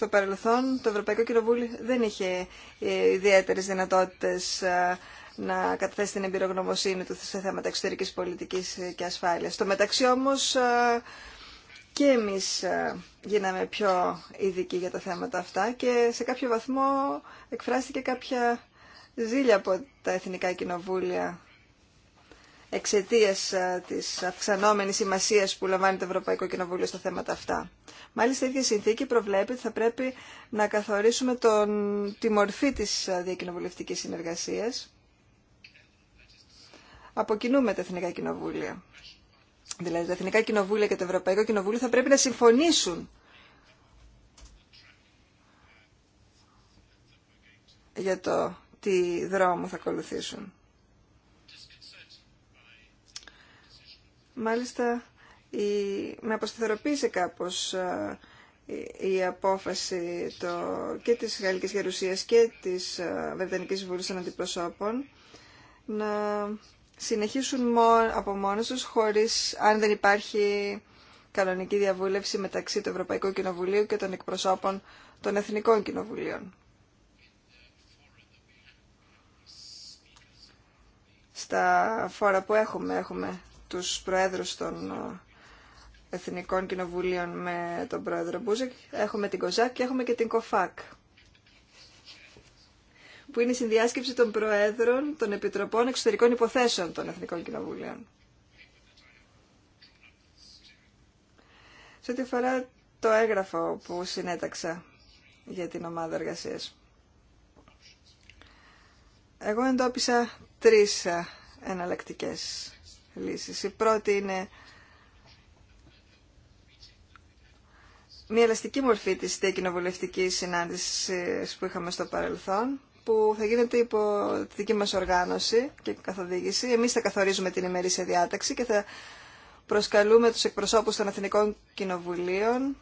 στο παρελθόν το Ευρωπαϊκό Κοινοβούλιο δεν είχε ε, ιδιαίτερες δυνατότητες ε, να καταθέσει την εμπειρογνωμοσύνη του σε θέματα εξωτερικής πολιτικής ε, και ασφάλειας. Στο μεταξύ όμως και εμείς γίναμε πιο ειδικοί για τα θέματα αυτά και σε κάποιο βαθμό εκφράστηκε κάποια ζήλια από τα Εθνικά Κοινοβούλια εξαιτία τη αυξανόμενη σημασία που λαμβάνει το Ευρωπαϊκό Κοινοβούλιο στα θέματα αυτά. Μάλιστα, η ίδια συνθήκη προβλέπει ότι θα πρέπει να καθορίσουμε τον, τη μορφή τη διακοινοβουλευτική συνεργασία. Αποκινούμε τα Εθνικά Κοινοβούλια. Δηλαδή, τα Εθνικά Κοινοβούλια και το Ευρωπαϊκό Κοινοβούλιο θα πρέπει να συμφωνήσουν για το τι δρόμο θα ακολουθήσουν. Μάλιστα, η, με αποσταθεροποίησε κάπως ε, η, η απόφαση το, και της Γαλλικής Γερουσίας και της ε, Βρετανικής Βουλής των Αντιπροσώπων να συνεχίσουν μόνο, από μόνος τους χωρίς, αν δεν υπάρχει κανονική διαβούλευση μεταξύ του Ευρωπαϊκού Κοινοβουλίου και των εκπροσώπων των Εθνικών Κοινοβουλίων. Στα φόρα που έχουμε, έχουμε τους προέδρους των ε, Εθνικών Κοινοβουλίων με τον πρόεδρο Μπούζεκ. Έχουμε την ΚΟΖΑΚ και έχουμε και την ΚΟΦΑΚ που είναι η συνδιάσκεψη των Προέδρων των Επιτροπών Εξωτερικών Υποθέσεων των Εθνικών Κοινοβουλίων. Σε ό,τι αφορά το έγγραφο που συνέταξα για την ομάδα εργασίας. Εγώ εντόπισα τρεις ε, εναλλακτικές λύσεις. Η πρώτη είναι μια ελαστική μορφή της διακοινοβουλευτικής συνάντησης που είχαμε στο παρελθόν, που θα γίνεται υπό τη δική μας οργάνωση και καθοδήγηση. Εμείς θα καθορίζουμε την ημερήσια διάταξη και θα προσκαλούμε τους εκπροσώπους των Αθηνικών Κοινοβουλίων,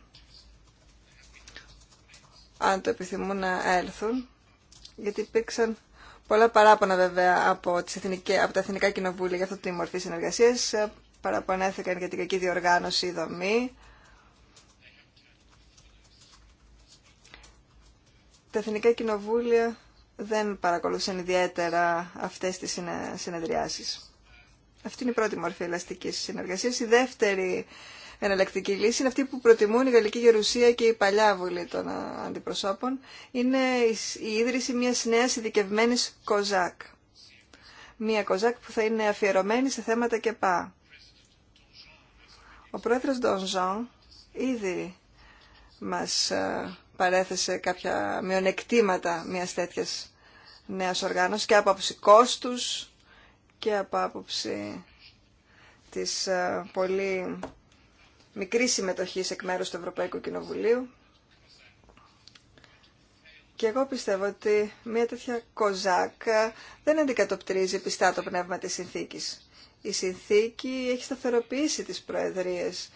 αν το επιθυμούν να έλθουν, γιατί υπήρξαν πολλά παράπονα βέβαια από, από τα Εθνικά Κοινοβούλια για αυτή τη μορφή συνεργασία. Ε, παραπονέθηκαν για την κακή διοργάνωση, η δομή. Τα Εθνικά Κοινοβούλια δεν παρακολουθούν ιδιαίτερα αυτές τις συνεδριάσεις. Αυτή είναι η πρώτη μορφή ελαστική συνεργασία, Η δεύτερη εναλλακτική λύση είναι αυτή που προτιμούν η Γαλλική Γερουσία και η παλιά βουλή των αντιπροσώπων. Είναι η ίδρυση μια νέα ειδικευμένη ΚΟΖΑΚ. Μια ΚΟΖΑΚ που θα είναι αφιερωμένη σε θέματα και πά. Ο πρόεδρος Ντονζόν ήδη μας ε, παρέθεσε κάποια μειονεκτήματα μιας τέτοια νέα οργάνωση και από άποψη κόστου και από άποψη της ε, πολύ μικρή συμμετοχή εκ μέρους του Ευρωπαϊκού Κοινοβουλίου. Και εγώ πιστεύω ότι μια τέτοια κοζάκα ε, δεν αντικατοπτρίζει πιστά το πνεύμα της συνθήκης. Η συνθήκη έχει σταθεροποιήσει τις προεδρίες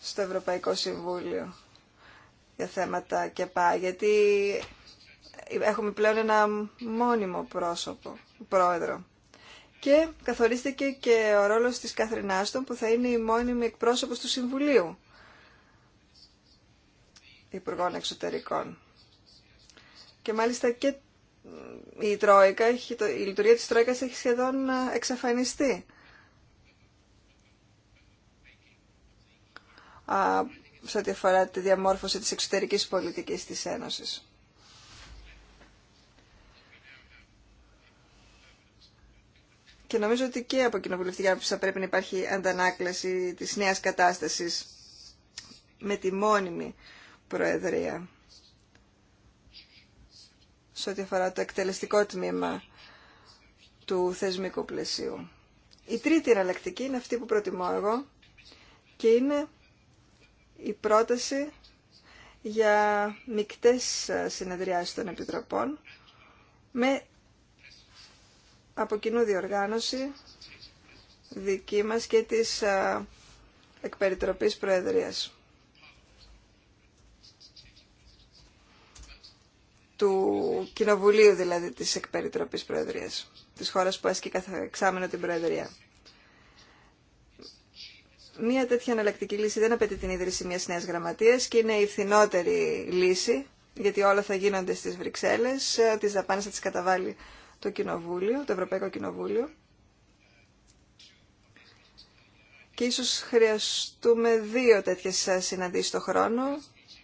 στο Ευρωπαϊκό Συμβούλιο για θέματα και πάει γιατί έχουμε πλέον ένα μόνιμο πρόσωπο, πρόεδρο και καθορίστηκε και ο ρόλος της Καθρινάστον που θα είναι η μόνιμη εκπρόσωπος του Συμβουλίου Υπουργών Εξωτερικών. Και μάλιστα και η, Τρόικα, η λειτουργία της Τρόικας έχει σχεδόν ε, εξαφανιστεί. σε ό,τι αφορά τη διαμόρφωση της εξωτερικής πολιτικής της Ένωσης. Και νομίζω ότι και από κοινοβουλευτική άποψη θα πρέπει να υπάρχει αντανάκλαση της νέας κατάστασης με τη μόνιμη Προεδρία. Σε ό,τι αφορά το εκτελεστικό τμήμα του θεσμικού πλαισίου. Η τρίτη εναλλακτική είναι αυτή που προτιμώ εγώ και είναι η πρόταση για μικτές συνεδριάσεις των Επιτροπών με από κοινού διοργάνωση δική μας και της α, εκπεριτροπής Προεδρίας. Του Κοινοβουλίου δηλαδή της εκπεριτροπής Προεδρίας, της χώρας που ασκεί κάθε εξάμενο την Προεδρία. Μία τέτοια εναλλακτική λύση δεν απαιτεί την ίδρυση μιας νέας γραμματείας και είναι η φθηνότερη λύση, γιατί όλα θα γίνονται στις Βρυξέλλες, ε, τις δαπάνες θα τις καταβάλει το Κοινοβούλιο, το Ευρωπαϊκό Κοινοβούλιο. Και ίσως χρειαστούμε δύο τέτοιες συναντήσεις το χρόνο,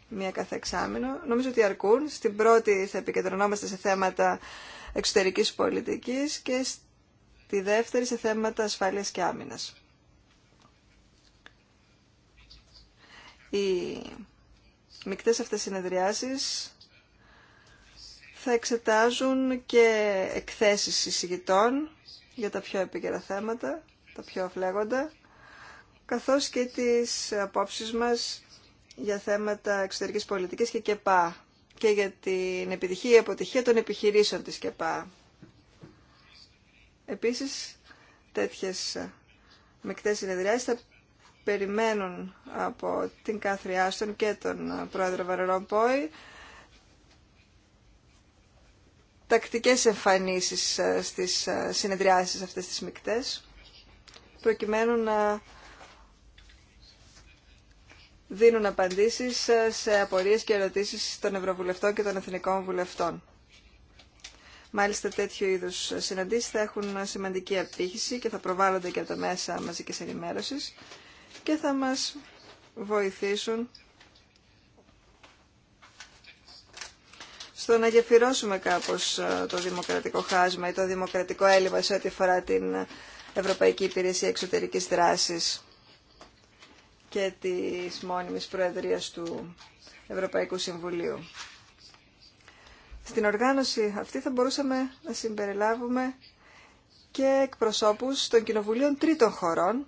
μία κάθε εξάμεινο. Νομίζω ότι αρκούν. Στην πρώτη θα επικεντρωνόμαστε σε θέματα εξωτερικής πολιτικής και στη δεύτερη σε θέματα ασφάλειας και άμυνας. Οι μικτές αυτές συνεδριάσεις θα εξετάζουν και εκθέσεις συζητών για τα πιο επίκαιρα θέματα, τα πιο αφλέγοντα, καθώς και τις απόψεις μας για θέματα εξωτερικής πολιτικής και ΚΕΠΑ και για την επιτυχία ή αποτυχία των επιχειρήσεων της ΚΕΠΑ. Επίσης, τέτοιες μεκτές συνεδριάσεις θα περιμένουν από την Κάθρια Άστον και τον πρόεδρο Βαρερόν τακτικές εμφανίσεις ε, στις ε, συνεδριάσεις αυτές τις μικτές, προκειμένου να δίνουν απαντήσεις ε, σε απορίες και ερωτήσεις των Ευρωβουλευτών και των Εθνικών Βουλευτών. Μάλιστα τέτοιου είδους συναντήσεις θα έχουν σημαντική απήχηση και θα προβάλλονται και από τα μέσα μαζικής ενημέρωσης και θα μας βοηθήσουν στο να γεφυρώσουμε κάπως ε, το δημοκρατικό χάσμα ή το δημοκρατικό έλλειμμα σε ό,τι αφορά την Ευρωπαϊκή Υπηρεσία Εξωτερικής Δράσης και της μόνιμης Προεδρίας του Ευρωπαϊκού Συμβουλίου. Στην οργάνωση αυτή θα μπορούσαμε να συμπεριλάβουμε και εκπροσώπους των κοινοβουλίων τρίτων χωρών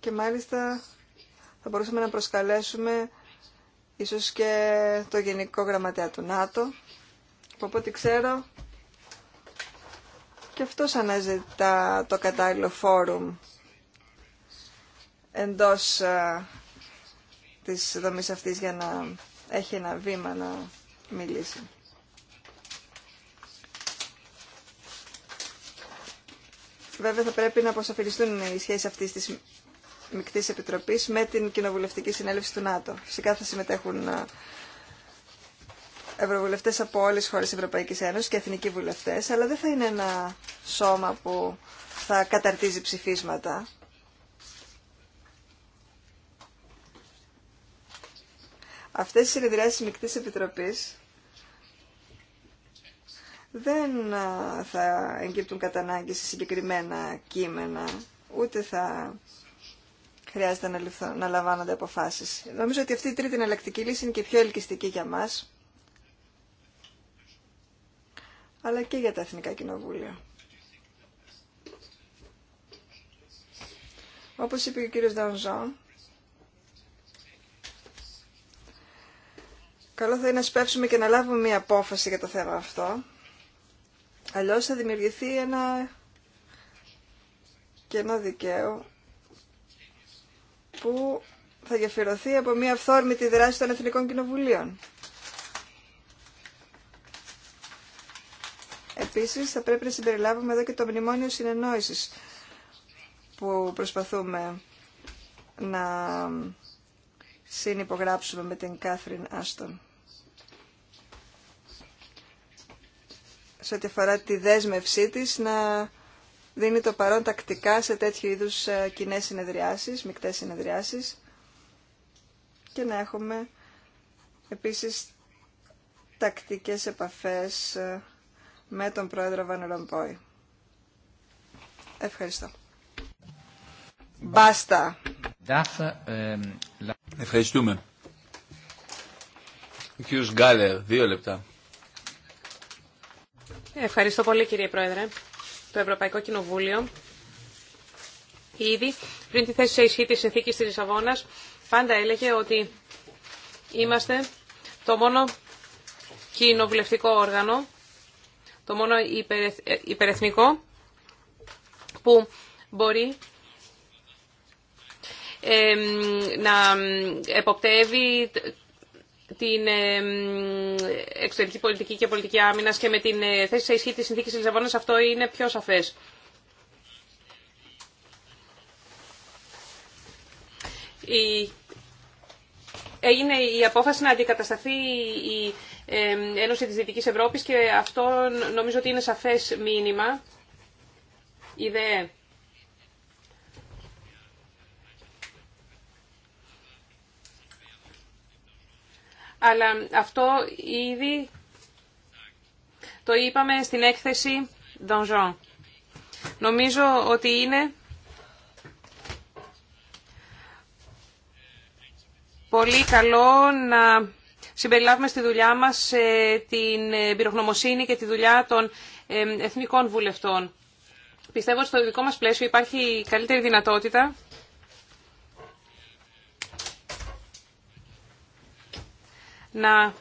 και μάλιστα θα μπορούσαμε να προσκαλέσουμε ίσως και το Γενικό Γραμματέα του ΝΑΤΟ, που από ό,τι ξέρω και αυτός αναζητά το κατάλληλο φόρουμ εντός α, ε, της δομής αυτής για να έχει ένα βήμα να μιλήσει. Βέβαια θα πρέπει να αποσαφιλιστούν οι σχέσεις αυτής της Μικτής Επιτροπής με την Κοινοβουλευτική Συνέλευση του ΝΑΤΟ. Φυσικά θα συμμετέχουν ε, ευρωβουλευτές από όλες τις χώρες της Ευρωπαϊκής Ένωσης και εθνικοί βουλευτέ, αλλά δεν θα είναι ένα σώμα που θα καταρτίζει ψηφίσματα. Αυτές οι τη Μικτής Επιτροπής δεν ε, θα εγκύπτουν κατά ανάγκη σε συγκεκριμένα κείμενα, ούτε θα χρειάζεται να, να λαμβάνονται αποφάσεις. Νομίζω ότι αυτή η τρίτη εναλλακτική λύση είναι και πιο ελκυστική για μας, αλλά και για τα Εθνικά Κοινοβούλια. Όπως είπε ο κύριος Δανζόν, καλό θα είναι να σπεύσουμε και να λάβουμε μία απόφαση για το θέμα αυτό, αλλιώς θα δημιουργηθεί ένα κενό δικαίου που θα γεφυρωθεί από μια αυθόρμητη δράση των Εθνικών Κοινοβουλίων. Επίσης, θα πρέπει να συμπεριλάβουμε εδώ και το μνημόνιο συνεννόησης που προσπαθούμε να συνυπογράψουμε με την Κάθριν Άστον. Σε ό,τι αφορά τη δέσμευσή της να δίνει το παρόν τακτικά σε τέτοιου είδους ε, κοινέ συνεδριάσεις, μικτές συνεδριάσεις και να έχουμε επίσης τακτικές επαφές ε, με τον πρόεδρο Βαν Ευχαριστώ. Μπάστα. Ευχαριστούμε. Ο κ. Γκάλερ, δύο λεπτά. Ευχαριστώ πολύ κύριε Πρόεδρε στο Ευρωπαϊκό Κοινοβούλιο ήδη πριν τη θέση σε ισχύ της συνθήκη της Λισαβόνας πάντα έλεγε ότι είμαστε το μόνο κοινοβουλευτικό όργανο, το μόνο ε, υπερεθνικό που μπορεί να εποπτεύει την εξωτερική πολιτική και πολιτική άμυνας και με την ε, θέση σε ισχύ της συνθήκης της αυτό είναι πιο σαφές. Η... Έγινε η απόφαση να αντικατασταθεί η Ένωση της Δυτικής Ευρώπης και αυτό νομίζω ότι είναι σαφές μήνυμα. Ιδέα. αλλά αυτό ήδη το είπαμε στην έκθεση Donjon. Νομίζω ότι είναι πολύ καλό να συμπεριλάβουμε στη δουλειά μας ε, την πυρογνωμοσύνη και τη δουλειά των ε, εθνικών βουλευτών. Πιστεύω ότι στο δικό μας πλαίσιο υπάρχει καλύτερη δυνατότητα να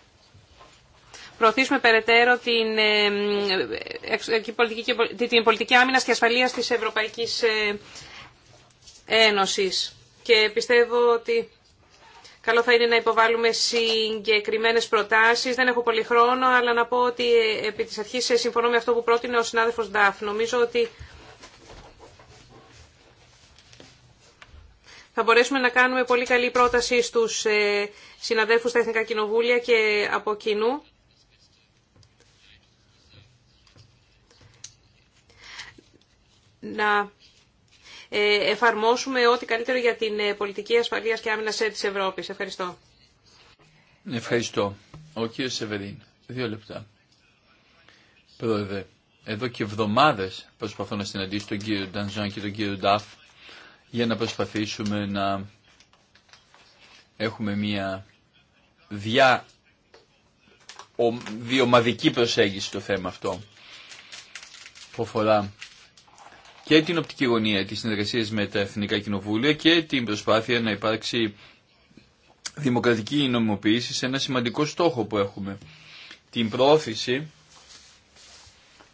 προωθήσουμε περαιτέρω την, ε, ε, πολιτική, την πολιτική άμυνας και ασφαλείας της Ευρωπαϊκής ε, Ένωσης. Και πιστεύω ότι καλό θα είναι να υποβάλουμε συγκεκριμένε προτάσεις. Δεν έχω πολύ χρόνο, αλλά να πω ότι επί της αρχής συμφωνώ με αυτό που πρότεινε ο συνάδελφος Ντάφ. Νομίζω ότι θα μπορέσουμε να κάνουμε πολύ καλή πρόταση στους ε, συναδέλφους στα Εθνικά Κοινοβούλια και από κοινού. Να ε, εφαρμόσουμε ό,τι καλύτερο για την ε, πολιτική ασφαλείας και άμυνας της Ευρώπης. Ευχαριστώ. Ευχαριστώ. Ο κύριος Σεβερίν. Δύο λεπτά. Πρόεδρε, εδώ και εβδομάδες προσπαθώ να συναντήσω τον κύριο Ντανζάν και τον κύριο Νταφ για να προσπαθήσουμε να έχουμε μια δια ο, διομαδική προσέγγιση στο θέμα αυτό που αφορά και την οπτική γωνία της συνεργασίας με τα Εθνικά Κοινοβούλια και την προσπάθεια να υπάρξει δημοκρατική νομιμοποίηση σε ένα σημαντικό στόχο που έχουμε. Την πρόθεση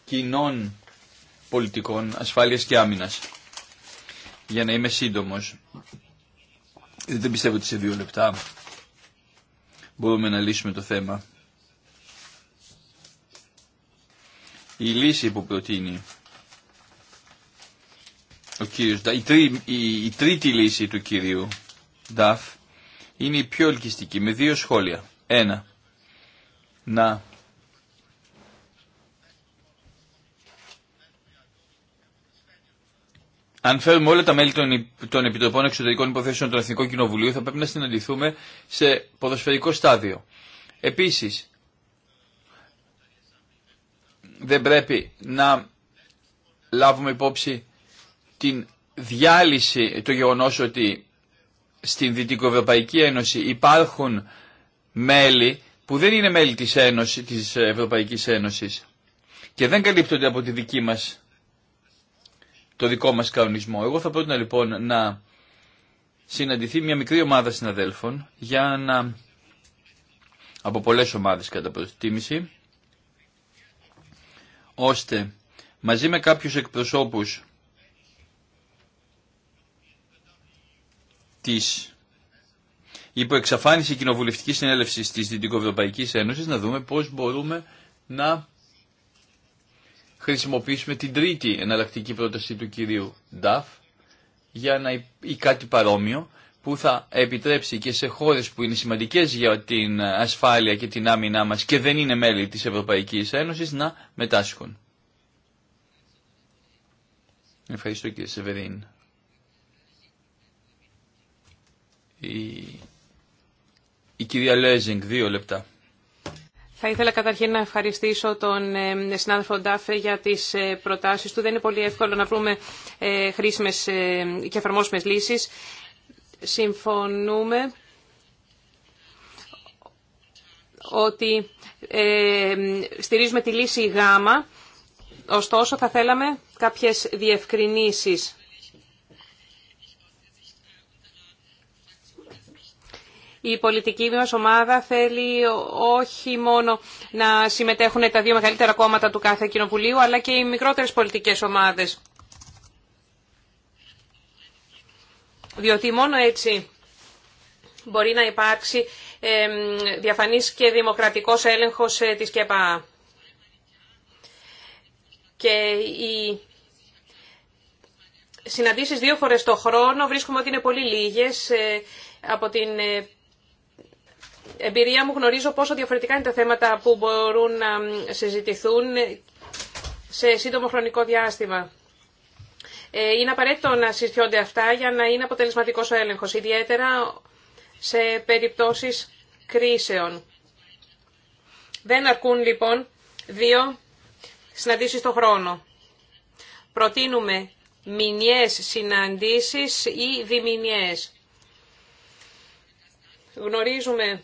κοινών πολιτικών ασφάλειας και άμυνας για να είμαι σύντομος. Δεν πιστεύω ότι σε δύο λεπτά μπορούμε να λύσουμε το θέμα. Η λύση που προτείνει ο κύριος, η, τρί, η, η τρίτη λύση του κυρίου Νταφ είναι η πιο ελκυστική με δύο σχόλια. Ένα, να αν φέρουμε όλα τα μέλη των, Επιτροπών Εξωτερικών Υποθέσεων των Εθνικών Κοινοβουλίων, θα πρέπει να συναντηθούμε σε ποδοσφαιρικό στάδιο. Επίσης, δεν πρέπει να λάβουμε υπόψη την διάλυση, το γεγονό ότι στην Δυτικοευρωπαϊκή Ένωση υπάρχουν μέλη που δεν είναι μέλη της, Ένωσης, της Ευρωπαϊκής Ένωσης και δεν καλύπτονται από τη δική μας το δικό μας κανονισμό. Εγώ θα πρότεινα λοιπόν να συναντηθεί μια μικρή ομάδα συναδέλφων για να από πολλές ομάδες κατά προτίμηση ώστε μαζί με κάποιους εκπροσώπους της υποεξαφάνιση κοινοβουλευτικής συνέλευσης της Δυτικοευρωπαϊκής Ένωσης να δούμε πώς μπορούμε να χρησιμοποιήσουμε την τρίτη εναλλακτική πρόταση του κυρίου Νταφ για να ή κάτι παρόμοιο που θα επιτρέψει και σε χώρες που είναι σημαντικές για την ασφάλεια και την άμυνά μας και δεν είναι μέλη της Ευρωπαϊκής Ένωσης να μετάσχουν. Ευχαριστώ κύριε Σεβερίν. Η... η κυρία Λέζινγκ, δύο λεπτά. Θα ήθελα καταρχήν να ευχαριστήσω τον ε, συνάδελφο Ντάφε για τις ε, προτάσεις του. Δεν είναι πολύ εύκολο να βρούμε ε, χρήσιμες και εφαρμόσιμες λύσεις. Συμφωνούμε ότι στηρίζουμε τη λύση Γ, ωστόσο θα θέλαμε κάποιες διευκρινήσεις. η πολιτική μας ομάδα θέλει όχι μόνο να συμμετέχουν τα δύο μεγαλύτερα κόμματα του κάθε κοινοβουλίου, αλλά και οι μικρότερες πολιτικές ομάδες. Διότι μόνο έτσι μπορεί να υπάρξει διαφανής και δημοκρατικός έλεγχος ε, της ΚΕΠΑ. Και η συναντήσεις δύο φορές το χρόνο βρίσκουμε ότι είναι πολύ λίγες. Ε, από την ε, εμπειρία μου γνωρίζω πόσο διαφορετικά είναι τα θέματα που μπορούν να συζητηθούν σε σύντομο χρονικό διάστημα. Ε, είναι απαραίτητο να συζητιόνται αυτά για να είναι αποτελεσματικός ο έλεγχος, ιδιαίτερα σε περιπτώσεις κρίσεων. Δεν αρκούν λοιπόν δύο συναντήσεις το χρόνο. Προτείνουμε μηνιές συναντήσεις ή διμηνιές. Γνωρίζουμε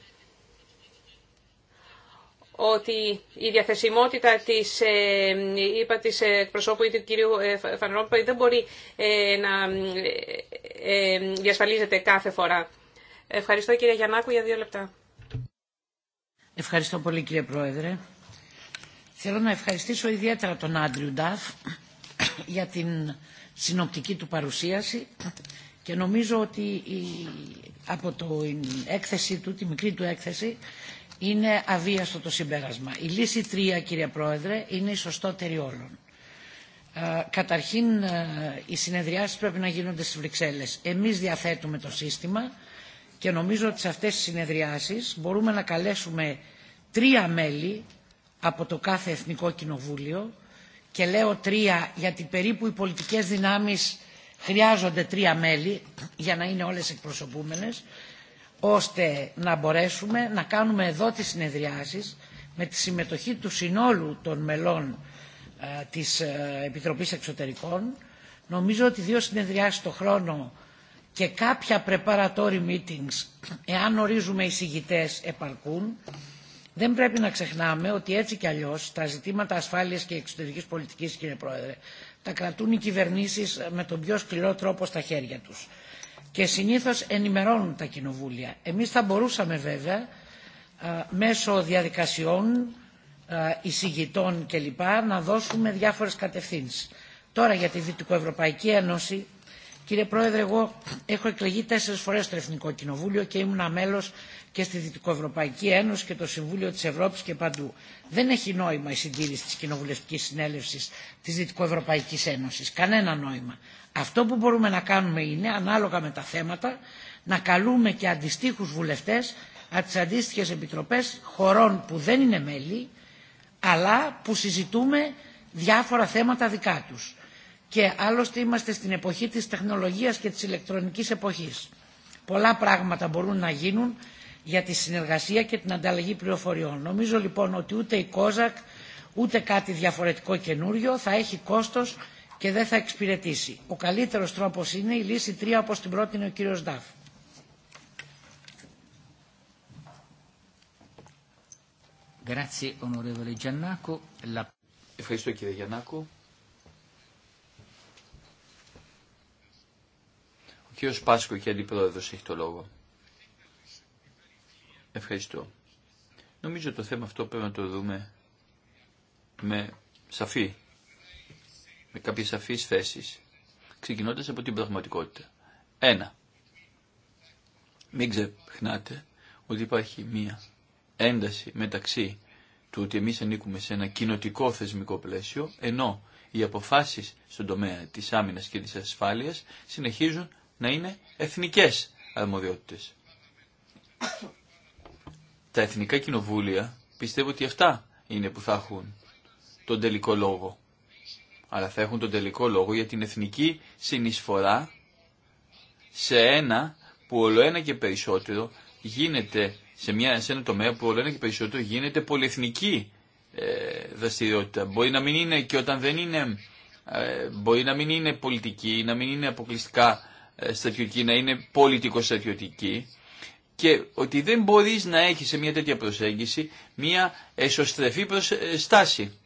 ότι η διαθεσιμότητα της ε, είπα της εκπροσώπου ή του κυρίου ε, Φανρόμπη δεν μπορεί ε, να διασφαλίζεται κάθε φορά. Ευχαριστώ κύριε Γιαννάκου για δύο λεπτά. Ευχαριστώ πολύ κύριε Πρόεδρε. Θέλω να ευχαριστήσω ιδιαίτερα τον Άντριου Νταφ για την συνοπτική του παρουσίαση και νομίζω ότι από την έκθεση του, τη μικρή του έκθεση είναι αβίαστο το συμπέρασμα. Η λύση τρία, κύριε Πρόεδρε, είναι η σωστότερη όλων. Ε, καταρχήν, ε, οι συνεδριάσεις πρέπει να γίνονται στις Βρυξέλλες. Εμείς διαθέτουμε το σύστημα και νομίζω ότι σε αυτές τις συνεδριάσεις μπορούμε να καλέσουμε τρία μέλη από το κάθε Εθνικό Κοινοβούλιο και λέω τρία γιατί περίπου οι πολιτικές δυνάμεις χρειάζονται τρία μέλη για να είναι όλες εκπροσωπούμενες ώστε να μπορέσουμε να κάνουμε εδώ τις συνεδριάσεις με τη συμμετοχή του συνόλου των μελών ε, της ε, Επιτροπής Εξωτερικών. Νομίζω ότι δύο συνεδριάσεις το χρόνο και κάποια preparatory meetings, εάν ορίζουμε εισηγητές, επαρκούν. Δεν πρέπει να ξεχνάμε ότι έτσι κι αλλιώς τα ζητήματα ασφάλειας και εξωτερικής πολιτικής, κύριε Πρόεδρε, τα κρατούν οι κυβερνήσεις με τον πιο σκληρό τρόπο στα χέρια τους και συνήθως ενημερώνουν τα κοινοβούλια. Εμείς θα μπορούσαμε βέβαια μέσω διαδικασιών, εισηγητών κλπ. να δώσουμε διάφορες κατευθύνσεις. Τώρα για τη Δυτικοευρωπαϊκή Ένωση Κύριε Πρόεδρε, εγώ έχω εκλεγεί τέσσερι φορέ στο Εθνικό Κοινοβούλιο και ήμουν μέλο και στη Δυτικοευρωπαϊκή Ένωση και το Συμβούλιο τη Ευρώπη και παντού. Δεν έχει νόημα η συντήρηση τη Κοινοβουλευτική Συνέλευση τη Δυτικοευρωπαϊκή Ένωση. Κανένα νόημα. Αυτό που μπορούμε να κάνουμε είναι, ανάλογα με τα θέματα, να καλούμε και αντιστοίχου βουλευτέ από τι αντίστοιχε επιτροπέ χωρών που δεν είναι μέλη, αλλά που συζητούμε διάφορα θέματα δικά τους και άλλωστε είμαστε στην εποχή της τεχνολογίας και της ηλεκτρονικής εποχής. Πολλά πράγματα μπορούν να γίνουν για τη συνεργασία και την ανταλλαγή πληροφοριών. Νομίζω λοιπόν ότι ούτε η ΚΟΖΑΚ ούτε κάτι διαφορετικό καινούριο θα έχει κόστος και δεν θα εξυπηρετήσει. Ο καλύτερος τρόπος είναι η λύση 3 όπως την πρότεινε ο κύριος Νταφ. Ευχαριστώ κύριε Γιαννάκο. κύριος Πάσκο και αντιπρόεδρος έχει το λόγο. Ευχαριστώ. Νομίζω το θέμα αυτό πρέπει να το δούμε με σαφή, με κάποιες σαφείς θέσεις, ξεκινώντας από την πραγματικότητα. Ένα, μην ξεχνάτε ότι υπάρχει μία ένταση μεταξύ του ότι εμείς ανήκουμε σε ένα κοινοτικό θεσμικό πλαίσιο, ενώ οι αποφάσεις στον τομέα της άμυνας και της ασφάλειας συνεχίζουν να είναι εθνικές αρμοδιότητες. Τα εθνικά κοινοβούλια πιστεύω ότι αυτά είναι που θα έχουν τον τελικό λόγο. Αλλά θα έχουν τον τελικό λόγο για την εθνική συνεισφορά σε ένα που ολοένα και περισσότερο γίνεται σε, μια, ένα τομέα που ολοένα και περισσότερο γίνεται πολυεθνική ε, δραστηριότητα. Μπορεί να μην είναι και όταν δεν είναι, ε, μπορεί να μην είναι πολιτική, να μην είναι αποκλειστικά ε, στρατιωτική να είναι πολιτικο-στρατιωτική και ότι δεν μπορείς να έχεις σε μια τέτοια προσέγγιση μια εσωστρεφή ε, στάση.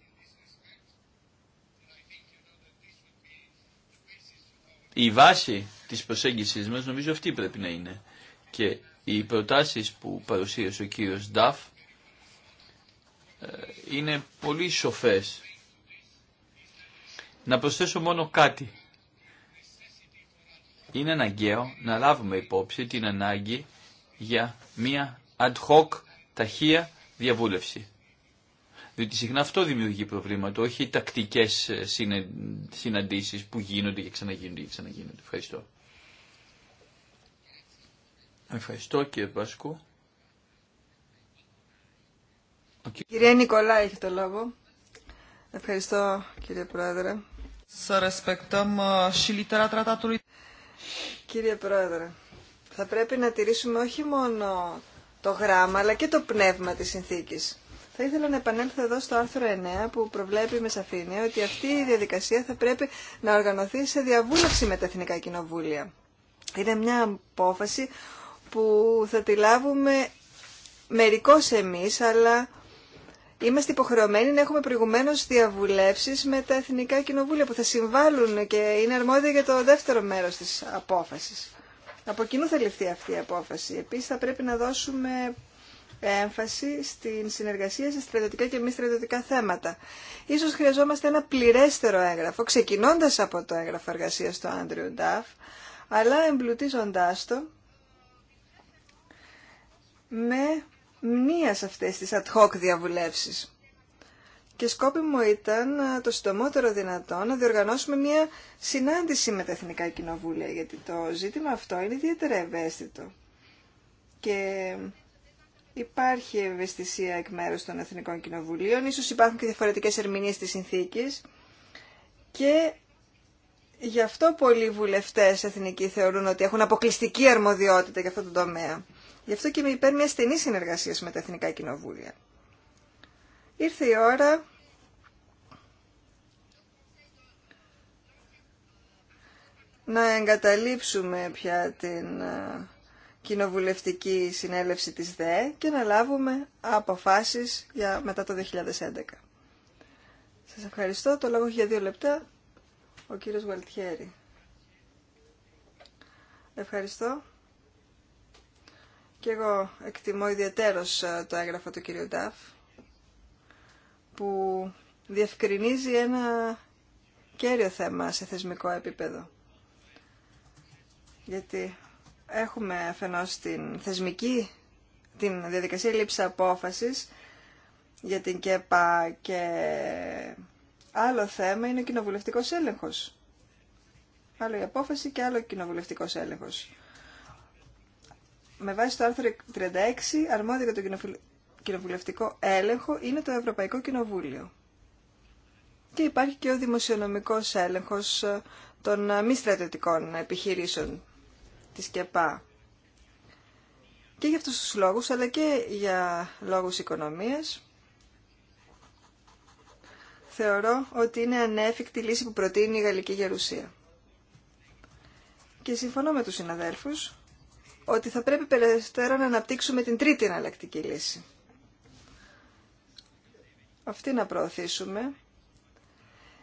Η βάση της προσέγγισης μας νομίζω αυτή πρέπει να είναι. Και οι προτάσεις που παρουσίασε ο κύριος Νταφ ε, είναι πολύ σοφές. Να προσθέσω μόνο κάτι είναι αναγκαίο να λάβουμε υπόψη την ανάγκη για μια ad hoc ταχεία διαβούλευση. Διότι συχνά αυτό δημιουργεί προβλήματα, όχι οι τακτικές ε, συναντήσεις που γίνονται και ξαναγίνονται και ξαναγίνονται. Ευχαριστώ. Ευχαριστώ κύριε Πάσκου. Κυρία Νικολά έχει το λόγο. Ευχαριστώ κύριε Πρόεδρε. Σας Κύριε Πρόεδρε, θα πρέπει να τηρήσουμε όχι μόνο το γράμμα, αλλά και το πνεύμα της συνθήκης. Θα ήθελα να επανέλθω εδώ στο άρθρο 9 που προβλέπει με σαφήνεια ότι αυτή η διαδικασία θα πρέπει να οργανωθεί σε διαβούλευση με τα Εθνικά Κοινοβούλια. Είναι μια απόφαση που θα τη λάβουμε μερικώς εμείς, αλλά είμαστε υποχρεωμένοι να έχουμε προηγουμένω διαβουλεύσει με τα εθνικά κοινοβούλια που θα συμβάλλουν και είναι αρμόδια για το δεύτερο μέρο τη απόφαση. Από κοινού θα ληφθεί αυτή η απόφαση. Επίση, θα πρέπει να δώσουμε έμφαση στην συνεργασία σε στρατιωτικά και μη στρατιωτικά θέματα. Ίσως χρειαζόμαστε ένα πληρέστερο έγγραφο, ξεκινώντας από το έγγραφο εργασίας του Άντριου Νταφ, αλλά εμπλουτίζοντάς το με μία σε αυτές τις ad hoc διαβουλεύσεις. Και μου ήταν το συντομότερο δυνατό να διοργανώσουμε μία συνάντηση με τα Εθνικά Κοινοβούλια, γιατί το ζήτημα αυτό είναι ιδιαίτερα ευαίσθητο. Και υπάρχει ευαισθησία εκ μέρους των Εθνικών Κοινοβουλίων, ίσως υπάρχουν και διαφορετικές ερμηνείες της συνθήκης και γι' αυτό πολλοί βουλευτές εθνικοί θεωρούν ότι έχουν αποκλειστική αρμοδιότητα για αυτό το τομέα. Γι' αυτό και με υπέρ μια στενή συνεργασία με τα Εθνικά Κοινοβούλια. Ήρθε η ώρα να εγκαταλείψουμε πια την ε, κοινοβουλευτική συνέλευση της ΔΕ και να λάβουμε αποφάσεις για μετά το 2011. Σας ευχαριστώ. Το λόγο για δύο λεπτά ο κύριος Γουαλτιέρη. Ευχαριστώ. Και εγώ εκτιμώ ιδιαίτερος ε, το έγγραφο του κυρίου Νταφ που διευκρινίζει ένα κέριο θέμα σε θεσμικό επίπεδο. Γιατί έχουμε αφενός την θεσμική, την διαδικασία λήψη απόφασης για την ΚΕΠΑ και άλλο θέμα είναι ο κοινοβουλευτικός έλεγχος. Άλλο η απόφαση και άλλο ο κοινοβουλευτικός έλεγχος με βάση το άρθρο 36 αρμόδιο για το κοινοβουλευτικό έλεγχο είναι το Ευρωπαϊκό Κοινοβούλιο. Και υπάρχει και ο δημοσιονομικός έλεγχος ε, των ε, μη στρατιωτικών επιχειρήσεων της ΚΕΠΑ. Και για αυτούς τους λόγους, αλλά και για λόγους οικονομίας, θεωρώ ότι είναι ανέφικτη λύση που προτείνει η Γαλλική Γερουσία. Και συμφωνώ με τους συναδέλφους ότι θα πρέπει περαιτέρω να αναπτύξουμε την τρίτη εναλλακτική λύση. Αυτή να προωθήσουμε,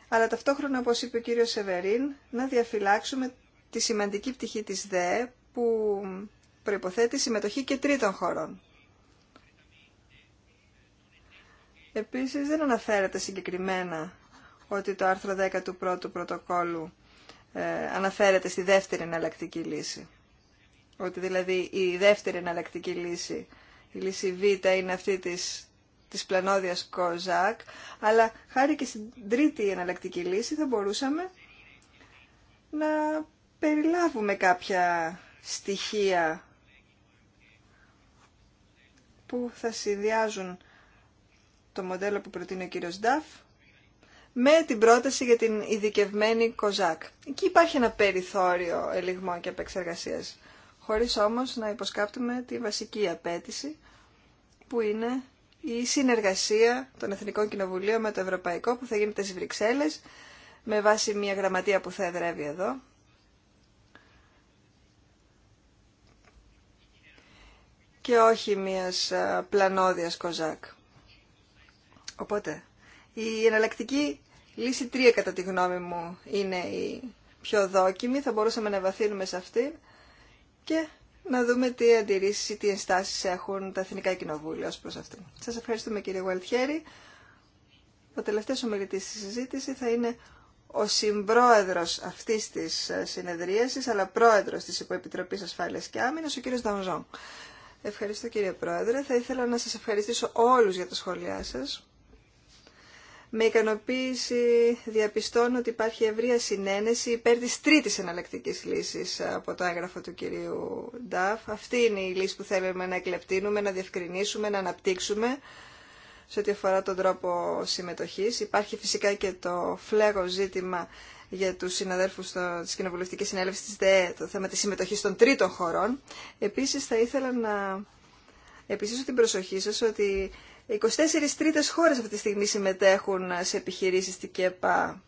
αλλά ταυτόχρονα, όπως είπε ο κύριος Σεβερίν, να διαφυλάξουμε τη σημαντική πτυχή της ΔΕ που προϋποθέτει συμμετοχή και τρίτων χωρών. Επίσης, δεν αναφέρεται συγκεκριμένα ότι το άρθρο 10 του πρώτου πρωτοκόλου ε, αναφέρεται στη δεύτερη εναλλακτική λύση. Ότι δηλαδή η δεύτερη εναλλακτική λύση, η λύση Β είναι αυτή της, της πλανόδιας Κοζάκ, αλλά χάρη και στην τρίτη εναλλακτική λύση θα μπορούσαμε να περιλάβουμε κάποια στοιχεία που θα συνδυάζουν το μοντέλο που προτείνει ο κύριος Νταφ με την πρόταση για την ειδικευμένη Κοζάκ. Εκεί υπάρχει ένα περιθώριο ελιγμό και επεξεργασίας χωρίς όμως να υποσκάπτουμε τη βασική απέτηση που είναι η συνεργασία των Εθνικών Κοινοβουλίων με το Ευρωπαϊκό που θα γίνεται στις Βρυξέλλες με βάση μια γραμματεία που θα εδρεύει εδώ. και όχι μιας πλανόδιας κοζάκ. Οπότε, η εναλλακτική λύση 3 κατά τη γνώμη μου είναι η πιο δόκιμη. Θα μπορούσαμε να βαθύνουμε σε αυτή και να δούμε τι αντιρρήσεις ή τι ενστάσεις έχουν τα Εθνικά Κοινοβούλια ως προς αυτό. Σας ευχαριστούμε κύριε Γουαλτιέρη. Ο τελευταίος ομιλητής στη συζήτηση θα είναι ο συμπρόεδρος αυτής της ε, συνεδρίασης, αλλά πρόεδρος της Υποεπιτροπής Ασφάλειας και Άμυνας, ο κύριος Νταμζόν. Ευχαριστώ κύριε Πρόεδρε. Θα ήθελα να σας ευχαριστήσω όλους για τα σχόλιά σας. Με ικανοποίηση διαπιστώνω ότι υπάρχει ευρεία συνένεση υπέρ της τρίτης εναλλακτικής λύσης από το έγγραφο του κυρίου Νταφ. Αυτή είναι η λύση που θέλουμε να εκλεπτύνουμε, να διευκρινίσουμε, να αναπτύξουμε σε ό,τι αφορά τον τρόπο συμμετοχής. Υπάρχει φυσικά και το φλέγο ζήτημα για τους συναδέλφους της Κοινοβουλευτικής Συνέλευσης της ΔΕΕ, το θέμα της συμμετοχής των τρίτων χωρών. Επίσης θα ήθελα να επισήσω την προσοχή σας ότι 24 τρίτες χώρες αυτή τη στιγμή συμμετέχουν σε επιχειρήσεις στην ΚΕΠΑ.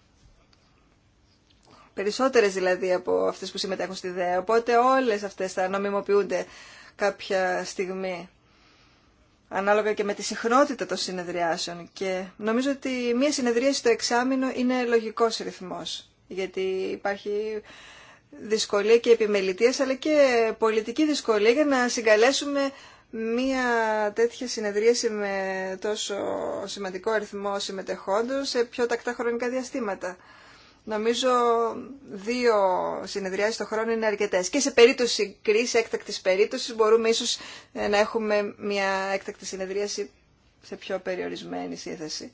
Περισσότερες δηλαδή από αυτές που συμμετέχουν στη ΔΕΕ. Οπότε όλες αυτές θα νομιμοποιούνται κάποια στιγμή. Ανάλογα και με τη συχνότητα των συνεδριάσεων. Και νομίζω ότι μία συνεδρία στο εξάμεινο είναι λογικός ρυθμός. Γιατί υπάρχει δυσκολία και επιμελητίας αλλά και πολιτική δυσκολία για να συγκαλέσουμε Μία τέτοια συνεδρίαση με τόσο σημαντικό αριθμό συμμετεχόντων σε πιο τακτά χρονικά διαστήματα. Νομίζω δύο συνεδριάσεις το χρόνο είναι αρκετές. Και σε περίπτωση κρίση, έκτακτης περίπτωση. μπορούμε ίσως ε, να έχουμε μια έκτακτη συνεδρίαση σε πιο περιορισμένη σύνθεση.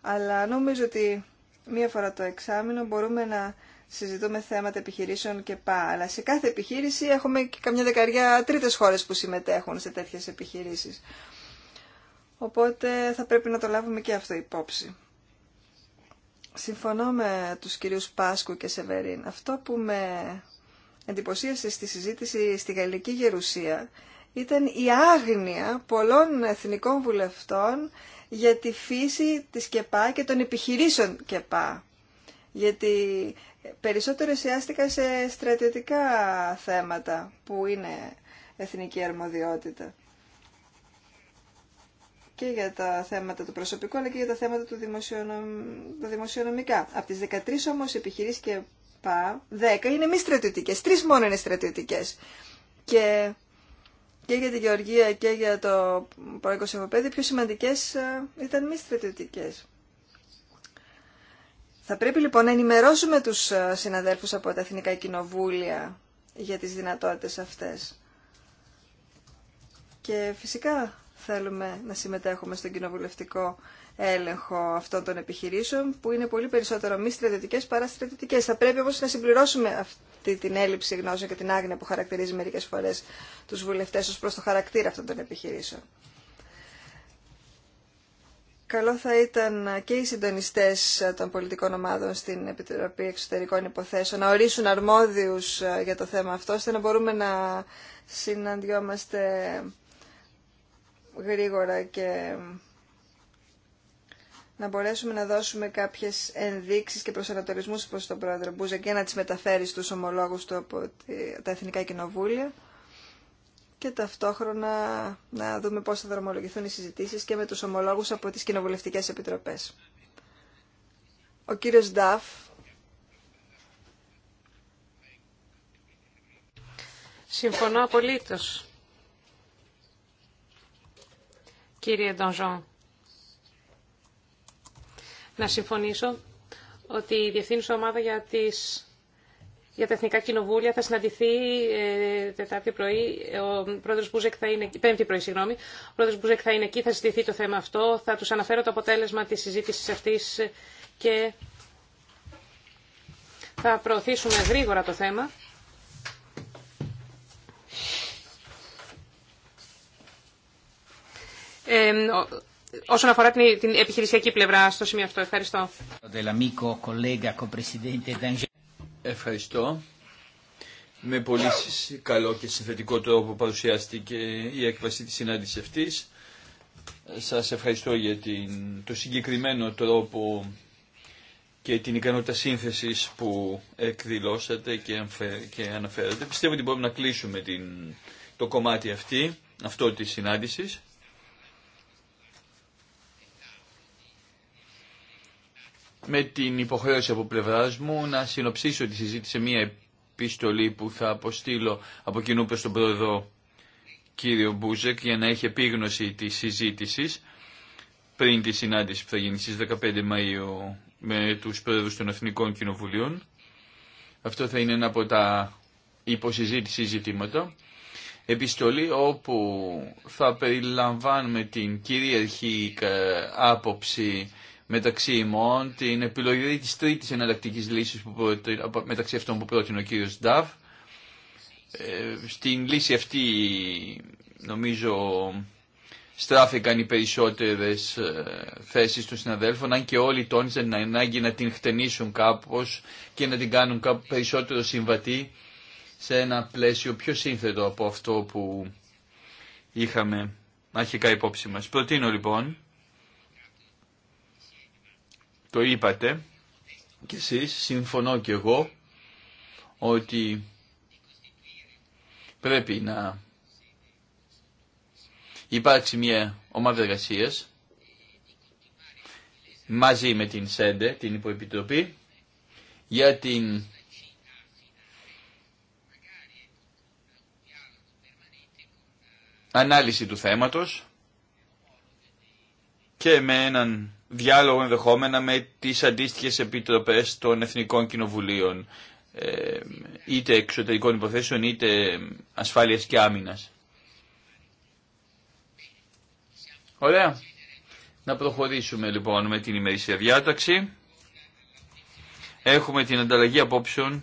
Αλλά νομίζω ότι μία φορά το εξάμεινο μπορούμε να συζητούμε θέματα επιχειρήσεων και πά. Αλλά σε κάθε επιχείρηση έχουμε και καμιά δεκαριά τρίτες χώρες που συμμετέχουν σε τέτοιες επιχειρήσεις. Οπότε θα πρέπει να το λάβουμε και αυτό υπόψη. Συμφωνώ με τους κυρίους Πάσκου και Σεβερίν. Αυτό που με εντυπωσίασε στη συζήτηση στη Γαλλική Γερουσία ήταν η άγνοια πολλών εθνικών βουλευτών για τη φύση της ΚΕΠΑ και των επιχειρήσεων ΚΕΠΑ. Γιατί περισσότερο εστιάστηκα σε στρατιωτικά θέματα που είναι εθνική αρμοδιότητα και για τα θέματα του προσωπικού αλλά και για τα θέματα του δημοσιονομικά. Από τις 13 όμως επιχειρήσεις και ΠΑ, 10 είναι μη στρατιωτικές, τρεις μόνο είναι στρατιωτικές. Και, και για τη Γεωργία και για το πρώτο πιο σημαντικές ε, ήταν μη στρατιωτικές. Θα πρέπει λοιπόν να ενημερώσουμε τους ε, συναδέλφους από τα Εθνικά Κοινοβούλια για τις δυνατότητες αυτές. Και φυσικά θέλουμε να συμμετέχουμε στον κοινοβουλευτικό έλεγχο αυτών των επιχειρήσεων που είναι πολύ περισσότερο μη στρατιωτικές παρά στρατιωτικές. Θα πρέπει όμως να συμπληρώσουμε αυτή την έλλειψη γνώσεων και την άγνοια που χαρακτηρίζει μερικές φορές τους βουλευτές ως προς το χαρακτήρα αυτών των επιχειρήσεων. Καλό θα ήταν και οι συντονιστές των πολιτικών ομάδων στην Επιτροπή Εξωτερικών Υποθέσεων να ορίσουν αρμόδιους ε, για το θέμα αυτό, ώστε να μπορούμε να συναντιόμαστε γρήγορα και να μπορέσουμε να δώσουμε κάποιες ενδείξεις και προσανατολισμούς προς τον πρόεδρο Μπούζα και να τις μεταφέρει στους ομολόγους του από τα Εθνικά Κοινοβούλια και ταυτόχρονα να δούμε πώς θα δρομολογηθούν οι συζητήσεις και με τους ομολόγους από τις κοινοβουλευτικέ επιτροπές. Ο κύριος Νταφ Συμφωνώ απολύτως. Κύριε Ντονζόν, να συμφωνήσω ότι η Διευθύνουσα Ομάδα για τις για τα Εθνικά Κοινοβούλια θα συναντηθεί ε, Τετάρτη πρωί, ο πρόεδρος θα είναι, πέμπτη πρωί, συγγνώμη, ο πρόεδρος Μπουζεκ θα είναι εκεί, θα συζητηθεί το θέμα αυτό, θα τους αναφέρω το αποτέλεσμα της συζήτησης αυτής και θα προωθήσουμε γρήγορα το θέμα. Ε, όσον αφορά την, την επιχειρησιακή πλευρά στο σημείο αυτό. Ευχαριστώ. Ευχαριστώ. Με πολύ καλό και συνθετικό τρόπο παρουσιάστηκε η έκβαση της συνάντησης αυτής. Σας ευχαριστώ για την, το συγκεκριμένο τρόπο και την ικανότητα σύνθεσης που εκδηλώσατε και, και αναφέρατε. Πιστεύω ότι μπορούμε να κλείσουμε το κομμάτι αυτή, αυτό της συνάντησης. με την υποχρέωση από πλευρά μου να συνοψίσω τη συζήτηση σε μία επιστολή που θα αποστείλω από κοινού προς τον πρόεδρο κύριο Μπούζεκ για να έχει επίγνωση της συζήτησης πριν τη συνάντηση που θα γίνει 15 Μαΐου με τους πρόεδρους των Εθνικών Κοινοβουλίων. Αυτό θα είναι ένα από τα υποσυζήτηση ζητήματα. Επιστολή όπου θα περιλαμβάνουμε την κυρίαρχη ε, άποψη μεταξύ ημών, την επιλογή της τρίτης εναλλακτικής λύσης που, μεταξύ αυτών που πρότεινε ο κύριος Νταβ. Ε, στην λύση αυτή νομίζω στράφηκαν οι περισσότερες ε, θέσεις των συναδέλφων, αν και όλοι τόνισαν την ανάγκη να την χτενίσουν κάπως και να την κάνουν κάπου περισσότερο συμβατή σε ένα πλαίσιο πιο σύνθετο από αυτό που είχαμε αρχικά υπόψη μας. Προτείνω λοιπόν το είπατε και εσείς, συμφωνώ και εγώ, ότι πρέπει να υπάρξει μια ομάδα εργασία μαζί με την ΣΕΝΤΕ, την Υποεπιτροπή, για την ανάλυση του θέματος και με έναν διάλογο ενδεχόμενα με τις αντίστοιχες επιτροπές των Εθνικών Κοινοβουλίων ε, είτε εξωτερικών υποθέσεων είτε ασφάλειας και άμυνας. Ωραία. Να προχωρήσουμε λοιπόν με την ημερήσια διάταξη. Έχουμε την ανταλλαγή απόψεων